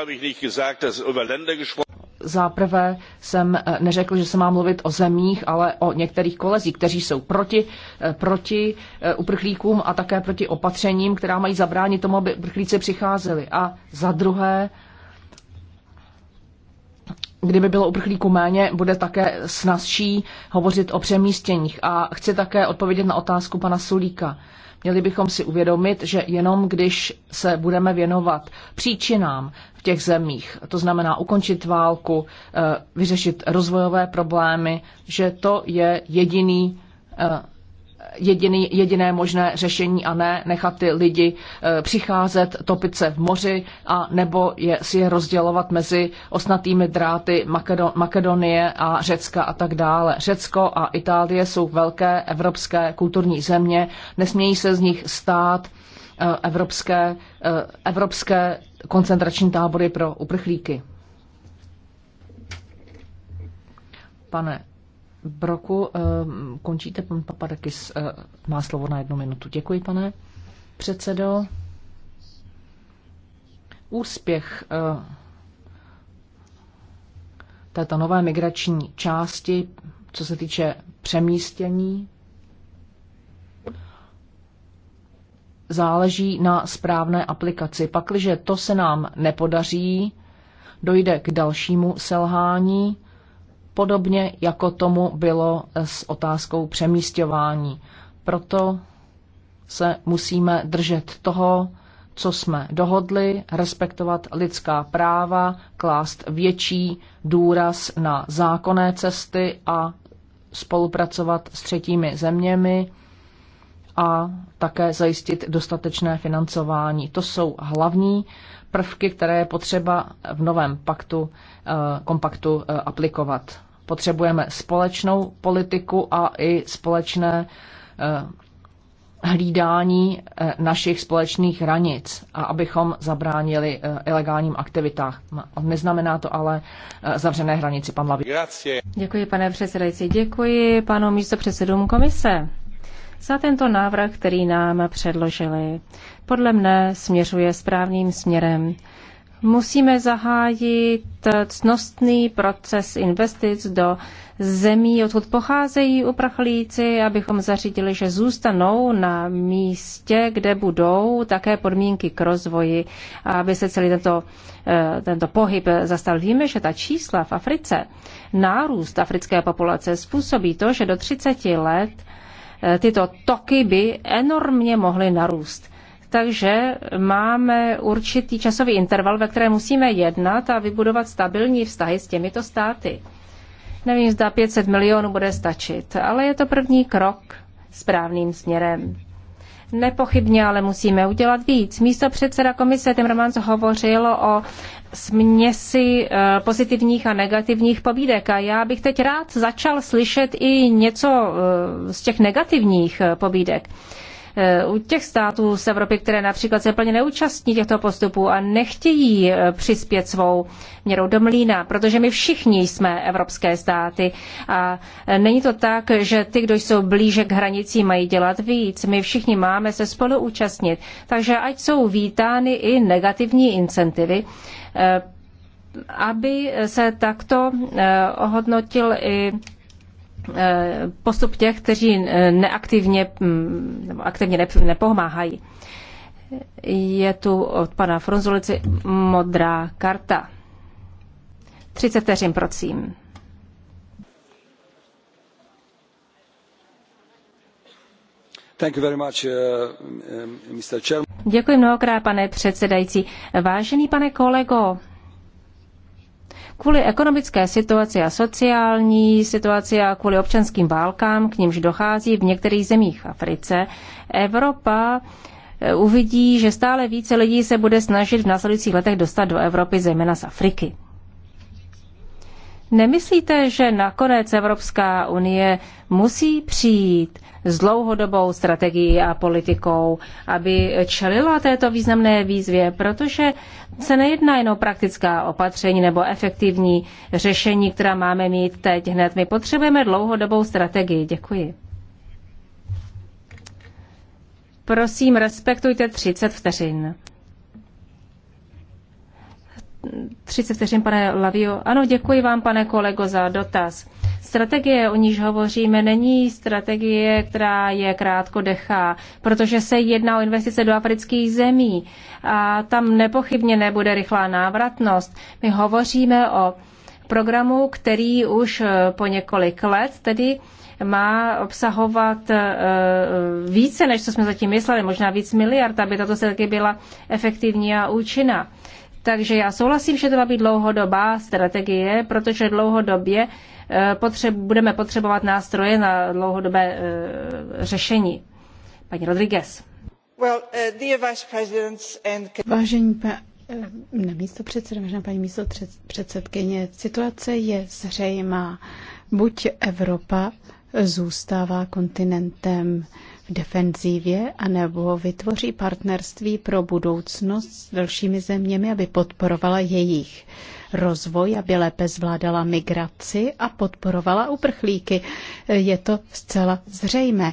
Záprve jsem eh, neřekl, že se má mluvit o zemích, ale o některých kolezích, kteří jsou proti, eh, proti uprchlíkům a také proti opatřením, která mají zabránit tomu, aby uprchlíci přicházeli. A za druhé, kdyby bylo uprchlíků méně, bude také snazší hovořit o přemístěních. A chci také odpovědět na otázku pana Sulíka. Měli bychom si uvědomit, že jenom když se budeme věnovat příčinám v těch zemích, to znamená ukončit válku, eh, vyřešit rozvojové problémy, že to je jediný eh, jediný, jediné možné řešení a ne nechat ty lidi eh, přicházet, topit se v moři a nebo je, si je rozdělovat mezi osnatými dráty Makedon, Makedonie a Řecka a tak dále. Řecko a Itálie jsou velké evropské kulturní země, nesmějí se z nich stát eh, evropské, eh, evropské koncentrační tábory pro uprchlíky. Pane Broku, eh, končíte, pan Papadakis eh, má slovo na jednu minutu. Děkuji, pane předsedo. Úspěch eh, této nové migrační části, co se týče přemístění, záleží na správné aplikaci. Pakliže to se nám nepodaří, dojde k dalšímu selhání, podobně jako tomu bylo s otázkou přemístěvání. Proto se musíme držet toho, co jsme dohodli, respektovat lidská práva, klást větší důraz na zákonné cesty a spolupracovat s třetími zeměmi a také zajistit dostatečné financování. To jsou hlavní prvky, které je potřeba v novém paktu, eh, kompaktu eh, aplikovat. Potřebujeme společnou politiku a i společné eh, hlídání eh, našich společných hranic a abychom zabránili eh, ilegálním aktivitách. Neznamená to ale zavřené hranici, pan Lavi. Děkuji, pane předsedající. Děkuji panu místopředsedům komise za tento návrh, který nám předložili. Podle mne směřuje správným směrem musíme zahájit cnostný proces investic do zemí, odkud pocházejí uprchlíci, abychom zařídili, že zůstanou na místě, kde budou také podmínky k rozvoji, aby se celý tento, eh, tento pohyb zastal. Víme, že ta čísla v Africe, nárůst africké populace způsobí to, že do 30 let eh, tyto toky by enormně mohly narůst. Takže máme určitý časový interval, ve kterém musíme jednat a vybudovat stabilní vztahy s těmito státy. Nevím, zda 500 milionů bude stačit, ale je to první krok správným směrem. Nepochybně ale musíme udělat víc. Místo předseda komise Timmermans hovořil o směsi eh, pozitivních a negativních pobídek a já bych teď rád začal slyšet i něco eh, z těch negativních eh, pobídek. Eh, u těch států z Evropy, které například se plně neúčastní těchto postupů a nechtějí eh, přispět svou měrou do mlína, protože my všichni jsme evropské státy a eh, není to tak, že ty, kdo jsou blíže k hranici, mají dělat víc. My všichni máme se spolu účastnit. Takže ať jsou vítány i negativní incentivy, aby se takto ohodnotil i Eh, postup těch, kteří eh, neaktivně mm, nebo aktivně nepomáhají. Je tu od pana Fronzulici modrá karta. 30 vteřin, prosím. Thank you very much, uh, Mr. Děkuji mnohokrát, pane předsedající. Vážený pane kolego, Kvůli ekonomické situaci a sociální situaci a kvůli občanským válkám, k nímž dochází v některých zemích Africe, Evropa eh, uvidí, že stále více lidí se bude snažit v následujících letech dostat do Evropy, zejména z Afriky. Nemyslíte, že nakonec Evropská unie musí přijít s dlouhodobou strategií a politikou, aby čelila této významné výzvě, protože se nejedná jen o praktická opatření nebo efektivní řešení, která máme mít teď hned. My potřebujeme dlouhodobou strategii. Děkuji. Prosím, respektujte 30 vteřin. 30 vteřin, pane Lavio. Ano, děkuji vám, pane kolego, za dotaz. Strategie, o níž hovoříme, není strategie, která je krátko dechá, protože se jedná o investice do afrických zemí a tam nepochybně nebude rychlá návratnost. My hovoříme o programu, který už eh, po několik let tedy má obsahovat eh, více, než co jsme zatím mysleli, možná víc miliard, aby tato strategie byla efektivní a účinná. Takže já souhlasím, že to má být dlouhodobá strategie, protože dlouhodobě eh, potřeb, budeme potřebovat nástroje na dlouhodobé eh, řešení. Paní Rodriguez. Well, uh, Vážení pa, na místo předsedy, možná paní místo předsedkyně, situace je zřejmá. Buď Evropa zůstává kontinentem uh, defenzívě, anebo vytvoří partnerství pro budoucnost s dalšími zeměmi, aby podporovala jejich rozvoj, aby lépe zvládala migraci a podporovala uprchlíky. Je to zcela zřejmé.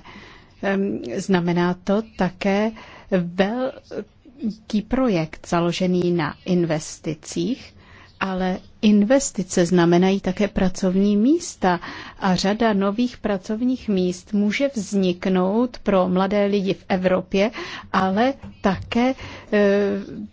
Ehm, znamená to také velký projekt založený na investicích, ale investice znamenají také pracovní místa a řada nových pracovních míst může vzniknout pro mladé lidi v Evropě, ale také e,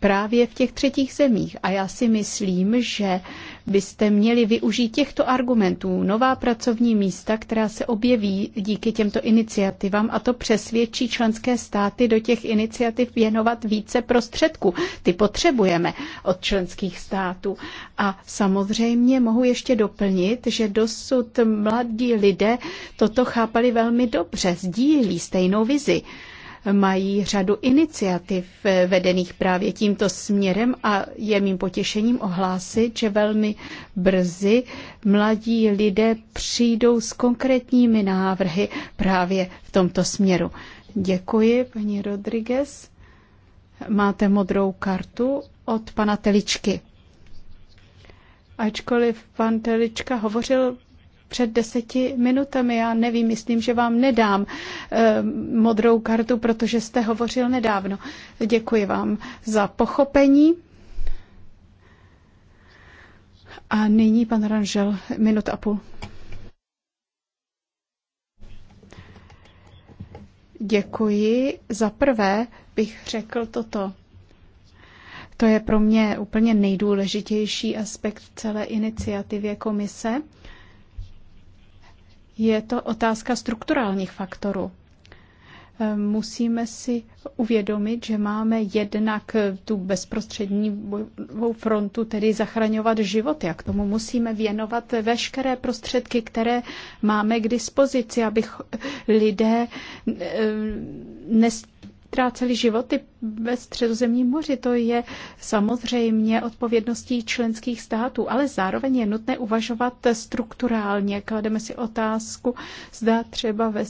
právě v těch třetích zemích. A já si myslím, že byste měli využít těchto argumentů. Nová pracovní místa, která se objeví díky těmto iniciativám a to přesvědčí členské státy do těch iniciativ věnovat více prostředků. Ty potřebujeme od členských států. A samozřejmě mohu ještě doplnit, že dosud mladí lidé toto chápali velmi dobře, sdílí stejnou vizi mají řadu iniciativ vedených právě tímto směrem a je mým potěšením ohlásit, že velmi brzy mladí lidé přijdou s konkrétními návrhy právě v tomto směru. Děkuji, paní Rodriguez. Máte modrou kartu od pana Teličky. Ačkoliv pan Telička hovořil před deseti minutami. Já nevím, myslím, že vám nedám eh, modrou kartu, protože jste hovořil nedávno. Děkuji vám za pochopení. A nyní pan Ranžel, minut a půl. Děkuji. Za prvé bych řekl toto. To je pro mě úplně nejdůležitější aspekt celé iniciativě komise je to otázka strukturálních faktorů. Ehm, musíme si uvědomit, že máme jednak tu bezprostřední frontu, tedy zachraňovat životy. A k tomu musíme věnovat veškeré prostředky, které máme k dispozici, aby lidé ehm, nes ztráceli životy ve středozemním moři. To je samozřejmě odpovědností členských států, ale zároveň je nutné uvažovat strukturálně. Klademe si otázku, zda třeba ve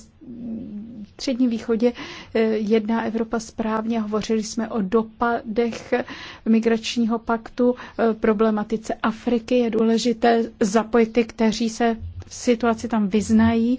středním východě eh, jedná Evropa správně. Hovořili jsme o dopadech migračního paktu, eh, problematice Afriky. Je důležité zapojit ty, kteří se v situaci tam vyznají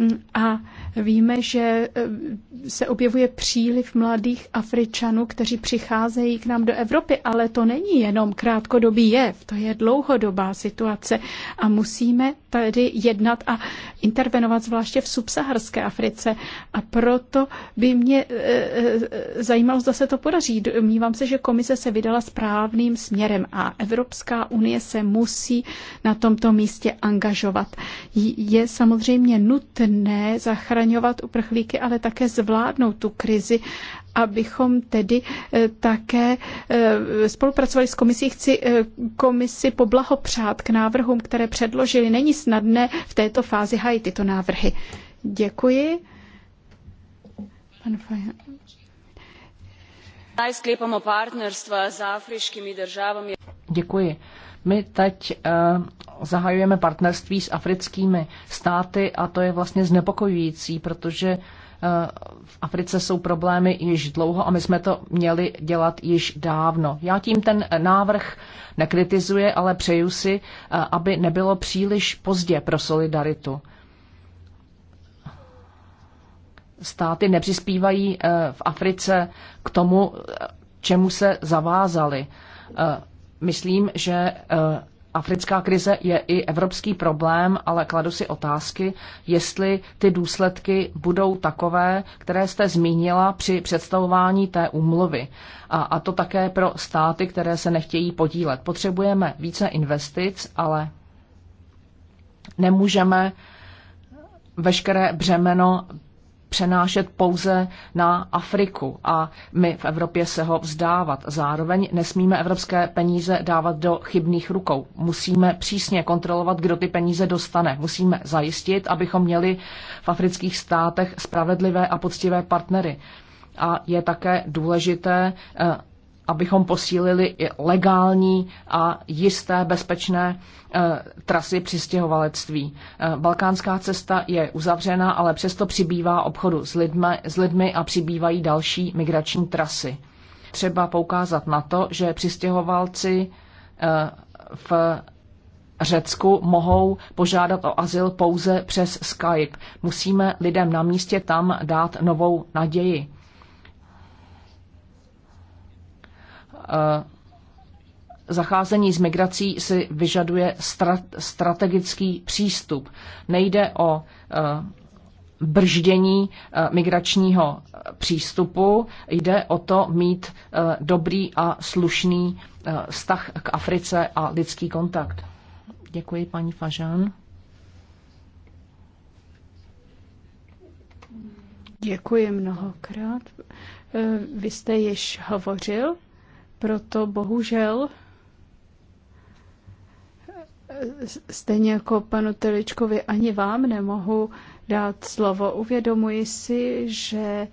Mm, a víme, že eh, se objevuje příliv mladých Afričanů, kteří přicházejí k nám do Evropy, ale to není jenom krátkodobý jev, to je dlouhodobá situace a musíme tedy jednat a intervenovat zvláště v subsaharské Africe. A proto by mě eh, eh, zajímalo, zda se to podaří. Mívám se, že komise se vydala správným směrem a Evropská unie se musí na tomto místě angažovat. Je samozřejmě nutné zachraňovat uprchlíky, ale také zvládnout tu krizi abychom tedy eh, také eh, spolupracovali s komisí. Chci eh, komisi poblahopřát k návrhům, které předložili. Není snadné v této fázi hajit tyto návrhy. Děkuji. Pan Fajan. partnerstva s afriškými državami. Děkuji. My teď uh, zahajujeme partnerství s africkými státy a to je vlastně znepokojující, protože uh, v Africe jsou problémy již dlouho a my jsme to měli dělat již dávno. Já tím ten návrh nekritizuje, ale přeju si, eh, aby nebylo příliš pozdě pro solidaritu státy nepřispívají eh, v Africe k tomu, eh, čemu se zavázali. Myslím, že Africká krize je i evropský problém, ale kladu si otázky, jestli ty důsledky budou takové, které jste zmínila při představování té úmluvy. A, a to také pro státy, které se nechtějí podílet. Potřebujeme více investic, ale nemůžeme veškeré břemeno přenášet pouze na Afriku a my v Evropě se ho vzdávat. Zároveň nesmíme evropské peníze dávat do chybných rukou. Musíme přísně kontrolovat, kdo ty peníze dostane. Musíme zajistit, abychom měli v afrických státech spravedlivé a poctivé partnery. A je také důležité eh, abychom posílili i legální a jisté bezpečné eh, trasy přistěhovalectví. Eh, balkánská cesta je uzavřena, ale přesto přibývá obchodu s lidmi, s lidmi a přibývají další migrační trasy. Třeba poukázat na to, že přistěhovalci eh, v Řecku mohou požádat o azyl pouze přes Skype. Musíme lidem na místě tam dát novou naději Eh, zacházení s migrací si vyžaduje strategický přístup. Nejde o eh, brždění eh, migračního přístupu, jde o to mít dobrý a slušný vztah k Africe a lidský kontakt. Děkuji, paní Fažán. Děkuji mnohokrát. Vy jste již hovořil proto bohužel stejně jako panu Teličkovi ani vám nemohu dát slovo. Uvědomuji si, že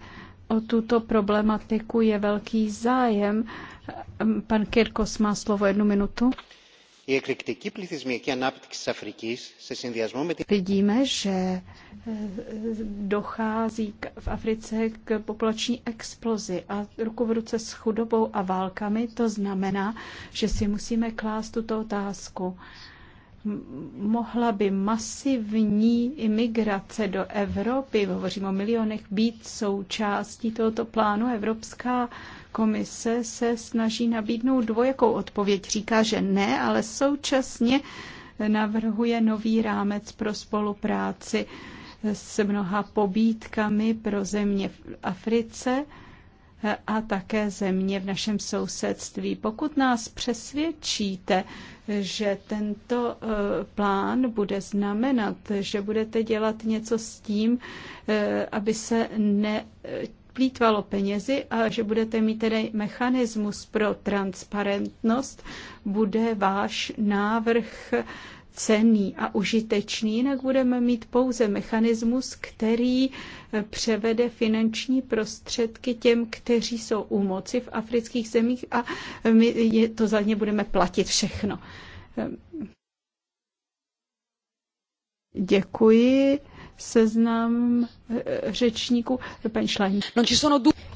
o tuto problematiku je velký zájem. Pan Kirkos má slovo jednu minutu. Vidíme, že dochází v Africe k populační explozi a ruku v ruce s chudobou a válkami. To znamená, že si musíme klást tuto otázku. Mohla by masivní imigrace do Evropy, hovořím o milionech, být součástí tohoto plánu? Evropská komise se snaží nabídnout dvojakou odpověď. Říká, že ne, ale současně navrhuje nový rámec pro spolupráci s mnoha pobídkami pro země v Africe a také země v našem sousedství. Pokud nás přesvědčíte, že tento eh, plán bude znamenat, že budete dělat něco s tím, eh, aby se ne plítvalo penězi a že budete mít tedy mechanismus pro transparentnost, bude váš návrh cený a užitečný, jinak budeme mít pouze mechanismus, který eh, převede finanční prostředky těm, kteří jsou u moci v afrických zemích a eh, my je, to za ně budeme platit všechno. Eh, děkuji. Seznam řečníků. Paní no,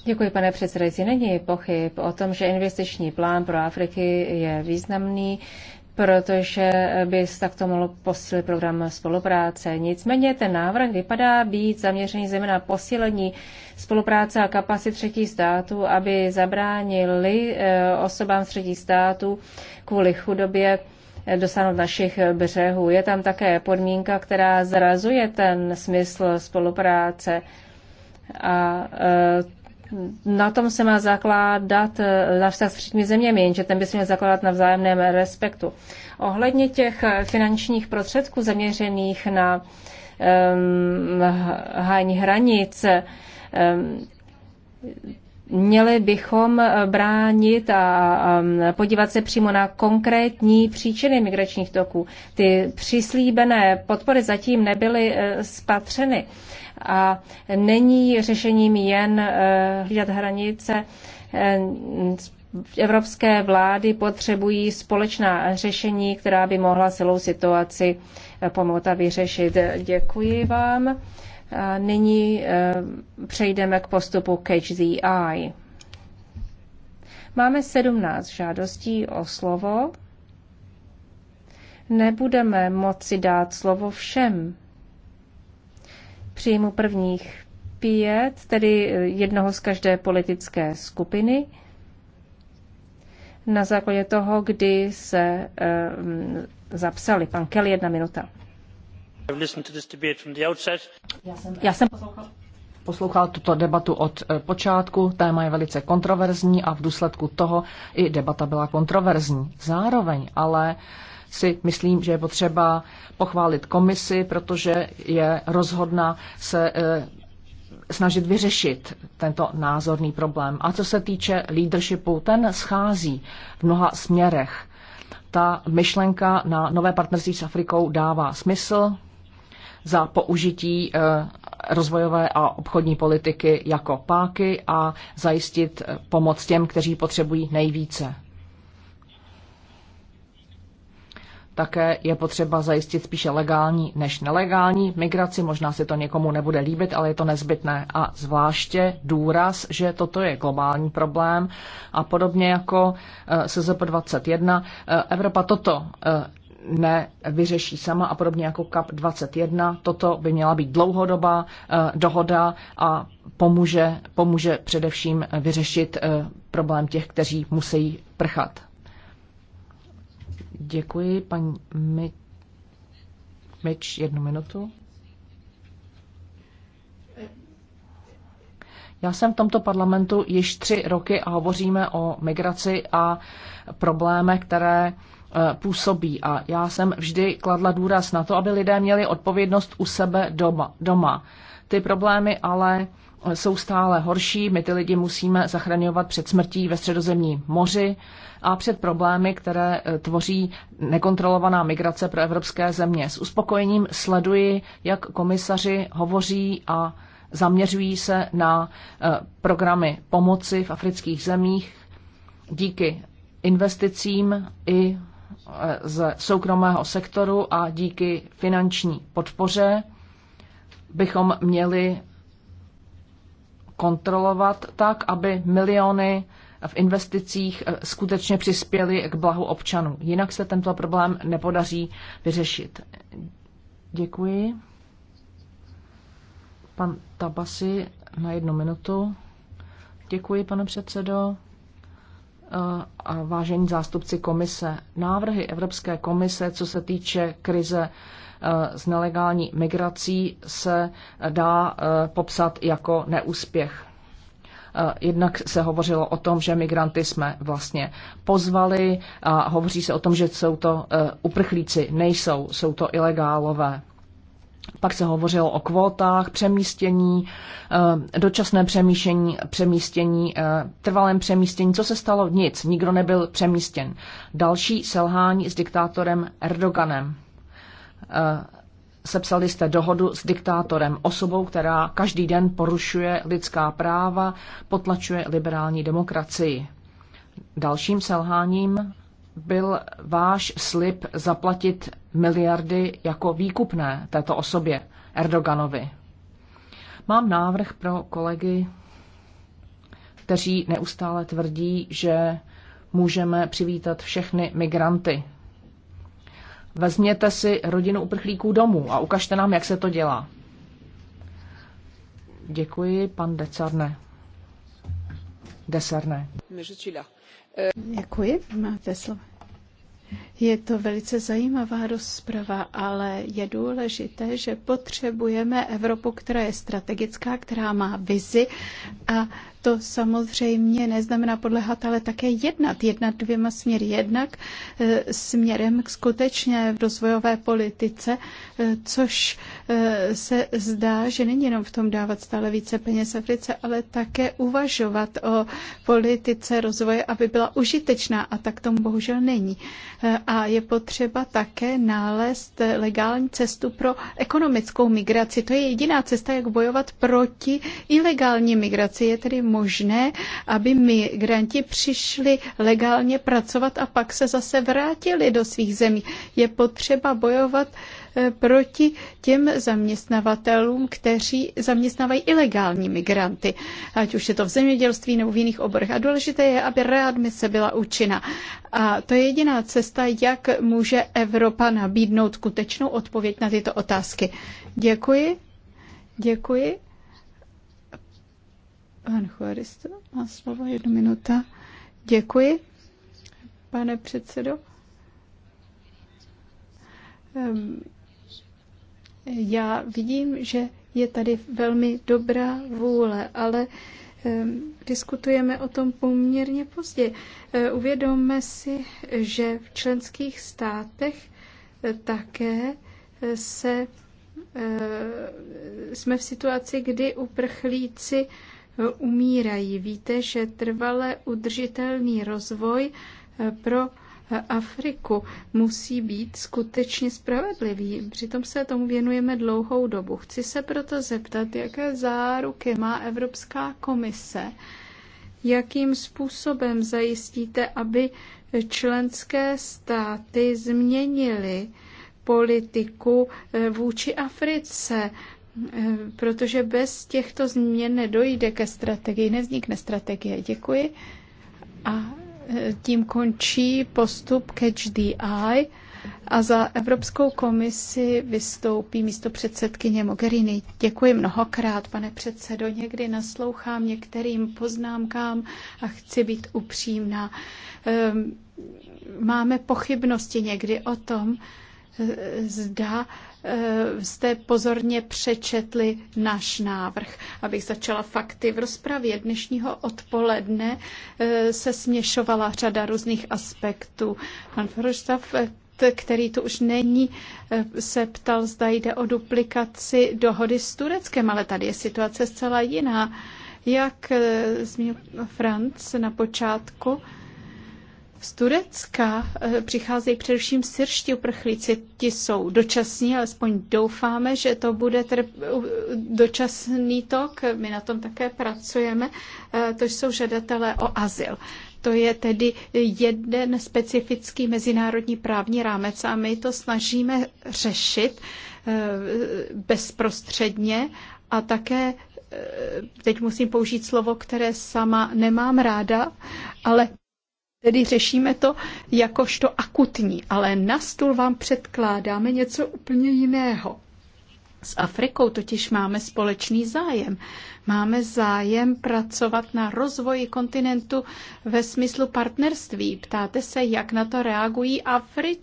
Děkuji, pane předsedající. Není pochyb o tom, že investiční plán pro Afriky je významný protože by se takto mohlo posílit program spolupráce. Nicméně ten návrh vypadá být zaměřený zejména na posílení spolupráce a kapacit třetí států, aby zabránili eh, osobám třetí států kvůli chudobě eh, dosáhnout našich břehů. Je tam také podmínka, která zrazuje ten smysl spolupráce a eh, na tom se má zakládat eh, na vztah s třetími zeměmi, jenže ten by se měl zakládat na vzájemném respektu. Ohledně těch eh, finančních prostředků zaměřených na um, hájení hranic, um, ehm, měli bychom eh, bránit a podívat se přímo na konkrétní příčiny migračních toků. Ty přislíbené podpory zatím nebyly spatřeny a není řešením jen eh, hlídat hranice. Eh, evropské vlády potřebují společná řešení, která by mohla celou situaci eh, pomoct a vyřešit. Děkuji vám. A nyní přejdeme k postupu Catch the Eye. Máme 17 žádostí o slovo. Nebudeme moci dát slovo všem. Přijmu prvních pět, tedy eh, jednoho z každé politické skupiny. Na základě toho, kdy se um, zapsali. Pan Kelly, jedna minuta. Já jsem, já jsem poslouchal, poslouchal tuto debatu od eh, počátku. Téma je velice kontroverzní a v důsledku toho i debata byla kontroverzní. Zároveň ale uh, si myslím, že je potřeba pochválit komisi, protože je rozhodna se eh, snažit vyřešit tento názorný problém. A co se týče leadershipu, ten schází v mnoha směrech. Ta myšlenka na nové partnerství s Afrikou dává smysl za použití eh, rozvojové a obchodní politiky jako páky a zajistit eh, pomoc těm, kteří potřebují nejvíce. Také je potřeba zajistit spíše legální než nelegální migraci. Možná se to někomu nebude líbit, ale je to nezbytné. A zvláště důraz, že toto je globální problém a podobně jako eh, SZP 21. Eh, Evropa toto eh, nevyřeší sama a podobně jako CAP 21. Toto by měla být dlouhodobá dohoda a pomůže, pomůže především vyřešit problém těch, kteří musí prchat. Děkuji, paní Mi... jednu minutu. Já jsem v tomto parlamentu již tři roky a hovoříme o migraci a problémech, které eh, působí. A já jsem vždy kladla důraz na to, aby lidé měli odpovědnost u sebe doma. doma. Ty problémy ale jsou stále horší. My ty lidi musíme zachraňovat před smrtí ve středozemní moři a před problémy, které e, tvoří nekontrolovaná migrace pro evropské země. S uspokojením sleduji, jak komisaři hovoří a zaměřují se na e, programy pomoci v afrických zemích díky investicím i e, z soukromého sektoru a díky finanční podpoře bychom měli kontrolovat tak, aby miliony v investicích eh, skutečně přispěly k blahu občanů. Jinak se tento problém nepodaří vyřešit. Děkuji. Pan Tabasi na jednu minutu. Děkuji, pane předsedo. Eh, a vážení zástupci komise, návrhy Evropské komise, co se týče krize s eh, nelegální migrací se dá eh, popsat jako neúspěch. Eh, jednak se hovořilo o tom, že migranty jsme vlastně pozvali a hovoří se o tom, že jsou to uprchlíci. Nejsou, jsou to ilegálové. Pak se hovořilo o kvótách, přemístění, dočasné přemístění, přemístění, trvalém přemístění. Co se stalo? Nic. Nikdo nebyl přemístěn. Další selhání s diktátorem Erdoganem. Eh, sepsali jste dohodu s diktátorem, osobou, která každý den porušuje lidská práva, potlačuje liberální demokracii. Dalším selháním byl váš slib zaplatit miliardy jako výkupné této osobě, Erdoganovi. Mám návrh pro kolegy, kteří neustále tvrdí, že můžeme přivítat všechny migranty Vezměte si rodinu uprchlíků domů a ukažte nám, jak se to dělá. Děkuji, pan Decarne. Desarne. Děkuji, máte slovo. Je to velice zajímavá rozprava, ale je důležité, že potřebujeme Evropu, která je strategická, která má vizi a to samozřejmě neznamená podlehat, ale také jednat. Jednat dvěma směry. Jednak eh, směrem k skutečně rozvojové politice, eh, což eh, se zdá, že není jenom v tom dávat stále více peněz Africe, ale také uvažovat o politice rozvoje, aby byla užitečná a tak tomu bohužel není. A je potřeba také nalézt legální cestu pro ekonomickou migraci. To je jediná cesta, jak bojovat proti ilegální migraci. Je tedy možné, aby migranti přišli legálně pracovat a pak se zase vrátili do svých zemí. Je potřeba bojovat eh, proti těm zaměstnavatelům, kteří zaměstnávají ilegální migranty, ať už je to v zemědělství nebo v jiných oborech. A důležité je, aby readmise byla účinná. A to je jediná cesta, jak může Evropa nabídnout skutečnou odpověď na tyto otázky. Děkuji. Děkuji. Pan Juarez má slovo, jednu minuta. Děkuji, pane předsedo. Ehm, já vidím, že je tady velmi dobrá vůle, ale ehm, diskutujeme o tom poměrně pozdě. Ehm, uvědomme si, že v členských státech e, také e, se e, jsme v situaci, kdy uprchlíci umírají. Víte, že trvale udržitelný rozvoj eh, pro eh, Afriku musí být skutečně spravedlivý. Přitom se tomu věnujeme dlouhou dobu. Chci se proto zeptat, jaké záruky má Evropská komise, jakým způsobem zajistíte, aby členské státy změnily politiku eh, vůči Africe, Eh, protože bez těchto změn nedojde ke strategii, nevznikne strategie. Děkuji. A eh, tím končí postup Catch the Eye a za Evropskou komisi vystoupí místo předsedkyně Mogherini. Děkuji mnohokrát, pane předsedo. Někdy naslouchám některým poznámkám a chci být upřímná. Eh, máme pochybnosti někdy o tom, zda jste eh, pozorně přečetli náš návrh. Abych začala fakty. V rozpravě dnešního odpoledne eh, se směšovala řada různých aspektů. Pan Frostav eh, který tu už není, se ptal, zda jde o duplikaci dohody s Tureckem, ale tady je situace zcela jiná. Jak zmínil Franc na počátku, z Turecka eh, přicházejí především syrští uprchlíci. Ti jsou dočasní, alespoň doufáme, že to bude trp- eh, dočasný tok. My na tom také pracujeme. Eh, to jsou žadatelé o azyl. To je tedy jeden specifický mezinárodní právní rámec a my to snažíme řešit bezprostředně a také teď musím použít slovo, které sama nemám ráda, ale Tedy řešíme to jakožto akutní, ale na stůl vám předkládáme něco úplně jiného. S Afrikou totiž máme společný zájem. Máme zájem pracovat na rozvoji kontinentu ve smyslu partnerství. Ptáte se, jak na to reagují Afri-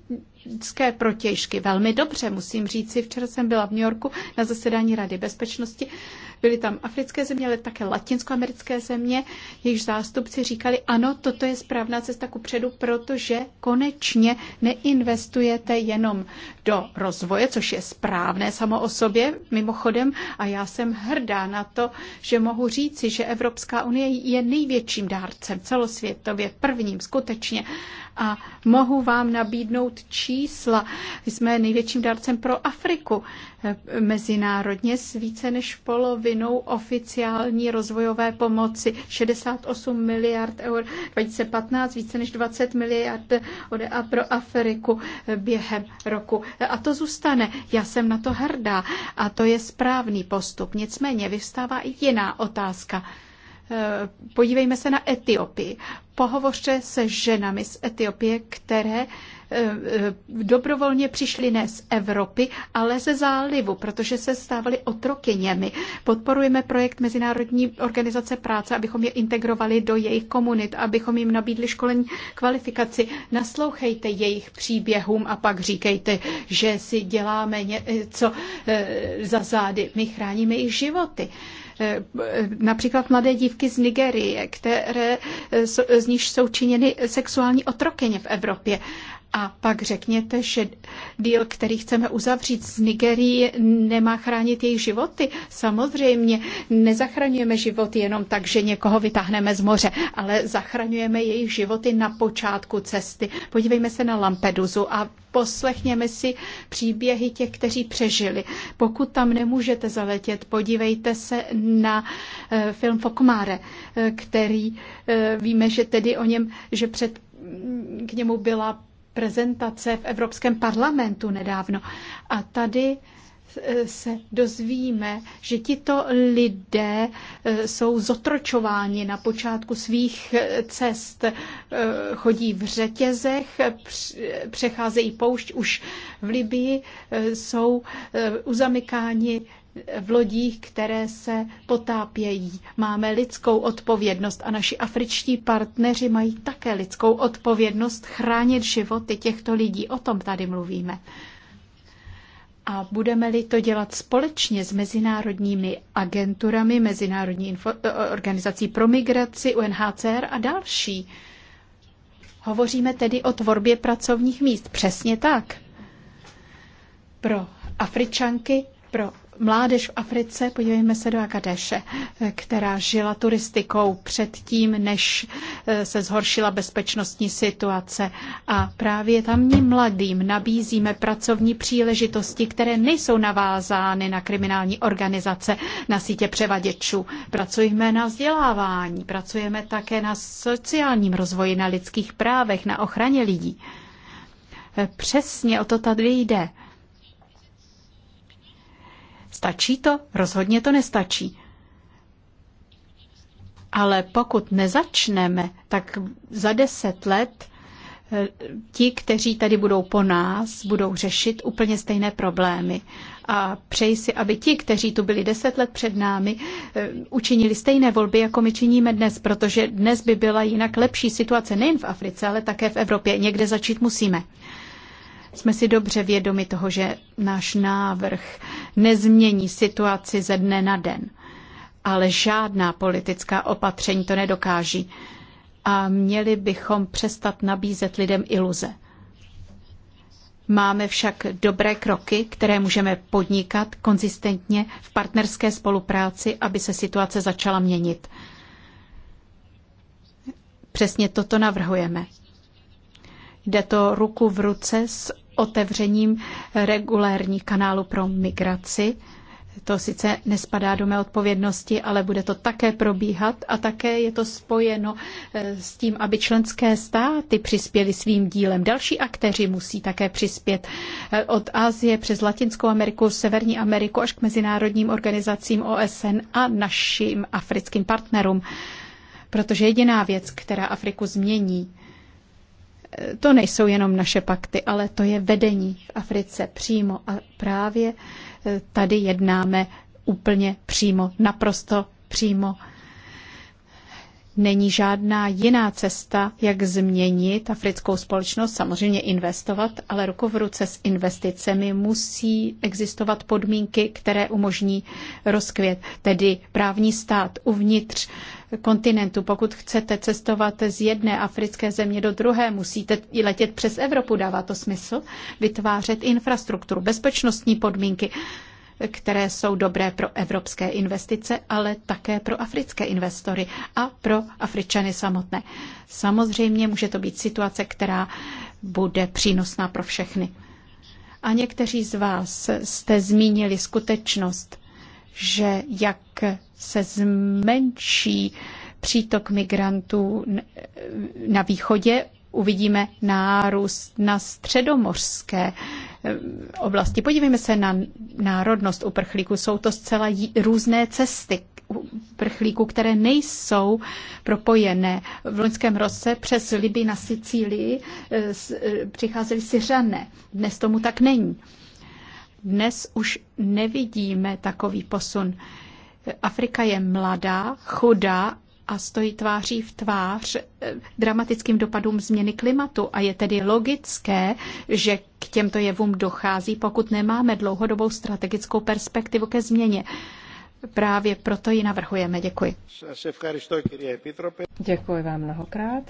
americké protěžky. velmi dobře, musím říci. Včera jsem byla v New Yorku na zasedání Rady bezpečnosti. Byly tam africké země, ale také latinskoamerické země, jejichž zástupci říkali, ano, toto je správná cesta ku předu, protože konečně neinvestujete jenom do rozvoje, což je správné samo o sobě, mimochodem, a já jsem hrdá na to, že mohu říci, že Evropská unie je největším dárcem celosvětově, prvním skutečně a mohu vám nabídnout čísla. Jsme největším dárcem pro Afriku mezinárodně s více než polovinou oficiální rozvojové pomoci. 68 miliard eur 2015, více než 20 miliard ODA pro Afriku během roku. A to zůstane. Já jsem na to hrdá a to je správný postup. Nicméně vyvstává i jiná otázka. Podívejme se na Etiopii. Pohovořte se ženami z Etiopie, které eh, eh, dobrovolně přišli ne z Evropy, ale ze zálivu, protože se stávali otrokyněmi. Podporujeme projekt Mezinárodní organizace práce, abychom je integrovali do jejich komunit, abychom jim nabídli školení kvalifikaci. Naslouchejte jejich příběhům a pak říkejte, že si děláme něco eh, za zády. My chráníme jejich životy. Eh, například mladé dívky z Nigerie, které, eh, z nich jsou činěny sexuální otrokyně v Evropě. A pak řekněte, že díl, který chceme uzavřít s Nigerií, nemá chránit jejich životy. Samozřejmě nezachraňujeme životy jenom tak, že někoho vytáhneme z moře, ale zachraňujeme jejich životy na počátku cesty. Podívejme se na Lampedusu a poslechněme si příběhy těch, kteří přežili. Pokud tam nemůžete zaletět, podívejte se na eh, film Fokmáre, eh, který eh, víme, že tedy o něm, že před mm, k němu byla prezentace v Evropském parlamentu nedávno. A tady eh, se dozvíme, že tito lidé eh, jsou zotročováni na počátku svých eh, cest. Chodí v řetězech, přecházejí poušť už v Libii, jsou uzamykáni v lodích, které se potápějí. Máme lidskou odpovědnost a naši afričtí partneři mají také lidskou odpovědnost chránit životy těchto lidí. O tom tady mluvíme. A budeme-li to dělat společně s mezinárodními agenturami, Mezinárodní info- eh, eh, organizací pro migraci, UNHCR a další. Hovoříme tedy o tvorbě pracovních míst. Přesně tak. Pro Afričanky, pro mládež v Africe, podívejme se do Akadeše, která žila turistikou předtím, než eh, se zhoršila bezpečnostní situace. A právě tamním mladým nabízíme pracovní příležitosti, které nejsou navázány na kriminální organizace, na sítě převaděčů. Pracujeme na vzdělávání, pracujeme také na sociálním rozvoji, na lidských právech, na ochraně lidí. Eh, přesně o to tady jde. Stačí to? Rozhodně to nestačí. Ale pokud nezačneme, tak za deset let eh, ti, kteří tady budou po nás, budou řešit úplně stejné problémy. A přeji si, aby ti, kteří tu byli deset let před námi, eh, učinili stejné volby, jako my činíme dnes, protože dnes by byla jinak lepší situace nejen v Africe, ale také v Evropě. Někde začít musíme. Jsme si dobře vědomi toho, že náš návrh nezmění situaci ze dne na den, ale žádná politická opatření to nedokáží. A měli bychom přestat nabízet lidem iluze. Máme však dobré kroky, které můžeme podnikat konzistentně v partnerské spolupráci, aby se situace začala měnit. Přesně toto navrhujeme. Jde to ruku v ruce s otevřením regulérních kanálů pro migraci. To sice nespadá do mé odpovědnosti, ale bude to také probíhat a také je to spojeno eh, s tím, aby členské státy přispěly svým dílem. Další aktéři musí také přispět eh, od Asie přes Latinskou Ameriku, Severní Ameriku až k mezinárodním organizacím OSN a našim africkým partnerům. Protože jediná věc, která Afriku změní, to nejsou jenom naše pakty, ale to je vedení v Africe přímo. A právě eh, tady jednáme úplně přímo, naprosto přímo Není žádná jiná cesta, jak změnit africkou společnost, samozřejmě investovat, ale ruku v ruce s investicemi musí existovat podmínky, které umožní rozkvět, tedy právní stát uvnitř kontinentu. Pokud chcete cestovat z jedné africké země do druhé, musíte letět přes Evropu. Dává to smysl vytvářet infrastrukturu, bezpečnostní podmínky které jsou dobré pro evropské investice, ale také pro africké investory a pro Afričany samotné. Samozřejmě může to být situace, která bude přínosná pro všechny. A někteří z vás jste zmínili skutečnost, že jak se zmenší přítok migrantů na východě, uvidíme nárůst na středomořské Eh, oblasti. Podívejme se na národnost uprchlíků. Jsou to zcela různé cesty uprchlíků, které nejsou propojené. V loňském roce přes Liby na Sicílii eh, eh, přicházeli Syřané. Dnes tomu tak není. Dnes už nevidíme takový posun. Afrika je mladá, chudá a stojí tváří v tvář eh, dramatickým dopadům změny klimatu a je tedy logické, že k těmto jevům dochází, pokud nemáme dlouhodobou strategickou perspektivu ke změně. Právě proto ji navrhujeme. Děkuji. Děkuji vám mnohokrát.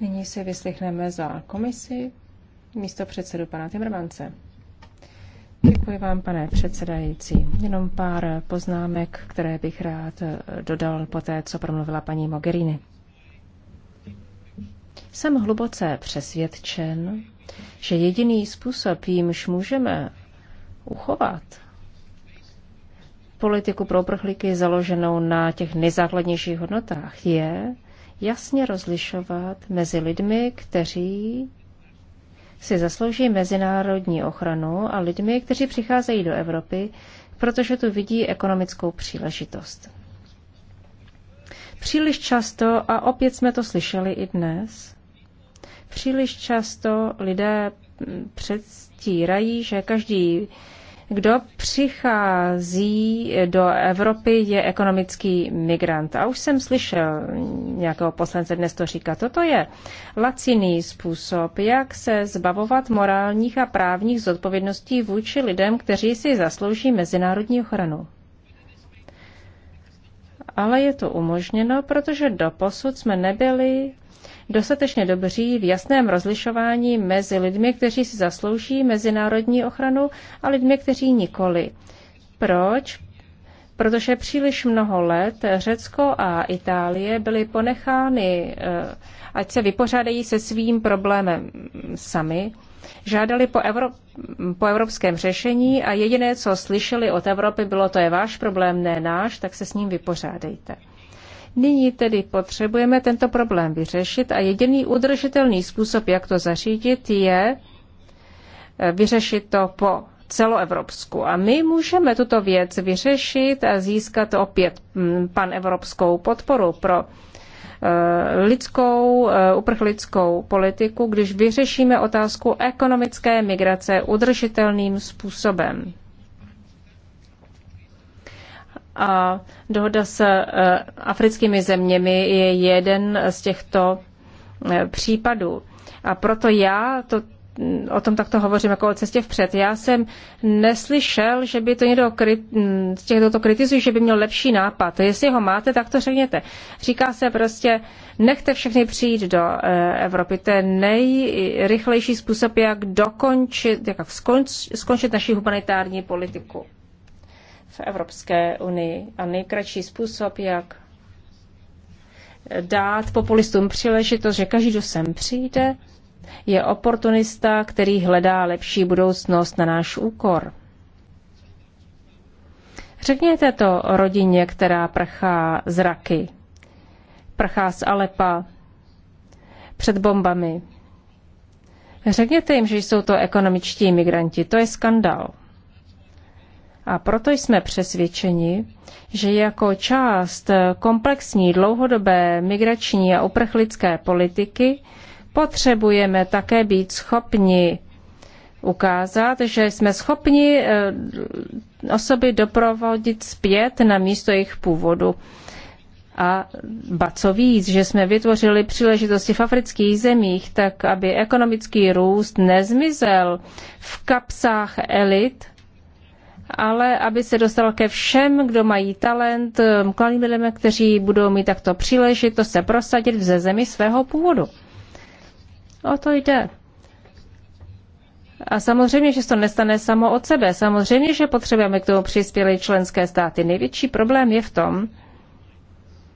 Nyní si vyslechneme za komisi místo předsedu pana Timrmance. Děkuji vám, pane předsedající. Jenom pár poznámek, které bych rád eh, dodal po té, co promluvila paní Mogherini. Jsem hluboce přesvědčen, že jediný způsob, jímž můžeme uchovat politiku pro uprchlíky založenou na těch nejzákladnějších hodnotách, je jasně rozlišovat mezi lidmi, kteří si zaslouží mezinárodní ochranu a lidmi, kteří přicházejí do Evropy, protože tu vidí ekonomickou příležitost. Příliš často, a opět jsme to slyšeli i dnes, příliš často lidé předstírají, že každý kdo přichází do Evropy, je ekonomický migrant. A už jsem slyšel nějakého poslance dnes to říkat. Toto je laciný způsob, jak se zbavovat morálních a právních zodpovědností vůči lidem, kteří si zaslouží mezinárodní ochranu ale je to umožněno, protože doposud jsme nebyli dostatečně dobří v jasném rozlišování mezi lidmi, kteří si zaslouží mezinárodní ochranu a lidmi, kteří nikoli. Proč? Protože příliš mnoho let Řecko a Itálie byly ponechány, eh, ať se vypořádají se svým problémem sami, žádali po, Evro- po evropském řešení a jediné, co slyšeli od Evropy, bylo to je váš problém, ne náš, tak se s ním vypořádejte. Nyní tedy potřebujeme tento problém vyřešit a jediný udržitelný způsob, jak to zařídit, je eh, vyřešit to po celoevropsku. A my můžeme tuto věc vyřešit a získat opět mm, panevropskou podporu pro eh, lidskou, eh, uprchlickou politiku, když vyřešíme otázku ekonomické migrace udržitelným způsobem a dohoda s eh, africkými zeměmi je jeden z těchto eh, případů. A proto já to, mm, o tom takto hovořím jako o cestě vpřed. Já jsem neslyšel, že by to někdo mm, z těchto to kritizují, že by měl lepší nápad. Jestli ho máte, tak to řekněte. Říká se prostě, nechte všechny přijít do eh, Evropy. To je nejrychlejší způsob, jak dokončit, jak skonč, skončit naši humanitární politiku v Evropské unii. A nejkratší způsob, jak dát populistům příležitost, že každý, kdo sem přijde, je oportunista, který hledá lepší budoucnost na náš úkor. Řekněte to rodině, která prchá z Raky, prchá z Alepa před bombami. Řekněte jim, že jsou to ekonomičtí imigranti. To je skandál. A proto jsme přesvědčeni, že jako část komplexní dlouhodobé migrační a uprchlické politiky potřebujeme také být schopni ukázat, že jsme schopni eh, osoby doprovodit zpět na místo jejich původu. A ba co víc, že jsme vytvořili příležitosti v afrických zemích tak, aby ekonomický růst nezmizel v kapsách elit, ale aby se dostal ke všem, kdo mají talent, eh, mladým lidem, kteří budou mít takto příležitost se prosadit v zemi svého původu. O to jde. A samozřejmě, že se to nestane samo od sebe. Samozřejmě, že potřebujeme k tomu přispěli členské státy. Největší problém je v tom,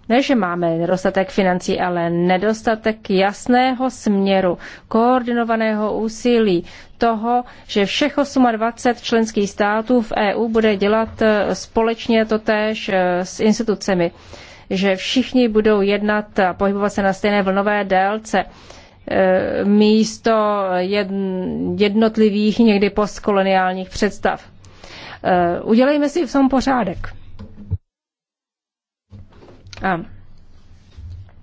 ne, že máme nedostatek financí, ale nedostatek jasného směru, koordinovaného úsilí toho, že všech 28 členských států v EU bude dělat eh, společně to eh, s institucemi. Že všichni budou jednat a pohybovat se na stejné vlnové délce eh, místo jednotlivých někdy postkoloniálních představ. Udělejme si v tom pořádek. A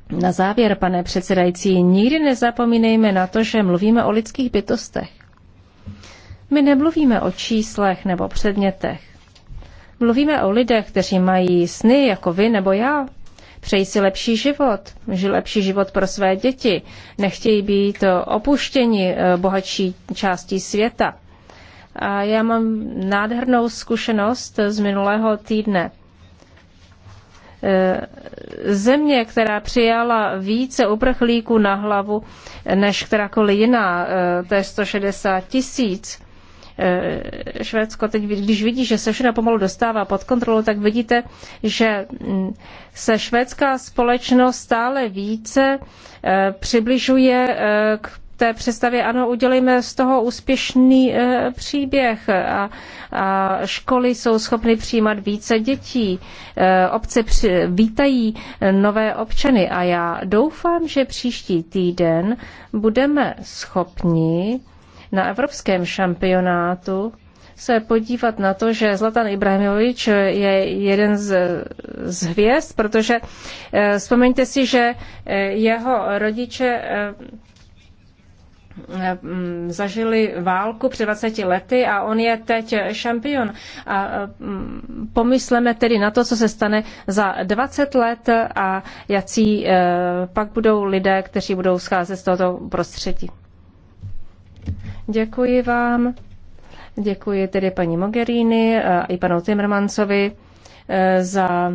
na závěr, pane předsedající, nikdy nezapomínejme na to, že mluvíme o lidských bytostech. My nemluvíme o číslech nebo předmětech. Mluvíme o lidech, kteří mají sny jako vy nebo já. Přejí si lepší život, že lepší život pro své děti, nechtějí být opuštěni eh, bohatší částí světa. A já mám nádhernou zkušenost z minulého týdne. Eh, země, která přijala více uprchlíků na hlavu eh, než kterákoliv jiná, eh, to je 160 tisíc, Švédsko teď, když vidí, že se všechno pomalu dostává pod kontrolu, tak vidíte, že mm, se švédská společnost stále více přibližuje k té představě, ano, udělejme z toho úspěšný e, příběh a, a školy jsou schopny přijímat více dětí, e, obce při, vítají nové občany a já doufám, že příští týden budeme schopni na evropském šampionátu se podívat na to, že Zlatan Ibrahimovič je jeden z, z hvězd, protože e, vzpomeňte si, že jeho rodiče Eh, zažili válku před 20 lety a on je teď šampion. A mm, pomysleme tedy na to, co se stane za 20 let a jaký eh, pak budou lidé, kteří budou scházet z tohoto prostředí. Děkuji vám. Děkuji tedy paní Mogherini a eh, i panu Timmermansovi za